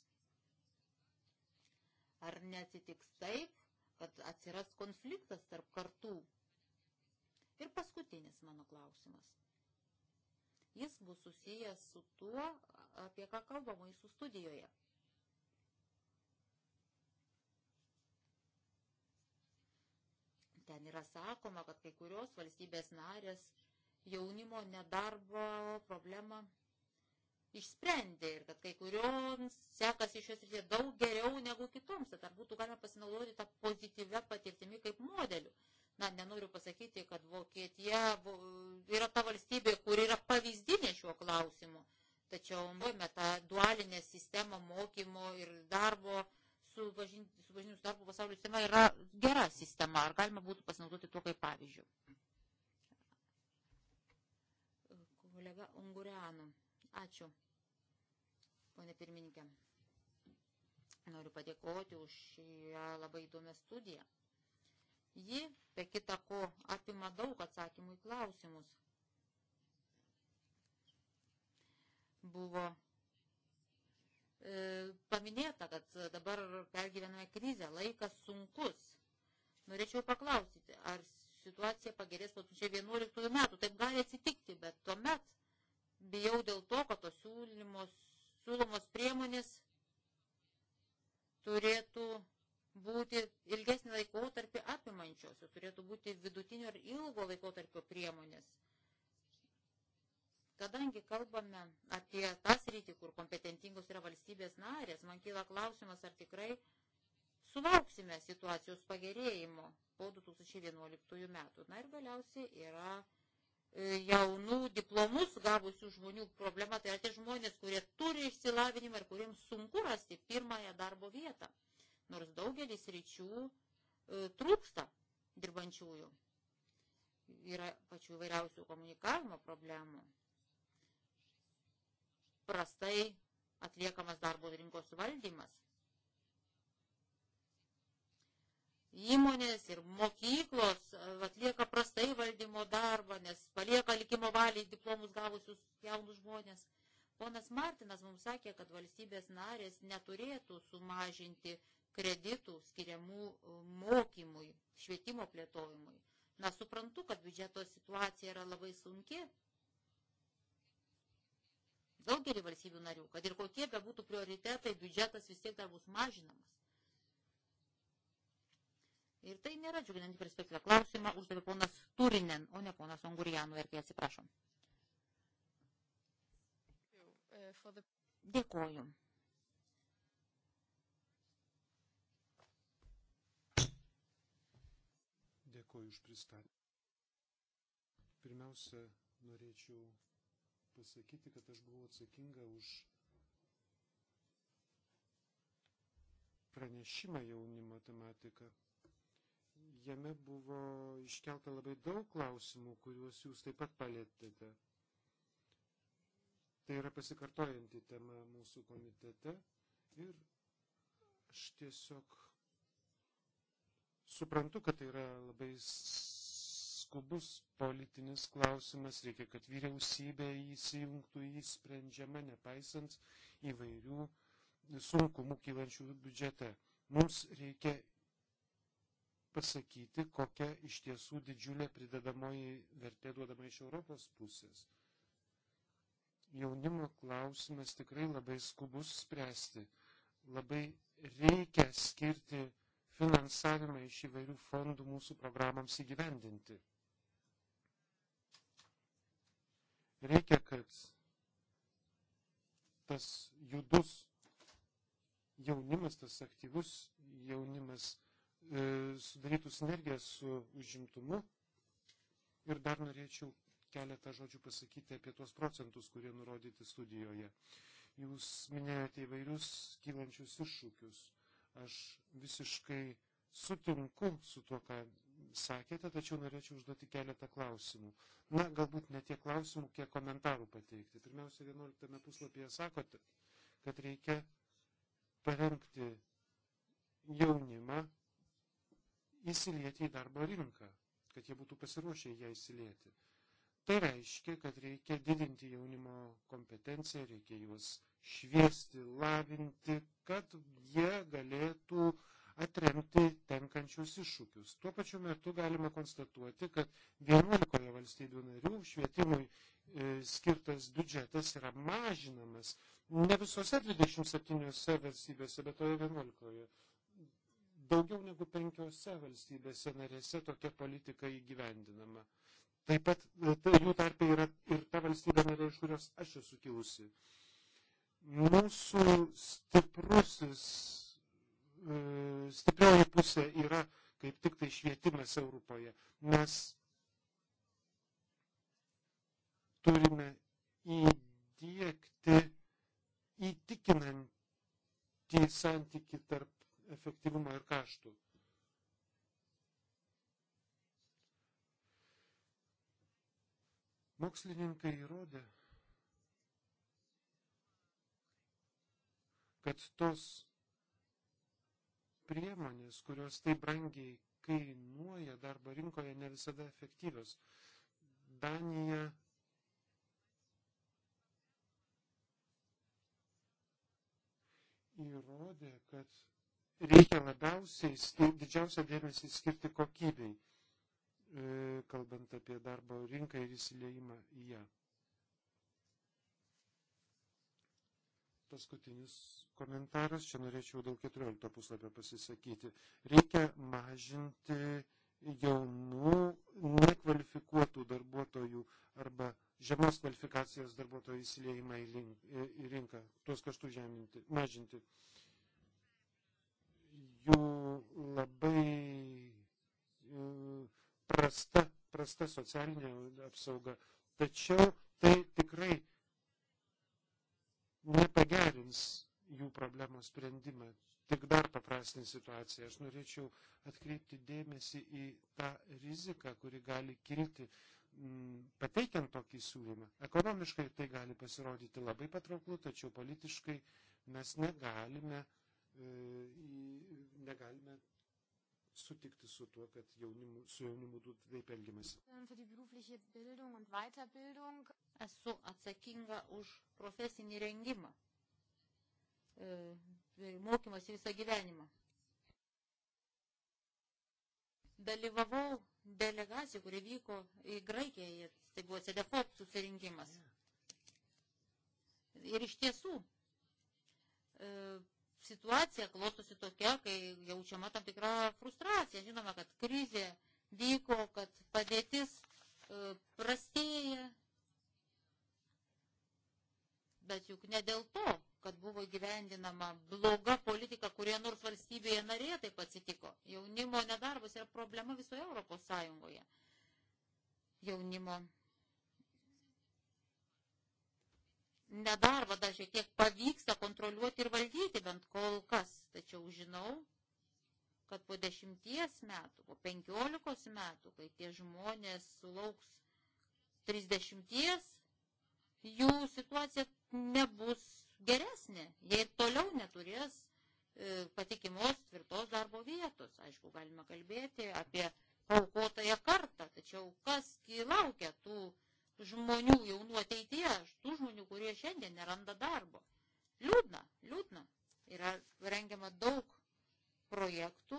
[SPEAKER 1] Ar neatsitiks taip, kad atsiras konfliktas tarp kartų? Ir paskutinis mano klausimas. Jis bus susijęs su tuo, apie ką kalbama jūsų studijoje. Ten yra sakoma, kad kai kurios valstybės narės jaunimo nedarbo problemą išsprendė ir kad kai kurioms sekasi šios rytyje daug geriau negu kitoms, tad ar būtų galima pasinaudoti tą pozityvę patirtimį kaip modeliu. Na, nenoriu pasakyti, kad Vokietija yra ta valstybė, kur yra pavyzdinė šiuo klausimu, tačiau buvome tą dualinę sistemą mokymo ir darbo, supažinus darbo pasaulio sistema yra gera sistema, ar galima būtų pasinaudoti tuo kaip pavyzdžiu. Kolega Ungureanu. Ačiū, ponė pirmininkė. Noriu padėkoti už šią labai įdomią studiją. Ji, be kita ko, apima daug atsakymų į klausimus. Buvo e, paminėta, kad dabar pergyvename krizę, laikas sunkus. Norėčiau paklausyti, ar situacija pagerės po 2011 metų. Taip gali atsitikti, bet tuomet Bijau dėl to, kad tos siūlymos, siūlomos priemonės turėtų būti ilgesnį laikotarpį apimančios, turėtų būti vidutinio ir ilgo laikotarpio priemonės. Kadangi kalbame apie tas rytį, kur kompetentingos yra valstybės narės, man kyla klausimas, ar tikrai sulauksime situacijos pagerėjimo po 2011 metų. Na ir galiausiai yra E, jaunų diplomus gavusių žmonių problema, tai yra tie žmonės, kurie turi išsilavinimą ir kuriems sunku rasti pirmąją darbo vietą. Nors daugelis ryčių e, trūksta dirbančiųjų. Yra pačių įvairiausių komunikavimo problemų. Prastai atliekamas darbo rinkos valdymas. Įmonės ir mokyklos atlieka prastai valdymo darbą, nes palieka likimo valiai diplomus gavusius jaunus žmonės. Ponas Martinas mums sakė, kad valstybės narės neturėtų sumažinti kreditų skiriamų e, mokymui, švietimo plėtojimui. Na, suprantu, kad biudžeto situacija yra labai sunki. Daugelį valstybių narių, kad ir kokie be būtų prioritetai, biudžetas vis tiek dar bus mažinamas. Ir tai nėra džiuginanti perspektyva. Klausimą uždavė ponas Turinen, o ne ponas Ongurijanų vertė, atsiprašom. Dėkoju.
[SPEAKER 2] Dėkoju už pristatymą. Pirmiausia, norėčiau pasakyti, kad aš buvau atsakinga už pranešimą jaunimo tematiką jame buvo iškelta labai daug klausimų, kuriuos jūs taip pat palėtėte. Tai yra pasikartojanti tema mūsų komitete ir aš tiesiog suprantu, kad tai yra labai skubus politinis klausimas, reikia, kad vyriausybė įsijungtų į sprendžiamą, nepaisant įvairių sunkumų kylančių biudžete. Mums reikia pasakyti, kokia iš tiesų didžiulė pridedamoji vertė duodama iš Europos pusės. Jaunimo klausimas tikrai labai skubus spręsti. Labai reikia skirti finansavimą iš įvairių fondų mūsų programams įgyvendinti. Reikia, kad tas judus jaunimas, tas aktyvus jaunimas E, sudarytų sinergiją su užimtumu. Ir dar norėčiau keletą žodžių pasakyti apie tuos procentus, kurie nurodyti studijoje. Jūs minėjote įvairius kylančius iššūkius. Aš visiškai sutinku su tuo, ką sakėte, tačiau norėčiau užduoti keletą klausimų. Na, galbūt ne tiek klausimų, kiek komentarų pateikti. Pirmiausia, 11 puslapyje sakote, kad reikia parengti jaunimą įsilieti į darbo rinką, kad jie būtų pasiruošę ją įsilieti. Tai reiškia, kad reikia didinti jaunimo kompetenciją, reikia juos šviesti, lavinti, kad jie galėtų atremti tenkančius iššūkius. Tuo pačiu metu galima konstatuoti, kad 11 valstybių narių švietimui e, skirtas biudžetas yra mažinamas ne visose 27 valstybėse, bet toje 11. Daugiau negu penkiose valstybėse narėse tokia politika įgyvendinama. Taip pat e, tai jų tarpė yra ir ta valstybė narė, iš kurios aš esu kilusi. Mūsų stiprusis, e, stiprioji pusė yra kaip tik tai švietimas Europoje. Mes turime įdėkti įtikinantį santyki tarp efektyvumo ir kaštų. Mokslininkai įrodė, kad tos priemonės, kurios taip brangiai kainuoja darbo rinkoje, ne visada efektyvios. Danija įrodė, kad reikia labiausiai, didžiausią dėmesį skirti kokybei, e, kalbant apie darbo rinką ir įsileimą į ją. Paskutinis komentaras, čia norėčiau dėl 14 puslapio pasisakyti. Reikia mažinti jaunų, nekvalifikuotų darbuotojų arba žemos kvalifikacijos darbuotojų įsileimą į rinką, tuos kaštus žeminti, mažinti. E, jų labai prasta, prasta socialinė apsauga. Tačiau tai tikrai nepagerins jų problemos sprendimą, tik dar paprastins situaciją. Aš norėčiau atkreipti dėmesį į tą riziką, kuri gali kilti m, mm, pateikiant tokį siūlymą. Ekonomiškai tai gali pasirodyti labai patrauklu, tačiau politiškai mes negalime uh, E, negalime sutikti su tuo, kad jaunimu, su jaunimu taip elgiamasi.
[SPEAKER 1] Esu atsakinga už profesinį rengimą, e, mokymasi visą gyvenimą. Dalyvavau delegacijų, kurie vyko į Graikiją, tai buvo CDFOP susirinkimas. Ir iš tiesų, e, situacija klostosi tokia, kai jaučiama tam tikra frustracija. Žinome, kad krizė vyko, kad padėtis e, prastėja. Bet juk ne dėl to, kad buvo gyvendinama bloga politika, kurie nors valstybėje narėje taip atsitiko. Jaunimo nedarbas yra problema visoje Europos Sąjungoje. Jaunimo nedarbą dar šiek tiek pavyksta kontroliuoti ir valdyti bent kol kas. Tačiau žinau, kad po dešimties metų, po penkiolikos metų, kai tie žmonės sulauks trisdešimties, jų situacija nebus geresnė. Jie ir toliau neturės e, patikimos tvirtos darbo vietos. Aišku, galima kalbėti apie aukotąją kartą, tačiau kas laukia tų žmonių jaunų ateityje, tų žmonių, kurie šiandien neranda darbo. Liūdna, liūdna. Yra rengiama daug projektų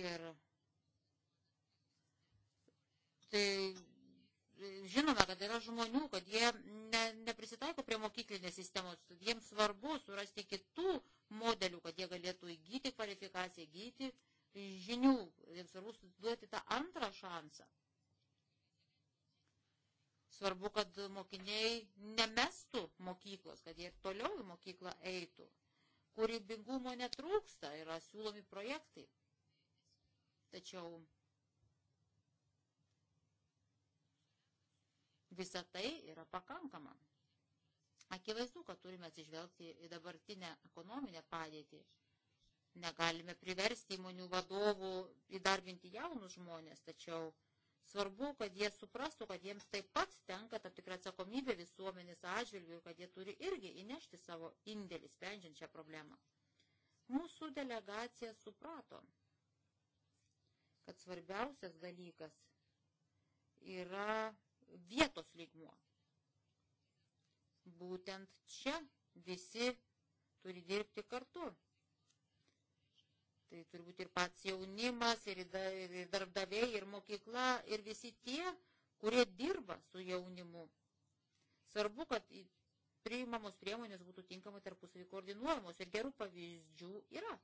[SPEAKER 1] ir tai žinome, kad yra žmonių, kad jie ne, neprisitaiko prie mokyklinės sistemos, jiems svarbu surasti kitų modelių, kad jie galėtų įgyti kvalifikaciją, įgyti žinių, jiems svarbu duoti tą antrą šansą. Svarbu, kad mokiniai nemestų mokyklos, kad jie ir toliau į mokyklą eitų. Kūrybingumo netrūksta, yra siūlomi projektai. Tačiau visa tai yra pakankama. Akivaizdu, kad turime atsižvelgti į dabartinę ekonominę padėtį. Negalime priversti įmonių vadovų įdarbinti jaunus žmonės, tačiau Svarbu, kad jie suprastų, kad jiems taip pat tenka tam tikrą atsakomybę visuomenės atžvilgių ir kad jie turi irgi įnešti savo indėlį sprendžiant šią problemą. Mūsų delegacija suprato, kad svarbiausias dalykas yra vietos lygmuo. Būtent čia visi turi dirbti kartu. Tai turbūt ir pats jaunimas, ir darbdaviai, ir mokykla, ir visi tie, kurie dirba su jaunimu. Svarbu, kad priimamos priemonės būtų tinkamai tarpusavį koordinuojamos ir gerų pavyzdžių yra.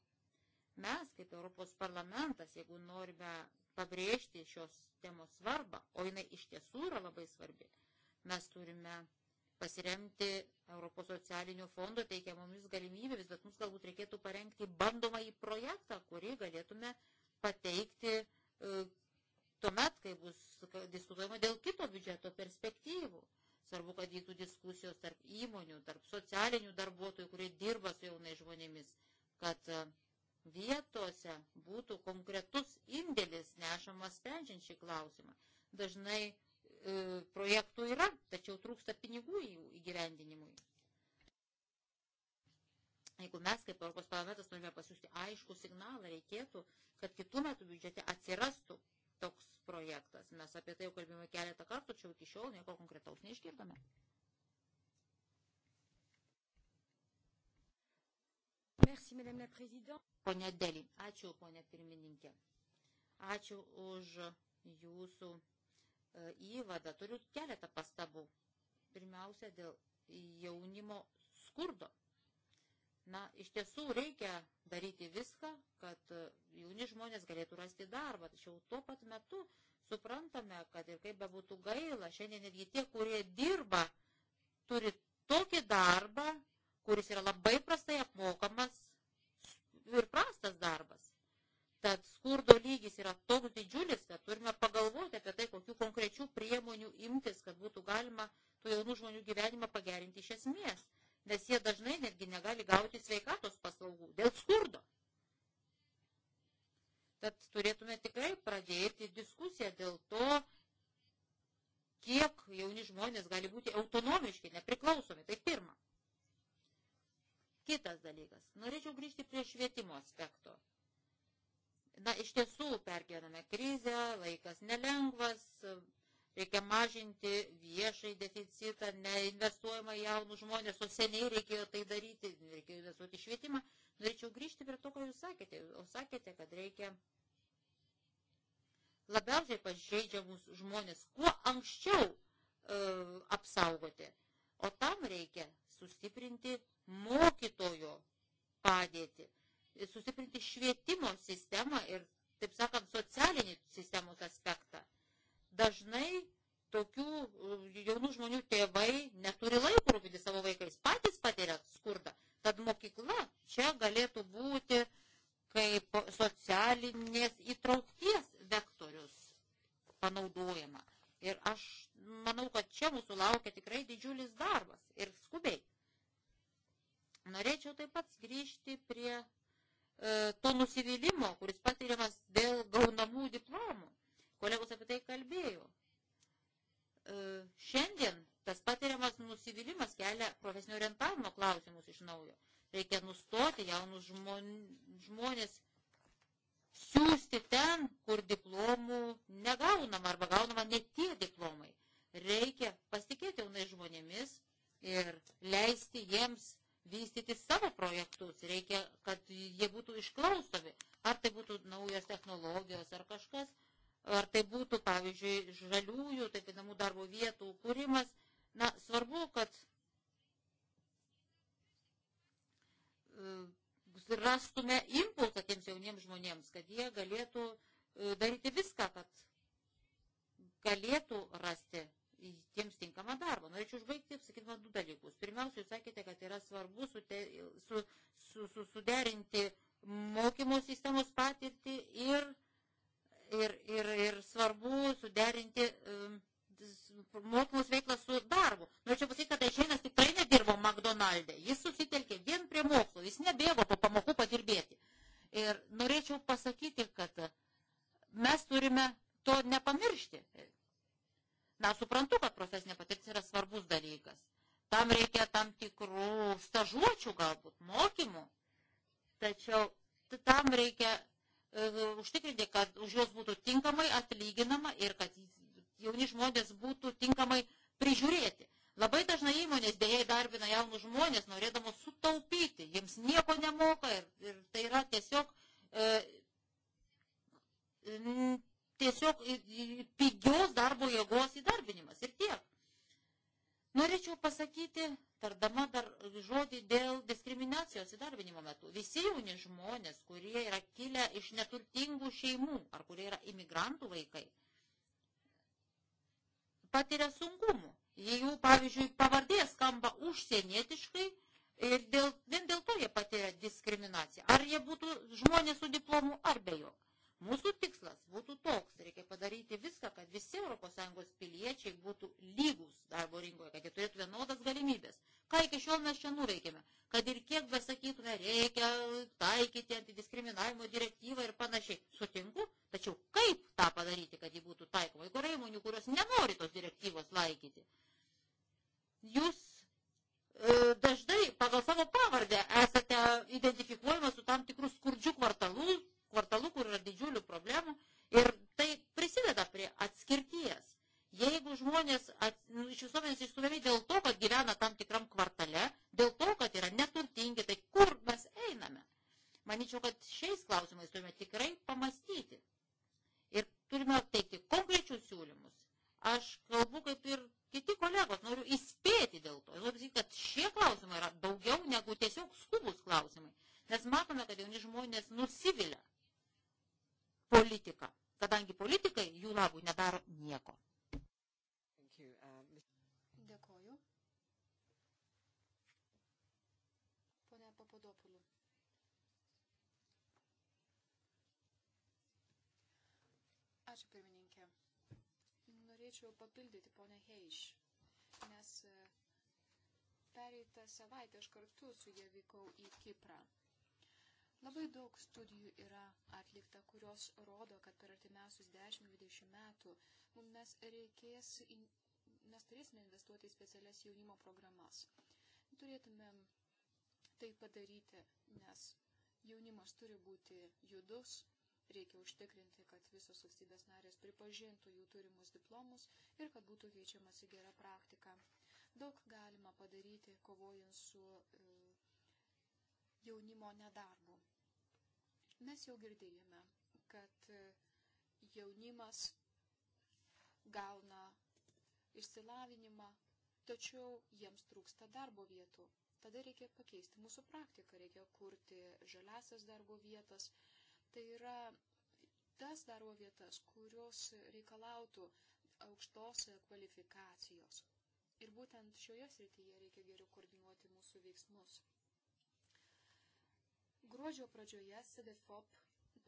[SPEAKER 1] Mes, kaip Europos parlamentas, jeigu norime pabrėžti šios temos svarbą, o jinai iš tiesų yra labai svarbi, mes turime pasiremti Europos socialinio fondo teikiamomis galimybėmis, bet mums galbūt reikėtų parengti bandomąjį projektą, kurį galėtume pateikti e, tuomet, kai bus diskutuojama dėl kito biudžeto perspektyvų. Svarbu, kad vyktų diskusijos tarp įmonių, tarp socialinių darbuotojų, kurie dirba su jaunais žmonėmis, kad e, vietose būtų konkretus indėlis nešamas sprendžiant šį klausimą. Dažnai E, projektų yra, tačiau trūksta pinigų jų įgyvendinimui. Jeigu mes kaip Europos parlamentas norime pasiūsti aišku signalą, reikėtų, kad kitų metų biudžete atsirastų toks projektas. Mes apie tai jau kalbėjome keletą kartų, tačiau iki šiol nieko konkretaus neišgirdome. Merci, Madame la Présidente. Pone Deli, ačiū, ponė pirmininkė. Ačiū už jūsų E, įvadą, turiu keletą pastabų. Pirmiausia, dėl jaunimo skurdo. Na, iš tiesų reikia daryti viską, kad e, jauni žmonės galėtų rasti darbą, tačiau tuo pat metu suprantame, kad ir kaip bebūtų gaila, šiandien netgi tie, kurie dirba, turi tokį darbą, kuris yra labai prastai apmokamas ir prastas darbas. Tad skurdo lygis yra toks didžiulis,
[SPEAKER 3] praeitą savaitę aš kartu su jie vykau į Kiprą. Labai daug studijų yra atlikta, kurios rodo, kad per artimiausius 10-20 metų mes, reikės, mes turėsime investuoti į specialias jaunimo programas. Turėtumėm tai padaryti, nes jaunimas turi būti judus, Reikia užtikrinti, kad visos valstybės narės pripažintų jų turimus diplomus ir kad būtų keičiamasi gera praktika. Daug galima padaryti, kovojant su e, jaunimo nedarbu. Mes jau girdėjome, kad e, jaunimas gauna išsilavinimą, tačiau jiems trūksta darbo vietų. Tada reikia pakeisti mūsų praktiką, reikia kurti žaliasias darbo vietas. Tai yra tas darbo vietas, kurios reikalautų aukštos kvalifikacijos. Ir būtent šioje srityje reikia geriau koordinuoti mūsų veiksmus. Gruodžio pradžioje CDFOP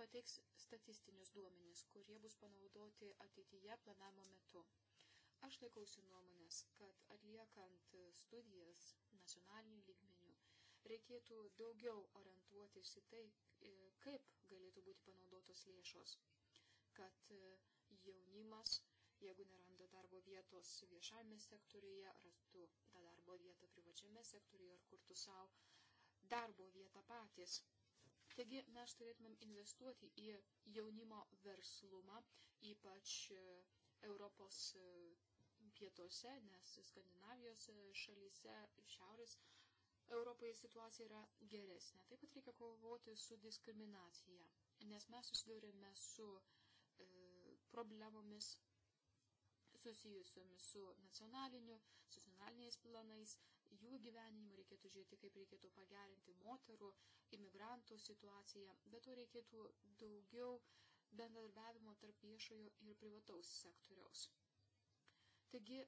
[SPEAKER 3] pateiks statistinius duomenis, kurie bus panaudoti ateityje planavimo metu. Aš laikausi nuomonės, kad atliekant studijas nacionalinių lygmenių reikėtų daugiau orientuotis į tai, e, kaip galėtų būti panaudotos lėšos, kad e, jaunimas jeigu neranda darbo vietos viešajame sektoriuje, rastų tą darbo vietą privačiame sektoriuje ar kurtų savo darbo vietą patys. Taigi mes turėtumėm investuoti į jaunimo verslumą, ypač e, Europos e, pietuose, nes Skandinavijos e, šalyse, šiaurės Europoje situacija yra geresnė. Taip pat reikia kovoti su diskriminacija, nes mes susidurime su e, problemomis susijusiomis su nacionaliniu, su nacionaliniais planais, jų gyvenimu reikėtų žiūrėti, kaip reikėtų pagerinti moterų, imigrantų situaciją, bet to reikėtų daugiau bendradarbiavimo tarp viešojo ir privataus sektoriaus. Taigi,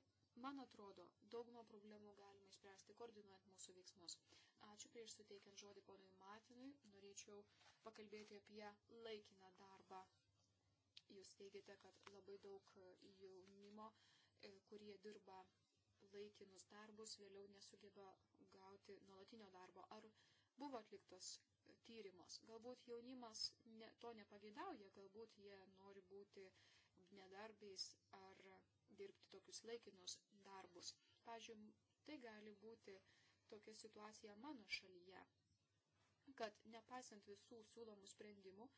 [SPEAKER 3] man atrodo, daugumą problemų galima išspręsti koordinuojant mūsų veiksmus. Ačiū prieš suteikiant žodį ponui Matinui, norėčiau pakalbėti apie laikiną darbą Jūs teigiate, kad labai daug e, jaunimo, e, kurie dirba laikinus darbus, vėliau nesugeba gauti nuolatinio darbo. Ar buvo atliktas tyrimas? Galbūt jaunimas ne, to nepagėdauja, galbūt jie nori būti nedarbiais ar dirbti tokius laikinus darbus. Pavyzdžiui, tai gali būti tokia situacija mano šalyje, kad nepaisant visų siūlomų sprendimų,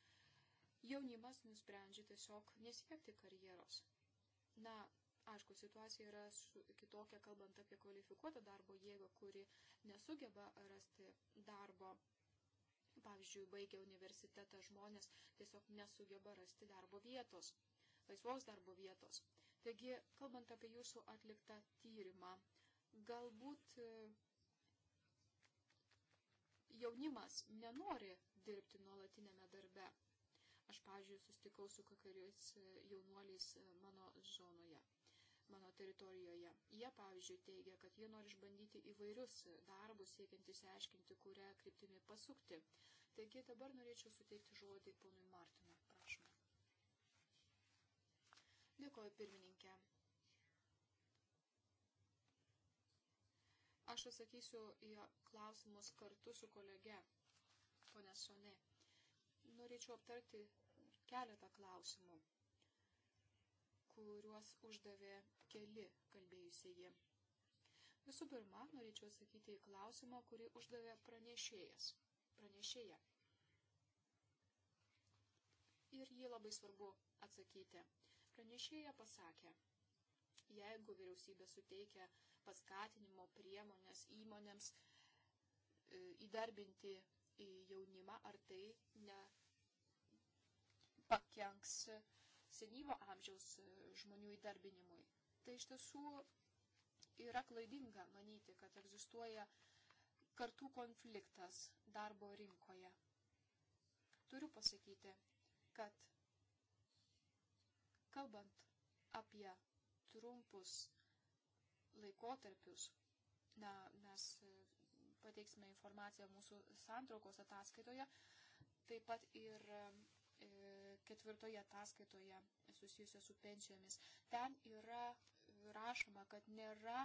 [SPEAKER 3] jaunimas nusprendžia tiesiog nesiekti karjeros. Na, aišku, situacija yra kitokia, kalbant apie kvalifikuotą darbo jėgą, kuri nesugeba rasti darbo. Pavyzdžiui, baigia universitetą žmonės tiesiog nesugeba rasti darbo vietos, laisvos darbo vietos. Taigi, kalbant apie jūsų atliktą tyrimą, galbūt e, jaunimas nenori dirbti nuolatinėme darbe. Aš, pavyzdžiui, sustikau su kakariais e, jaunuoliais e, mano zonoje, mano teritorijoje. Jie, pavyzdžiui, teigia, kad jie nori išbandyti įvairius e, darbus, siekiant įsiaiškinti, kurią kryptimį pasukti. Taigi dabar norėčiau suteikti žodį ponui Martinui. Prašome. Dėkoju, pirmininkė. Aš atsakysiu į klausimus kartu su kolege, ponė Šone norėčiau aptarti keletą klausimų, kuriuos uždavė keli kalbėjusieji. Visų pirma, norėčiau atsakyti į klausimą, kurį uždavė pranešėjas. Pranešėja. Ir jį labai svarbu atsakyti. Pranešėja pasakė, jeigu vyriausybė suteikia paskatinimo priemonės įmonėms e, įdarbinti jaunimą, ar tai ne pakenks senyvo amžiaus žmonių įdarbinimui. Tai iš tiesų yra klaidinga manyti, kad egzistuoja kartų konfliktas darbo rinkoje. Turiu pasakyti, kad kalbant apie trumpus laikotarpius, na, mes pateiksime informaciją mūsų santraukos ataskaitoje, taip pat ir ketvirtoje ataskaitoje susijusios su pensijomis. Ten yra rašoma, kad nėra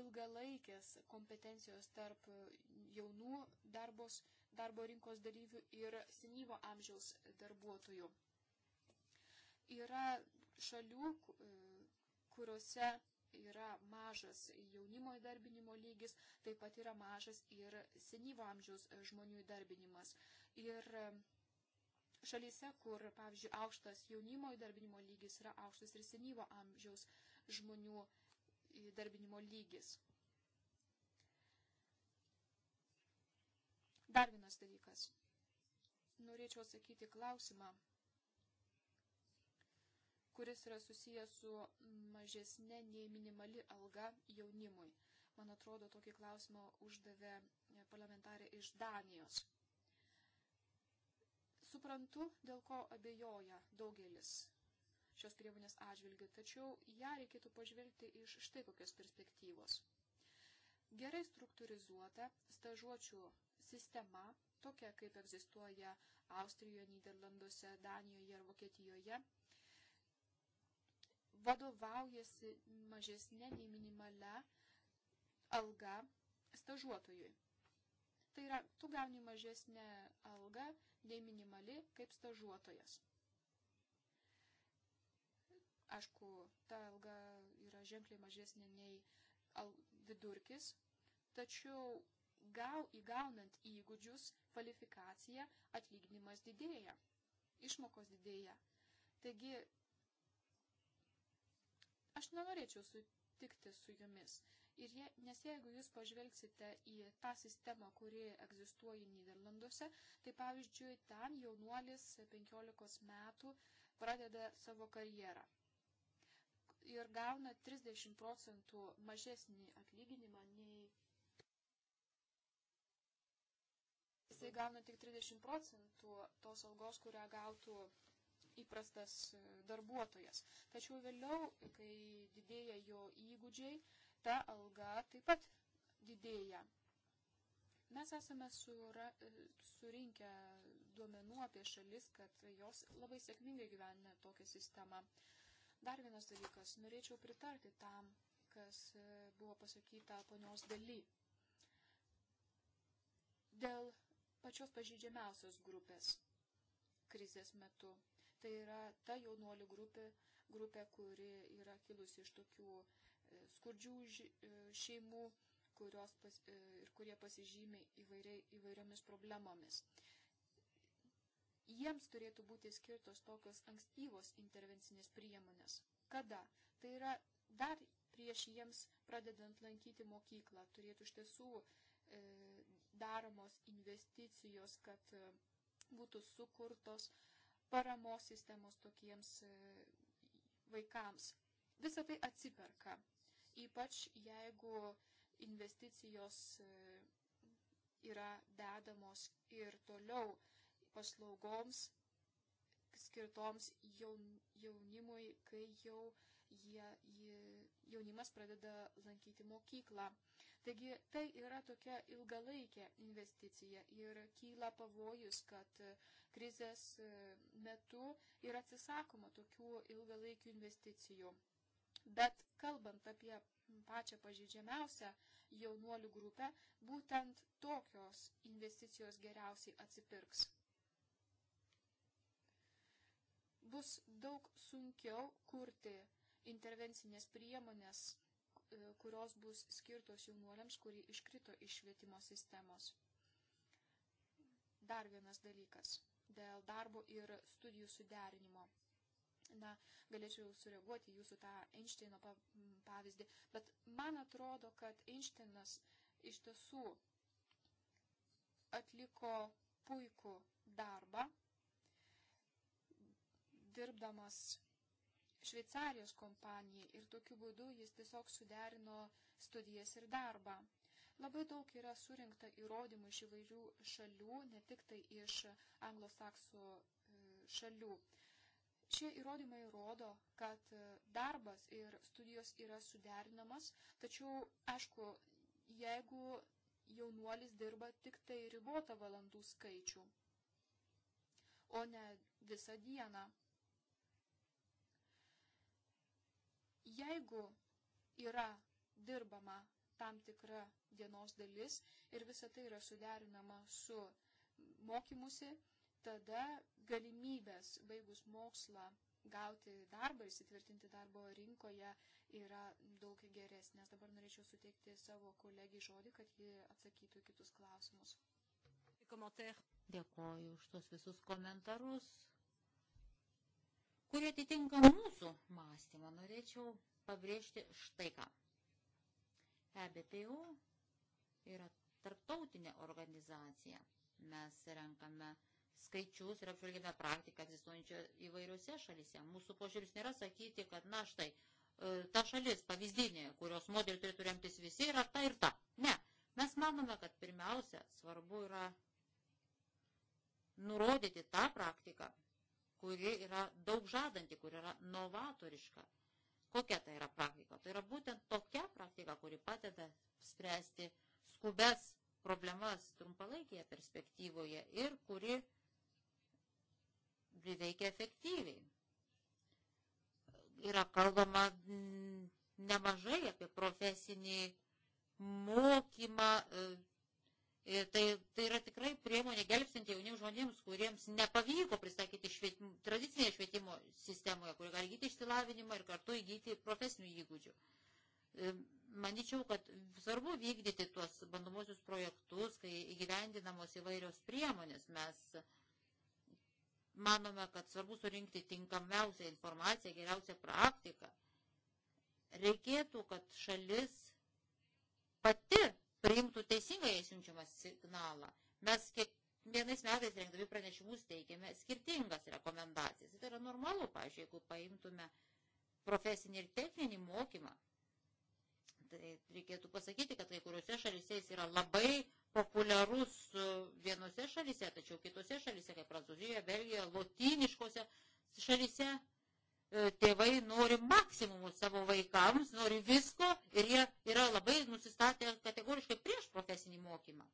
[SPEAKER 3] ilgalaikės kompetencijos tarp jaunų darbos, darbo rinkos dalyvių ir senyvo amžiaus darbuotojų. Yra šalių, kuriuose yra mažas jaunimo įdarbinimo lygis, taip pat yra mažas ir senyvo amžiaus žmonių įdarbinimas. Ir šalyse, kur, pavyzdžiui, aukštas jaunimo įdarbinimo lygis yra aukštas ir senyvo amžiaus žmonių įdarbinimo lygis. Dar vienas dalykas. Norėčiau atsakyti klausimą, kuris yra susijęs su mažesnė nei minimali alga jaunimui. Man atrodo, tokį klausimą uždavė parlamentarė iš Danijos. Suprantu, dėl ko abejoja daugelis šios priemonės atžvilgių, tačiau ją reikėtų pažvelgti iš štai kokios perspektyvos. Gerai struktūrizuota stažuočių sistema, tokia kaip egzistuoja Austrijoje, Niderlanduose, Danijoje ir Vokietijoje, vadovaujasi mažesnė nei minimale alga stažuotojui. Tai yra, tu gauni mažesnę algą nei minimali kaip stažuotojas. Aišku, ta alga yra ženkliai mažesnė nei vidurkis, tačiau gau, įgaunant įgūdžius, kvalifikaciją, atlyginimas didėja, išmokos didėja. Taigi, aš nenorėčiau sutikti su jumis. Ir je, nes jeigu jūs pažvelgsite į tą sistemą, kuri egzistuoja Niderlanduose, tai pavyzdžiui, ten jaunuolis 15 metų pradeda savo karjerą ir gauna 30 procentų mažesnį atlyginimą nei. Jisai gauna tik 30 procentų tos algos, kurią gautų įprastas darbuotojas. Tačiau vėliau, kai didėja jo įgūdžiai, ta alga taip pat didėja. Mes esame sura, surinkę duomenų apie šalis, kad jos labai sėkmingai gyvena tokią sistemą. Dar vienas dalykas, norėčiau pritarti tam, kas e, buvo pasakyta ponios daly. Dėl pačios pažydžiamiausios grupės krizės metu. Tai yra ta jaunuolių grupė, grupė kuri yra kilusi iš tokių skurdžių e, šeimų kurios pas, e, ir kurie pasižymi įvairiai, įvairiomis problemomis. Jiems turėtų būti skirtos tokios ankstyvos intervencinės priemonės. Kada? Tai yra dar prieš jiems pradedant lankyti mokyklą turėtų iš tiesų e, daromos investicijos, kad e, būtų sukurtos paramos sistemos tokiems e, vaikams. Visą tai atsiperka ypač jeigu investicijos e, yra dedamos ir toliau paslaugoms skirtoms jaunimui, kai jau jie, jie, jaunimas pradeda lankyti mokyklą. Taigi tai yra tokia ilgalaikė investicija ir kyla pavojus, kad krizės e, metu yra atsisakoma tokių ilgalaikių investicijų. Bet kalbant apie pačią pažydžiamiausią jaunuolių grupę, būtent tokios investicijos geriausiai atsipirks. Bus daug sunkiau kurti intervencinės priemonės, e, kurios bus skirtos jaunuoliams, kurie iškrito iš švietimo sistemos. Dar vienas dalykas - dėl darbo ir studijų suderinimo. Na, galėčiau sureaguoti jūsų tą Einšteino pavyzdį, bet man atrodo, kad Einšteinas iš tiesų atliko puikų darbą, dirbdamas Šveicarijos kompanijai ir tokiu būdu jis tiesiog suderino studijas ir darbą. Labai daug yra surinkta įrodymų iš įvairių šalių, ne tik tai iš anglosaksų e, šalių. Šie įrodymai rodo, kad e, darbas ir studijos yra suderinamas, tačiau, aišku, jeigu jaunuolis dirba tik tai ribotą valandų skaičių, o ne visą dieną. Jeigu yra dirbama tam tikra dienos dalis ir visa tai yra suderinama su mokymusi, tada galimybės baigus mokslą gauti darbą, įsitvirtinti darbo rinkoje yra daug geresnės. Dabar norėčiau suteikti savo kolegijai žodį, kad ji atsakytų kitus klausimus.
[SPEAKER 1] Dėkoju už tos visus komentarus,
[SPEAKER 3] kurie atitinka
[SPEAKER 1] mūsų mąstymą. Norėčiau pabrėžti štai ką. EBPU yra tarptautinė organizacija. Mes renkame skaičius ir apžvelgėme praktiką egzistuojančią įvairiose šalyse. Mūsų požiūris nėra sakyti, kad na štai, e, ta šalis pavyzdinė, kurios modelį turėtų remtis visi, yra ta ir ta. Ne. Mes manome, kad pirmiausia svarbu yra nurodyti tą praktiką, kuri yra daug žadanti, kuri yra novatoriška. Kokia tai yra praktika? Tai yra būtent tokia praktika, kuri padeda spręsti skubes problemas trumpalaikėje perspektyvoje ir kuri veikia efektyviai. Yra kalbama mm, nemažai apie profesinį mokymą. E, ir tai, tai yra tikrai priemonė gelbstinti jauniems žmonėms, kuriems nepavyko pristatyti švietim, tradicinėje švietimo sistemoje, kurie gali įgyti išsilavinimą ir kartu įgyti profesinių įgūdžių. E, Maničiau, kad svarbu vykdyti tuos bandomosius projektus, kai įgyvendinamos įvairios priemonės. Mes Manome, kad svarbu surinkti tinkamiausią informaciją, geriausią praktiką. Reikėtų, kad šalis pati priimtų teisingai įsiunčiamą signalą. Mes kiekvienais metais rengdami pranešimus teikiame skirtingas rekomendacijas. Tai yra normalu, pažiūrėjau, jeigu paimtume profesinį ir techninį mokymą, tai reikėtų pasakyti, kad kai kuriuose šalyse jis yra labai populiarus e, vienose šalyse, tačiau kitose šalyse, kaip Prancūzijoje, Belgijoje, lotyniškose šalyse, e, tėvai nori maksimumų savo vaikams, nori visko ir jie yra labai nusistatę kategoriškai prieš profesinį mokymą.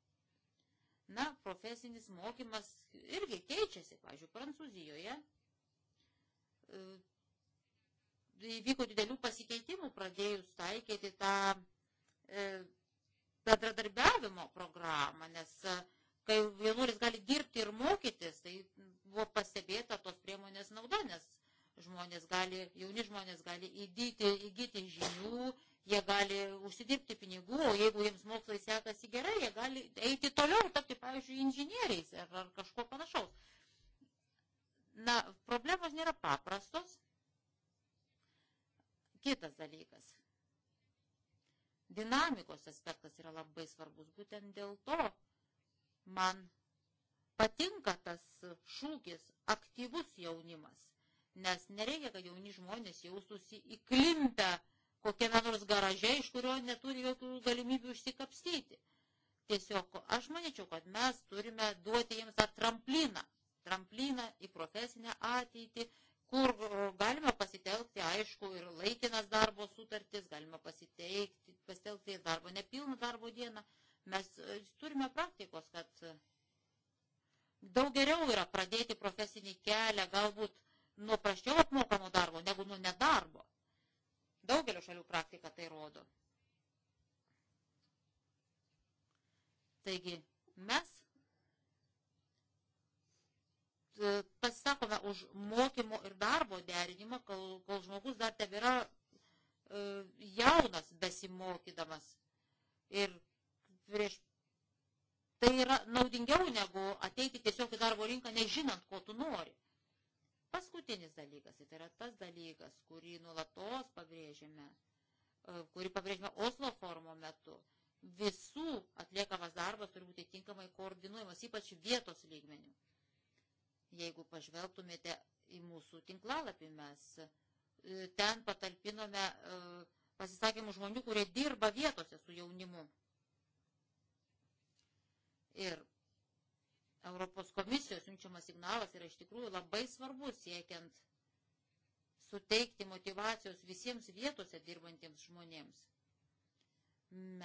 [SPEAKER 1] Na, profesinis mokymas irgi keičiasi, pavyzdžiui, Prancūzijoje e, įvyko didelių pasikeitimų pradėjus taikyti tą e, bendradarbiavimo programą, nes e, kai vienuolis gali dirbti ir mokytis, tai buvo pastebėta tos priemonės nauda, nes žmonės gali, jauni žmonės gali įdyti, įgyti žinių, jie gali užsidirbti pinigų, o jeigu jiems mokslai sekasi gerai, jie gali eiti toliau ir tapti, pavyzdžiui, inžinieriais ar, ar kažko panašaus. Na, problemos nėra paprastos. Kitas dalykas dinamikos aspektas yra labai svarbus. Būtent dėl to man patinka tas šūkis aktyvus jaunimas, nes nereikia, kad jauni žmonės jaustųsi įklimpę kokiame nors garaže, iš kurio neturi jokių galimybių užsikapstyti. Tiesiog aš manyčiau, kad mes turime duoti jiems tą trampliną, trampliną į profesinę ateitį kur galima pasitelkti, aišku, ir laikinas darbo sutartis, galima pasiteikti, pasitelkti ir darbo nepilną darbo dieną. Mes e, turime praktikos, kad e, daug geriau yra pradėti profesinį kelią galbūt nuo praščiau apmokamo darbo negu nuo nedarbo. Daugelio šalių praktika tai rodo. Taigi mes pasisakome e, už mokymo ir darbo derinimą, kol, kol žmogus dar tebėra e, jaunas besimokydamas. Ir prieš tai yra naudingiau negu ateiti tiesiog į darbo rinką nežinant, ko tu nori. Paskutinis dalykas, tai yra tas dalykas, kurį nulatos pabrėžėme, e, kurį pabrėžėme Oslo forumo metu. Visų atliekamas darbas turi būti tinkamai koordinuojamas, ypač vietos lygmenių. Jeigu pažvelgtumėte į mūsų tinklalapį, mes e, ten patalpinome e, pasisakymų žmonių, kurie dirba vietose su jaunimu. Ir Europos komisijos siunčiamas signalas yra iš tikrųjų labai svarbus siekiant suteikti motivacijos visiems vietose dirbantiems žmonėms.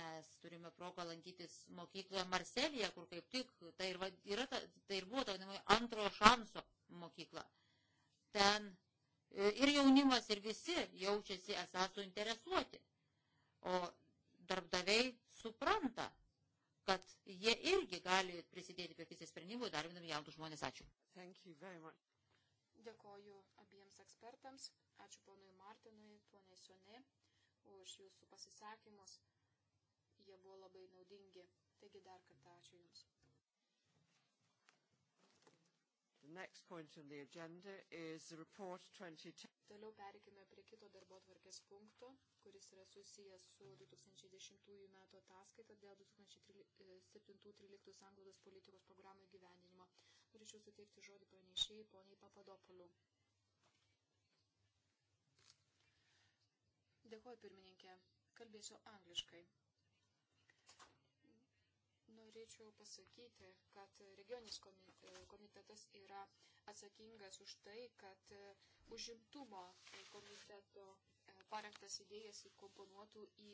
[SPEAKER 1] Mes turime progą lankytis mokykloje Marselėje, kur kaip tik tai ir, yra, tai ir buvo ta vadinamoji antrojo šanso mokykla. Ten e, ir jaunimas, ir visi jaučiasi esą suinteresuoti. O darbdaviai supranta, kad jie irgi gali prisidėti prie krizės sprendimų, darbindami jaunus žmonės. Ačiū.
[SPEAKER 3] Dėkoju abiems ekspertams. Ačiū ponui Martinui, poniai Sonė, už jūsų pasisakymus jie buvo labai naudingi. Taigi dar kartą ačiū Jums. Toliau perikime prie kito darbo tvarkės punkto, kuris yra susijęs su 2010 m. ataskaita dėl 2007-2013 sanglaudos politikos programų gyvendinimo. Norėčiau suteikti žodį pranešėjai poniai Papadopoliu. Dėkuoju pirmininkė, kalbėsiu angliškai norėčiau pasakyti, kad regionis komitetas yra atsakingas už tai, kad e, užimtumo komiteto e, parengtas idėjas įkomponuotų į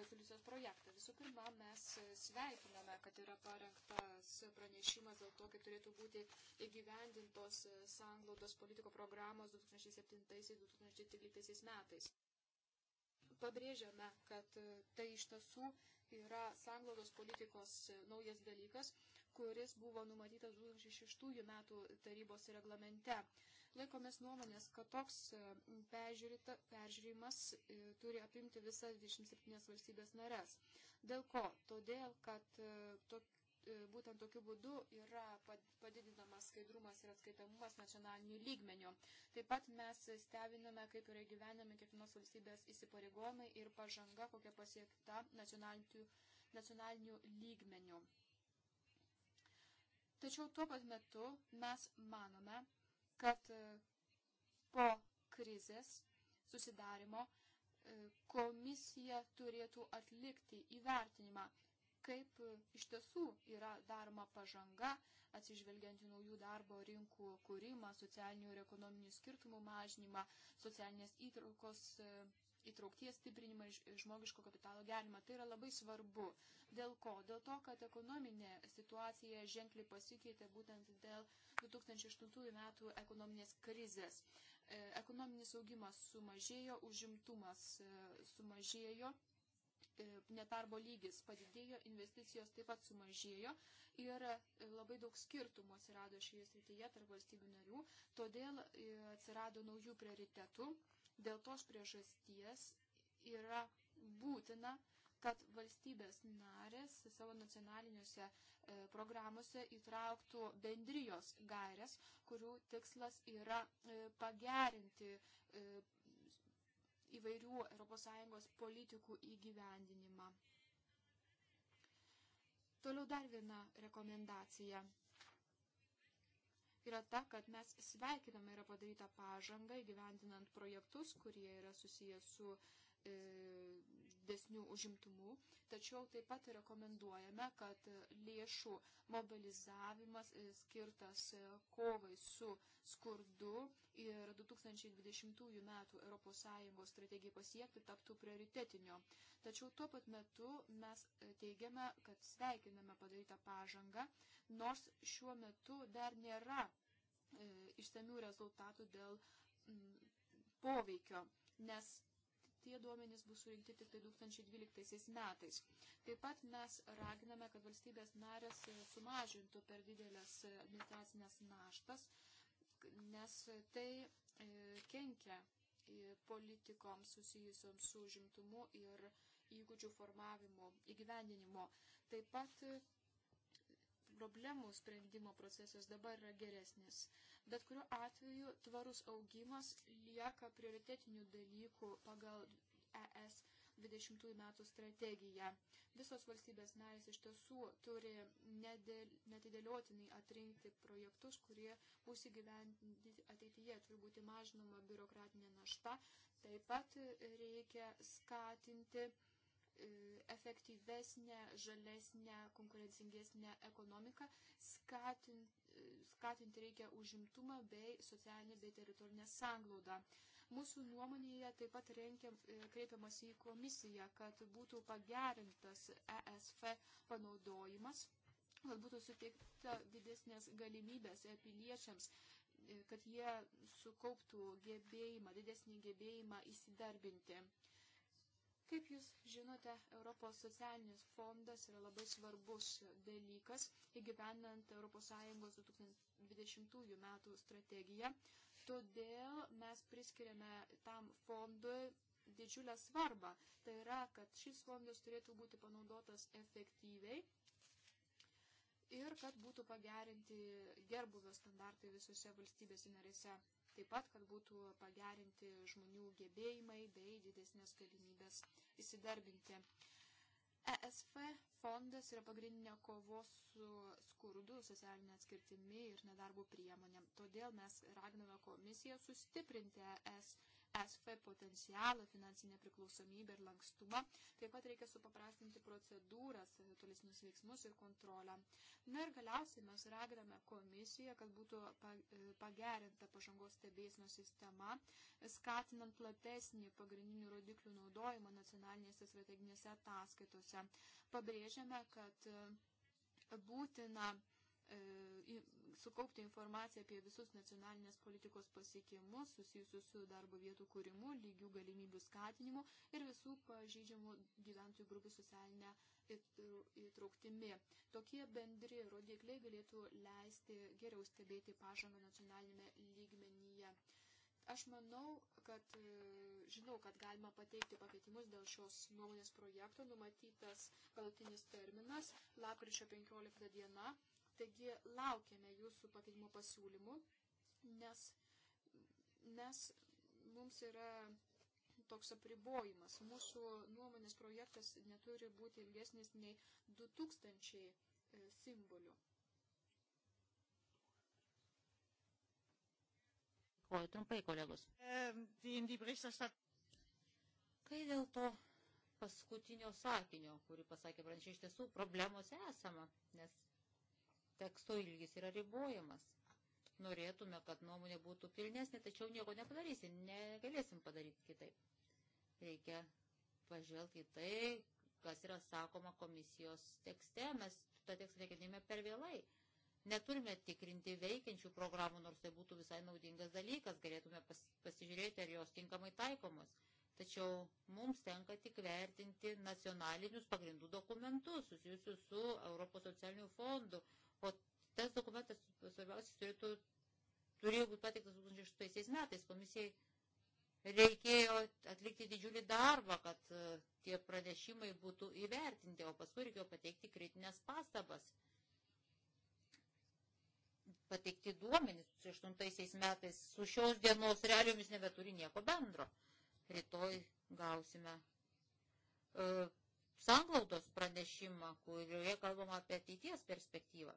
[SPEAKER 3] rezoliucijos projektą. Visų pirma, mes sveikiname, kad yra parengtas pranešimas dėl to, kaip turėtų būti įgyvendintos e, sanglaudos politiko programos 2007-2013 metais pabrėžiame, kad e, tai iš tiesų yra sanglaudos politikos e, naujas dalykas, kuris buvo numatytas 2006 metų tarybos reglamente. Laikomės nuomonės, kad toks e, peržiūrimas turi apimti visas 27 valstybės nares. Dėl ko? Todėl, kad E, būtent tokiu būdu yra padidinamas skaidrumas ir atskaitomumas nacionaliniu lygmeniu. Taip pat mes stebiname, kaip yra gyvenami kiekvienos valstybės įsipareigojimai ir pažanga, kokia pasiekta nacionaliniu, nacionaliniu lygmeniu. Tačiau tuo pat metu mes manome, kad e, po krizės susidarimo e, komisija turėtų atlikti įvertinimą kaip e, iš tiesų yra daroma pažanga, atsižvelgiant į naujų darbo rinkų kūrimą, socialinių ir ekonominių skirtumų mažinimą, socialinės įtraukos e, įtraukties stiprinimą ir žmogiško kapitalo gerimą. Tai yra labai svarbu. Dėl ko? Dėl to, kad ekonominė situacija ženkliai pasikeitė būtent dėl 2008 metų ekonominės krizės. E, ekonominis augimas sumažėjo, užimtumas sumažėjo E, nedarbo lygis padidėjo, investicijos taip pat sumažėjo ir e, labai daug skirtumų atsirado šioje srityje tarp valstybių narių, todėl e, atsirado naujų prioritetų. Dėl tos priežasties yra būtina, kad valstybės narės savo nacionaliniuose programuose įtrauktų bendrijos gairias, kurių tikslas yra pagerinti įvairių ES politikų įgyvendinimą. Toliau dar viena rekomendacija. Yra ta, kad mes sveikiname yra padaryta pažanga įgyvendinant projektus, kurie yra susijęs su e, didesnių užimtumų, tačiau taip pat rekomenduojame, kad lėšų mobilizavimas e, skirtas e, kovai su skurdu ir 2020 m. ES strategijai pasiekti taptų prioritetinio. Tačiau tuo pat metu mes e, teigiame, kad sveikiname padarytą pažangą, nors šiuo metu dar nėra e, išsamių rezultatų dėl m, poveikio, nes tie duomenys bus surinkti tik tai 2012 metais. Taip pat mes raginame, kad valstybės narės e, sumažintų per didelės e, administracinės naštas, nes tai e, kenkia politikoms susijusioms su žimtumu ir įgūdžių formavimo įgyvendinimo. Taip pat problemų sprendimo procesas dabar yra geresnis. Bet kuriuo atveju tvarus augimas lieka prioritetinių dalykų pagal ES 20 metų strategiją. Visos valstybės narės iš tiesų turi netidėliotinai atrinkti projektus, kurie bus įgyvendinti ateityje, turi būti mažinama biurokratinė našta. Taip pat reikia skatinti efektyvesnę, žalesnę, konkurencingesnę ekonomiką, skatinti, skatinti reikia užimtumą bei socialinę bei teritorinę sanglaudą. Mūsų nuomonėje taip pat renkiam, e, kreipiamas į komisiją, kad būtų pagerintas ESF panaudojimas, kad būtų suteikta didesnės galimybės e, piliečiams e, kad jie sukauptų gebėjimą, didesnį gebėjimą įsidarbinti. Kaip jūs žinote, Europos socialinis fondas yra labai svarbus dalykas įgyvenant ES 2020 metų strategiją. Todėl mes priskiriame tam fondui didžiulę svarbą. Tai yra, kad šis fondas turėtų būti panaudotas efektyviai ir kad būtų pagerinti gerbuvio standartai visose valstybėse narėse taip pat, kad būtų pagerinti žmonių gebėjimai bei didesnės galimybės įsidarbinti. ESF fondas yra pagrindinė kovos su skurdu, socialinė atskirtimi ir nedarbo priemonė. Todėl mes raginame komisiją sustiprinti ES SP potencialą, finansinę priklausomybę ir lankstumą. Taip pat reikia supaprastinti procedūras, e, tolesnius veiksmus ir kontrolę. Na ir galiausiai mes raginame komisiją, kad būtų e, pagerinta pažangos stebėsino sistema, skatinant platesnį pagrindinių rodiklių naudojimą nacionalinėse strateginėse ataskaitose. Pabrėžiame, kad e, būtina sukaupti informaciją apie visus nacionalinės politikos pasiekimus susijusius su darbo vietų kūrimu, lygių galimybių skatinimu ir visų pažydžiamų gyventojų grupių socialinę įtrauktimi. Tokie bendri rodikliai galėtų leisti geriau stebėti pažangą nacionalinėme lygmenyje. Aš manau, kad e, žinau, kad galima pateikti pakeitimus dėl šios nuomonės projekto, numatytas galutinis terminas, lapkričio 15 diena, Taigi laukiame jūsų pakeitimo pasiūlymų, nes mes, mums yra toks apribojimas. Mūsų nuomonės projektas neturi būti ilgesnis nei 2000 e, simbolių.
[SPEAKER 1] Dėkuoju trumpai, kolegos. Kai dėl to paskutinio sakinio, kurį pasakė pranešė, iš tiesų problemos esama, nes teksto ilgis yra ribojamas. Norėtume, kad nuomonė būtų pilnesnė, tačiau nieko nepadarysim, negalėsim padaryti kitaip. Reikia pažvelgti į tai, kas yra sakoma komisijos tekste, mes tą tekstą reikinime per vėlai. Neturime tikrinti veikiančių programų, nors tai būtų visai naudingas dalykas, galėtume pas, pasižiūrėti, ar jos tinkamai taikomos. Tačiau mums tenka tik vertinti nacionalinius pagrindų dokumentus susijusius su Europos socialiniu fondu, Tas dokumentas svarbiausias turėtų, turėjo būti pateiktas 2006 metais. Komisijai reikėjo atlikti didžiulį darbą, kad e, tie pranešimai būtų įvertinti, o paskui reikėjo pateikti kritinės pastabas. Pateikti duomenys 2008 metais su šios dienos realiomis nebeturi nieko bendro. Rytoj gausime. Uh, sanglaudos pranešimą, kurioje kalbama apie ateities perspektyvą.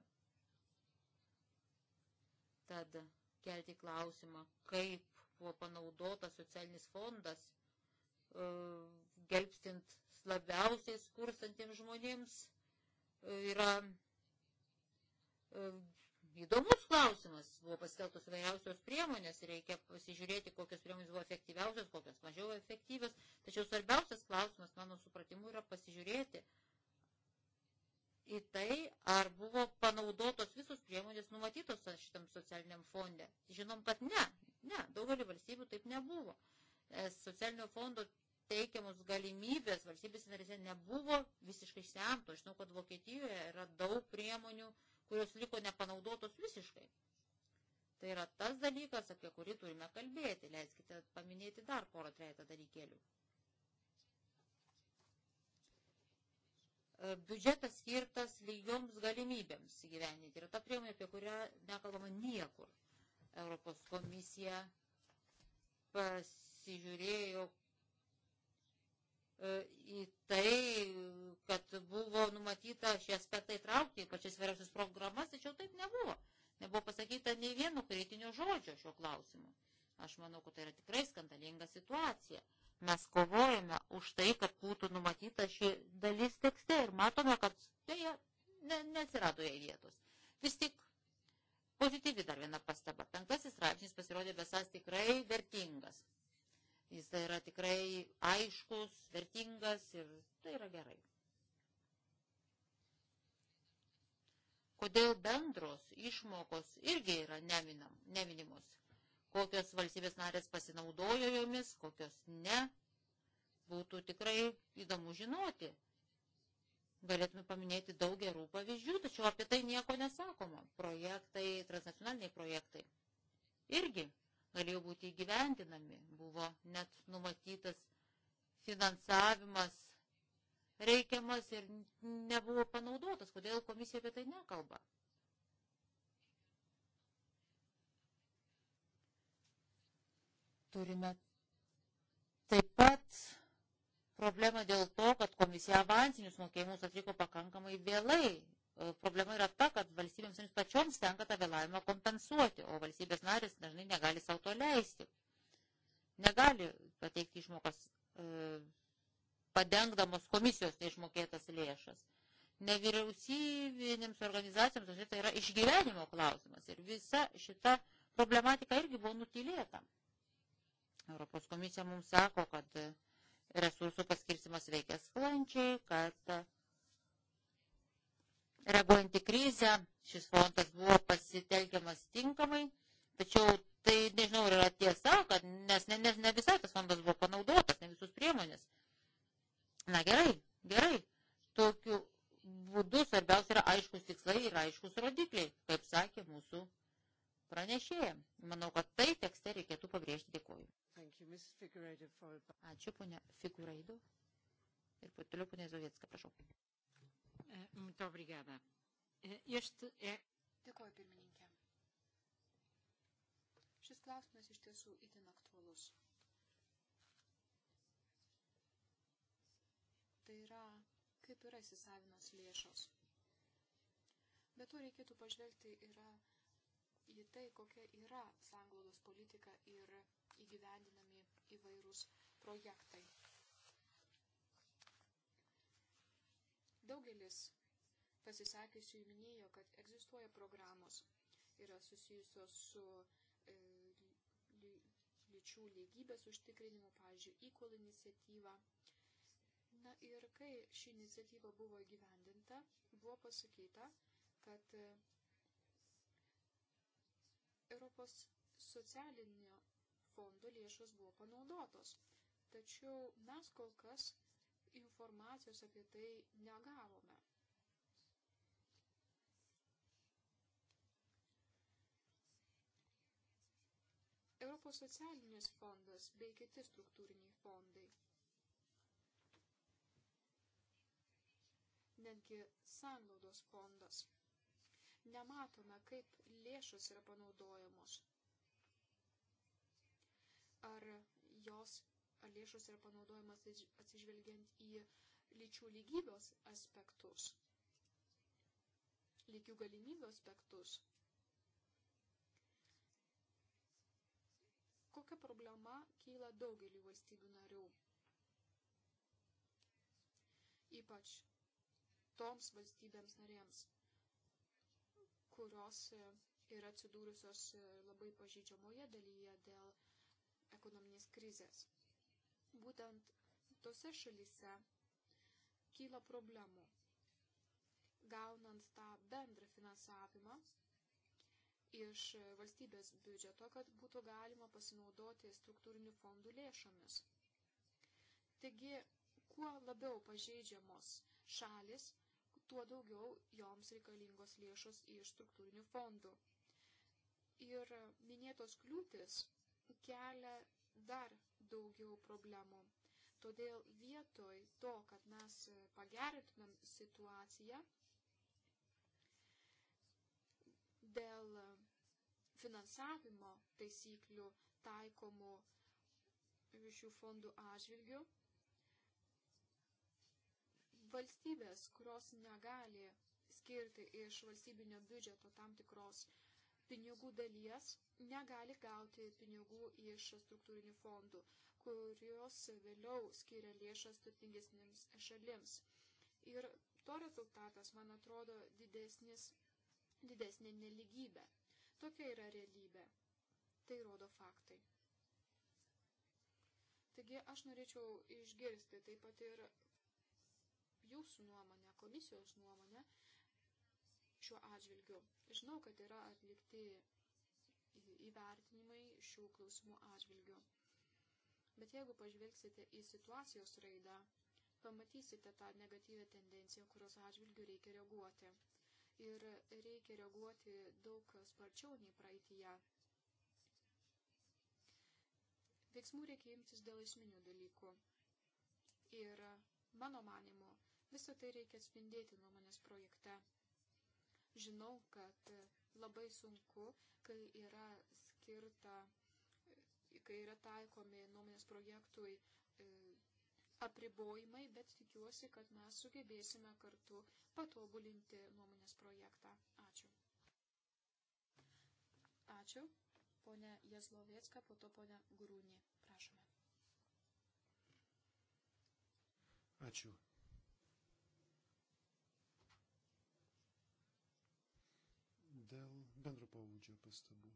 [SPEAKER 1] Tad kelti klausimą, kaip buvo panaudotas socialinis fondas, e, gelbstint labiausiai skurstantiems žmonėms, e, yra e, įdomus klausimas. Buvo paskeltos vairiausios priemonės, reikia pasižiūrėti, kokios priemonės buvo efektyviausios, kokios mažiau efektyvios. Tačiau svarbiausias klausimas, mano supratimu, yra pasižiūrėti, į tai, ar buvo panaudotos visos priemonės numatytos šitam socialiniam fonde. Žinom, kad ne, ne, daugelį valstybių taip nebuvo. Es socialinio fondo teikiamos galimybės valstybės narėse nebuvo visiškai semto. Žinau, kad Vokietijoje yra daug priemonių, kurios liko nepanaudotos visiškai. Tai yra tas dalykas, apie kurį turime kalbėti. Leiskite paminėti dar porą trejata dalykėlių. E, biudžetas skirtas lygioms galimybėms įgyveninti. Yra ta priemonė, apie kurią nekalbama niekur. Europos komisija pasižiūrėjo e, į tai, kad buvo numatyta šį aspektą įtraukti į pačias vyriausias programas, tačiau taip nebuvo. Nebuvo pasakyta nei vieno kritinio žodžio šiuo klausimu. Aš manau, kad tai yra tikrai skandalinga situacija. Mes kovojame už tai, kad būtų numatyta ši dalis tekste ir matome, kad dėja ne, nesirado jai vietos. Vis tik pozityvi dar viena pastaba. Penktasis straipsnis pasirodė besas tikrai vertingas. Jis tai yra tikrai aiškus, vertingas ir tai yra gerai. Kodėl bendros išmokos irgi yra neminam, neminimos? kokios valstybės narės pasinaudojo jomis, kokios ne. Būtų tikrai įdomu žinoti. Galėtume paminėti daug gerų pavyzdžių, tačiau apie tai nieko nesakoma. Projektai, transnacionaliniai projektai irgi galėjo būti įgyvendinami. Buvo net numatytas finansavimas reikiamas ir nebuvo panaudotas. Kodėl komisija apie tai nekalba? Turime taip pat problemą dėl to, kad komisija avansinius mokėjimus atliko pakankamai vėlai. E, problema yra ta, kad valstybėms pačioms tenka tą vėlavimą kompensuoti, o valstybės narės dažnai negali savo to leisti. Negali pateikti išmokas e, padengdamos komisijos neišmokėtas lėšas. Nevyriausybinėms organizacijoms tai yra išgyvenimo klausimas ir visa šita problematika irgi buvo nutylėta. Europos komisija mums sako, kad resursų paskirstimas veikia sklančiai, kad reaguojant į krizę šis fondas buvo pasitelkiamas tinkamai, tačiau tai nežinau, ar yra tiesa, kad nes ne, ne, ne visai tas fondas buvo panaudotas, ne visus priemonės. Na gerai, gerai. Tokiu būdu svarbiausia yra aiškus tikslai ir aiškus rodikliai, kaip sakė mūsų pranešėja. Manau, kad tai tekste reikėtų pabrėžti. Dėkuoju. Ačiū, ponia Figuraido. Ir toliau ponia Zovietska, prašau. E, muito obrigada. E, este
[SPEAKER 3] é... Dėkuoju, pirmininkė. Šis klausimas iš tiesų itin aktualus. Tai yra, kaip yra įsisavinos lėšos. Bet to reikėtų pažvelgti yra į tai, kokia yra sanglaudos politika ir įgyvendinami įvairūs projektai. Daugelis pasisakysiu minėjo, kad egzistuoja programos, yra susijusios su e, ly, lyčių lygybės užtikrinimu, pavyzdžiui, Equal iniciatyva. Na ir kai ši iniciatyva buvo įgyvendinta, buvo pasakyta, kad e, Europos socialinio fondo lėšos buvo panaudotos. Tačiau mes kol kas informacijos apie tai negavome. Europos socialinis fondas bei kiti struktūriniai fondai. Netgi sanglaudos fondas nematome, kaip lėšos yra panaudojamos. Ar jos ar lėšos yra panaudojamas atsižvelgiant į lyčių lygybės aspektus, lygių galimybių aspektus. Kokia problema kyla daugeliu valstybių narių? Ypač toms valstybėms narėms, kurios e, yra atsidūrusios e, labai pažydžiamoje dalyje dėl ekonominės krizės. Būtent tose šalyse kyla problemų. Gaunant tą bendrą finansavimą iš valstybės biudžeto, kad būtų galima pasinaudoti struktūrinių fondų lėšomis. Taigi, kuo labiau pažeidžiamos šalis, tuo daugiau joms reikalingos lėšos iš struktūrinių fondų. Ir minėtos kliūtis kelia dar daugiau problemų. Todėl vietoj to, kad mes pagerintumėm situaciją dėl finansavimo taisyklių taikomų šių fondų atžvilgių, Valstybės, kurios negali skirti iš valstybinio biudžeto tam tikros pinigų dalies, negali gauti pinigų iš struktūrinių fondų, kurios vėliau skiria lėšas turtingesnėms šalims. Ir to rezultatas, man atrodo, didesnis, didesnė neligybė. Tokia yra realybė. Tai rodo faktai. Taigi aš norėčiau išgirsti taip pat ir jūsų nuomonę, komisijos nuomonę šiuo atžvilgiu. Žinau, kad yra atlikti įvertinimai šių klausimų atžvilgiu. Bet jeigu pažvelgsite į situacijos raidą, pamatysite tą negatyvę tendenciją, kurios atžvilgių reikia reaguoti. Ir reikia reaguoti daug sparčiau nei praeitie. Veiksmų reikia imtis dėl esminių dalykų. Ir mano manimu, Visą tai reikia atspindėti nuomonės projekte. Žinau, kad labai sunku, kai yra skirta, kai yra taikomi nuomonės projektui e, apribojimai, bet tikiuosi, kad mes sugebėsime kartu patobulinti nuomonės projektą. Ačiū. Ačiū. Pone Jezlovėcka, po to pone Grūnė. Prašome.
[SPEAKER 2] Ačiū, dėl bendro pobūdžio pastabų.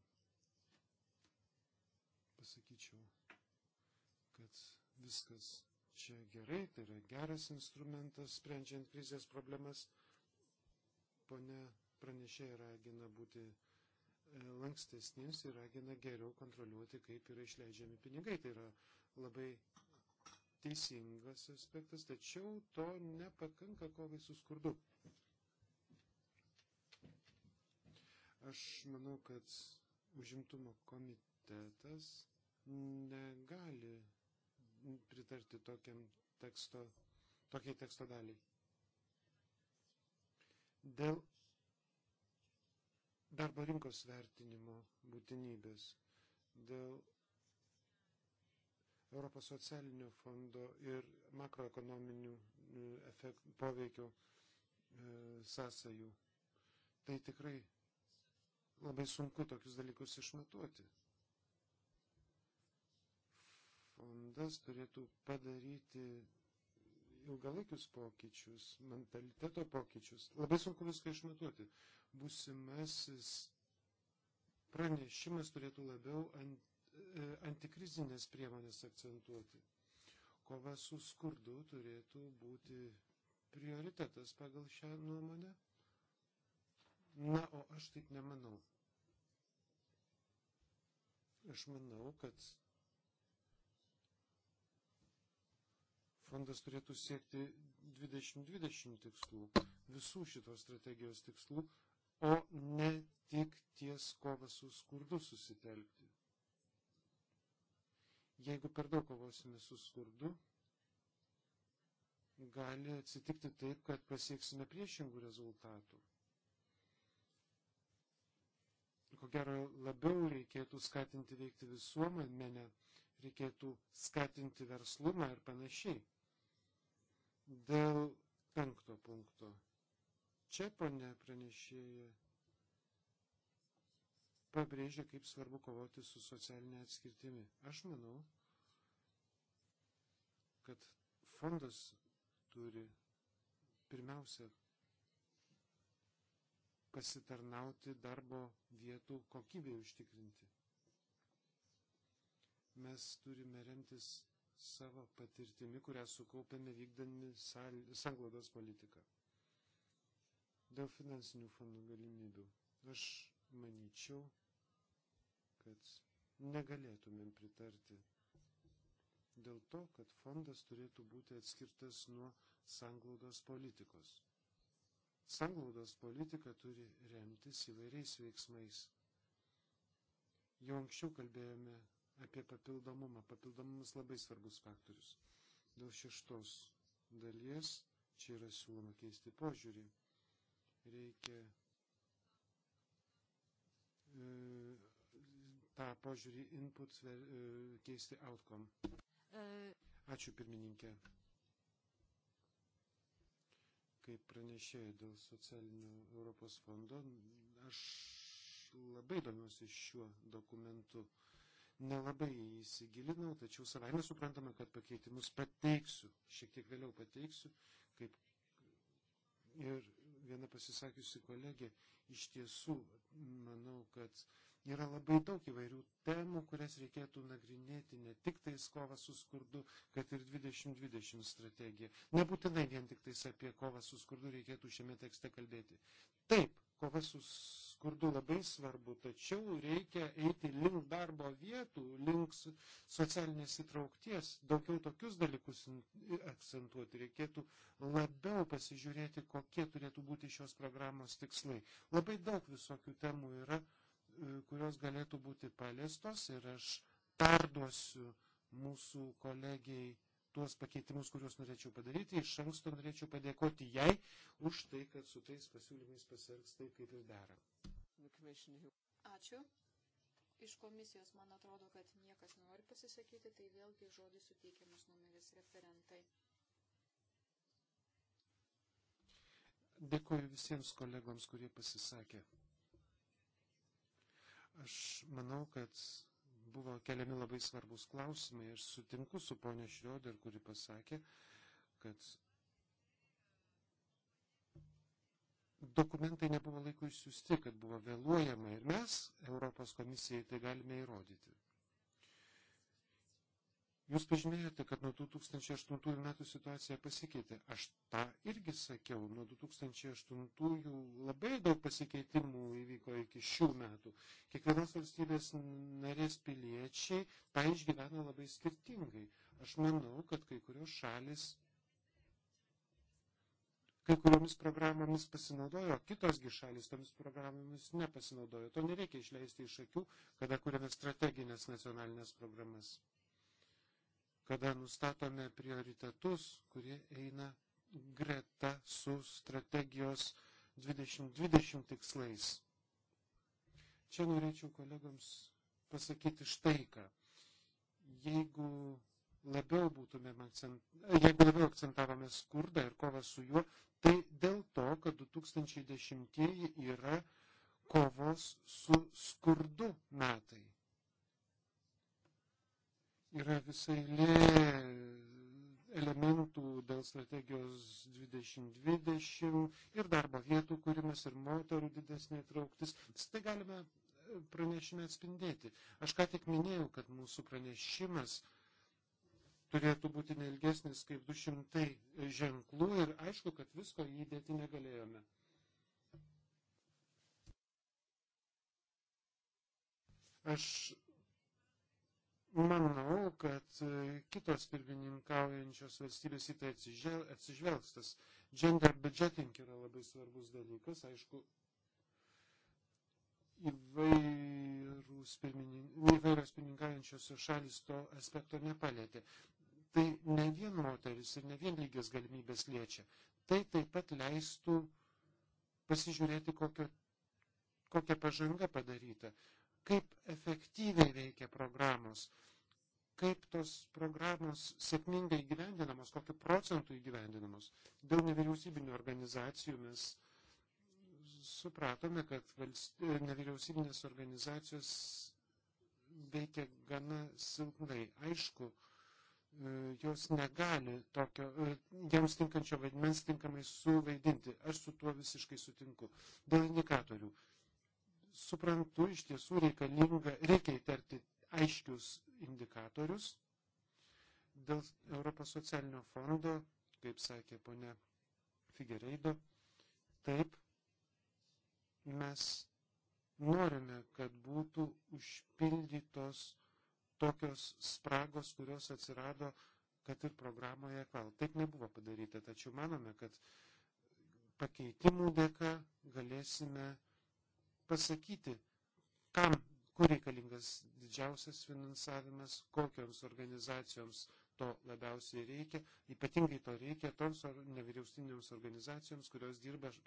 [SPEAKER 2] Pasakyčiau, kad viskas čia gerai, tai yra geras instrumentas sprendžiant krizės problemas. Pone pranešėjai ragina būti e, lankstesnės ir ragina geriau kontroliuoti, kaip yra išleidžiami pinigai. Tai yra labai teisingas aspektas, tačiau to nepakanka kovai su skurdu. Aš manau, kad užimtumo komitetas negali pritarti tokiam teksto, tokiai teksto daliai. Dėl darbo rinkos vertinimo būtinybės, dėl Europos socialinio fondo ir makroekonominių e, efekt, poveikio e, sąsajų. Tai tikrai Labai sunku tokius dalykus išmatuoti. Fondas turėtų padaryti ilgalaikius pokyčius, mentaliteto pokyčius. Labai sunku viską išmatuoti. Būsimasis pranešimas turėtų labiau ant, e, antikrizinės priemonės akcentuoti. Kova su skurdu turėtų būti prioritetas pagal šią nuomonę. Na, o aš taip nemanau. Aš manau, kad fondas turėtų siekti 2020 tikslų, visų šitos strategijos tikslų, o ne tik ties kova su skurdu susitelkti. Jeigu per daug kovosime su skurdu, gali atsitikti taip, kad pasieksime priešingų rezultatų. ko gero labiau reikėtų skatinti veikti visuomenę, reikėtų skatinti verslumą ir panašiai. Dėl penkto punkto. Čia ponė pranešėja pabrėžia, kaip svarbu kovoti su socialinė atskirtimi. Aš manau, kad fondas turi pirmiausia pasitarnauti darbo vietų kokybėje užtikrinti. Mes turime remtis savo patirtimi, kurią sukaupėme vykdami sanglaudos politiką. Dėl finansinių fondų galimybių. Aš manyčiau, kad negalėtumėm pritarti dėl to, kad fondas turėtų būti atskirtas nuo sanglaudos politikos. Sanglaudos politika turi remtis įvairiais veiksmais. Jau anksčiau kalbėjome apie papildomumą. Papildomumas labai svarbus faktorius. Dėl šeštos dalies čia yra siūloma keisti požiūrį. Reikia e, tą požiūrį input e, keisti outcome. E. Ačiū pirmininkė kaip pranešėjai dėl socialinių Europos fondo, aš labai domiuosi šiuo dokumentu. Nelabai įsigilinau, tačiau savaime suprantama, kad pakeitimus pateiksiu, šiek tiek vėliau pateiksiu, kaip ir viena pasisakiusi kolegė, iš tiesų manau, kad uh, Yra labai daug įvairių temų, kurias reikėtų nagrinėti ne tik tais kova su skurdu, kad ir 2020 strategija. Nebūtinai vien tik tais apie kovą su skurdu reikėtų šiame tekste kalbėti. Taip, kova su skurdu labai svarbu, tačiau reikia eiti link darbo vietų, link socialinės įtraukties, daugiau tokius dalykus akcentuoti. Reikėtų labiau pasižiūrėti, kokie turėtų būti šios programos tikslai. Labai daug visokių temų yra E, kurios galėtų būti paliestos ir aš perduosiu mūsų kolegiai tuos pakeitimus, kuriuos norėčiau padaryti. Iš anksto norėčiau padėkoti jai už tai, kad su tais pasiūlymais pasirgs taip, kaip ir dera.
[SPEAKER 3] Ačiū. Iš komisijos man atrodo, kad niekas nori pasisakyti, tai vėlgi žodis suteikiamas numeris referentai.
[SPEAKER 2] Dėkuoju visiems kolegoms, kurie pasisakė. Aš manau, kad buvo keliami labai svarbus klausimai ir sutinku su ponė Šrioder, kuri pasakė, kad dokumentai nebuvo laiku išsiųsti, kad buvo vėluojama ir mes Europos komisijai tai galime įrodyti. Jūs pažymėjote, kad nuo 2008 metų situacija pasikeitė. Aš tą irgi sakiau. Nuo 2008 labai daug pasikeitimų įvyko iki šių metų. Kiekvienos valstybės narės piliečiai tą išgyvena labai skirtingai. Aš manau, kad kai kurios šalis kai kuriomis programomis pasinaudojo, kitosgi šalis tomis programomis nepasinaudojo. To nereikia išleisti iš akių, kada kuriame strateginės nacionalinės programas kada nustatome prioritetus, kurie eina greta su strategijos 2020 tikslais. Čia norėčiau kolegams pasakyti štai ką. Jeigu labiau būtumėm akcentavę, jeigu labiau akcentavome skurdą ir kovą su juo, tai dėl to, kad 2010 yra kovos su skurdu metai. Yra visai lė elementų dėl strategijos 2020 ir darbo vietų kūrimas ir moterų didesnė trauktis. Tai galime e, pranešime atspindėti. Aš ką tik minėjau, kad mūsų pranešimas turėtų būti nelgesnis kaip 200 ženklų ir aišku, kad visko įdėti negalėjome. Aš Manau, kad e, kitos pirmininkaujančios valstybės į tai atsižvelgstas. Gender budgeting yra labai svarbus dalykas, aišku, įvairūs pirmininkai, įvairios pirmininkaujančios šalis to aspekto nepalėtė. Tai ne vien moteris ir ne vien lygios galimybės liečia. Tai taip pat leistų pasižiūrėti, kokio, kokia pažanga padaryta kaip efektyviai veikia programos, kaip tos programos sėkmingai gyvendinamos, kokiu procentu įgyvendinamos. Dėl nevyriausybinių organizacijų mes supratome, kad valst... nevyriausybinės organizacijos veikia gana silpnai. Aišku, e, jos negali tokio, e, jiems tinkančio vaidmens tinkamai suvaidinti. Aš su tuo visiškai sutinku. Dėl indikatorių suprantu, iš tiesų reikalinga, reikia įtarti aiškius indikatorius dėl Europos socialinio fondo, kaip sakė ponia Figereido. Taip, mes norime, kad būtų užpildytos tokios spragos, kurios atsirado, kad ir programoje kal. Taip nebuvo padaryta, tačiau manome, kad pakeitimų dėka galėsime uh, pasakyti, kam, kur reikalingas didžiausias finansavimas, kokioms organizacijoms to labiausiai reikia. Ypatingai to reikia toms or, nevyriausybinėms organizacijoms, kurios dirba e,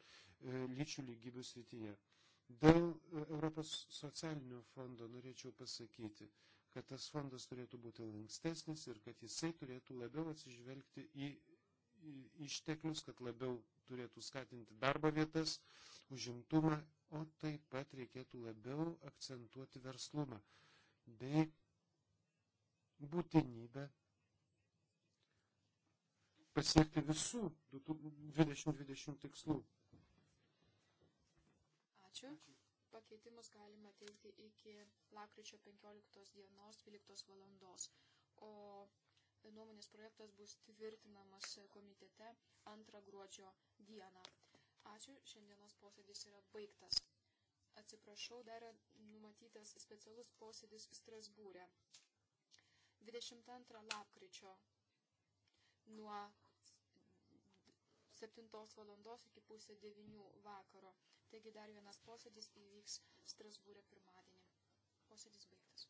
[SPEAKER 2] lyčių lygybių srityje. Dėl e, Europos socialinio fondo norėčiau pasakyti, kad tas fondas turėtų būti lankstesnis ir kad jisai turėtų labiau atsižvelgti į išteklius, kad labiau turėtų skatinti darbo vietas, užimtumą, o taip pat reikėtų labiau akcentuoti verslumą bei būtinybę pasiekti visų 2020 tikslų.
[SPEAKER 3] Ačiū. Pakeitimus galima teikti iki lakryčio 15 dienos 12 valandos, o nuomonės projektas bus tvirtinamas komitete 2 gruodžio dieną. Ačiū, šiandienos posėdis yra baigtas. Atsiprašau, dar numatytas specialus posėdis Strasbūrė. 22 lapkričio nuo 7 valandos iki pusė 9 vakaro. Taigi dar vienas posėdis įvyks Strasbūrė pirmadienį. Posėdis baigtas.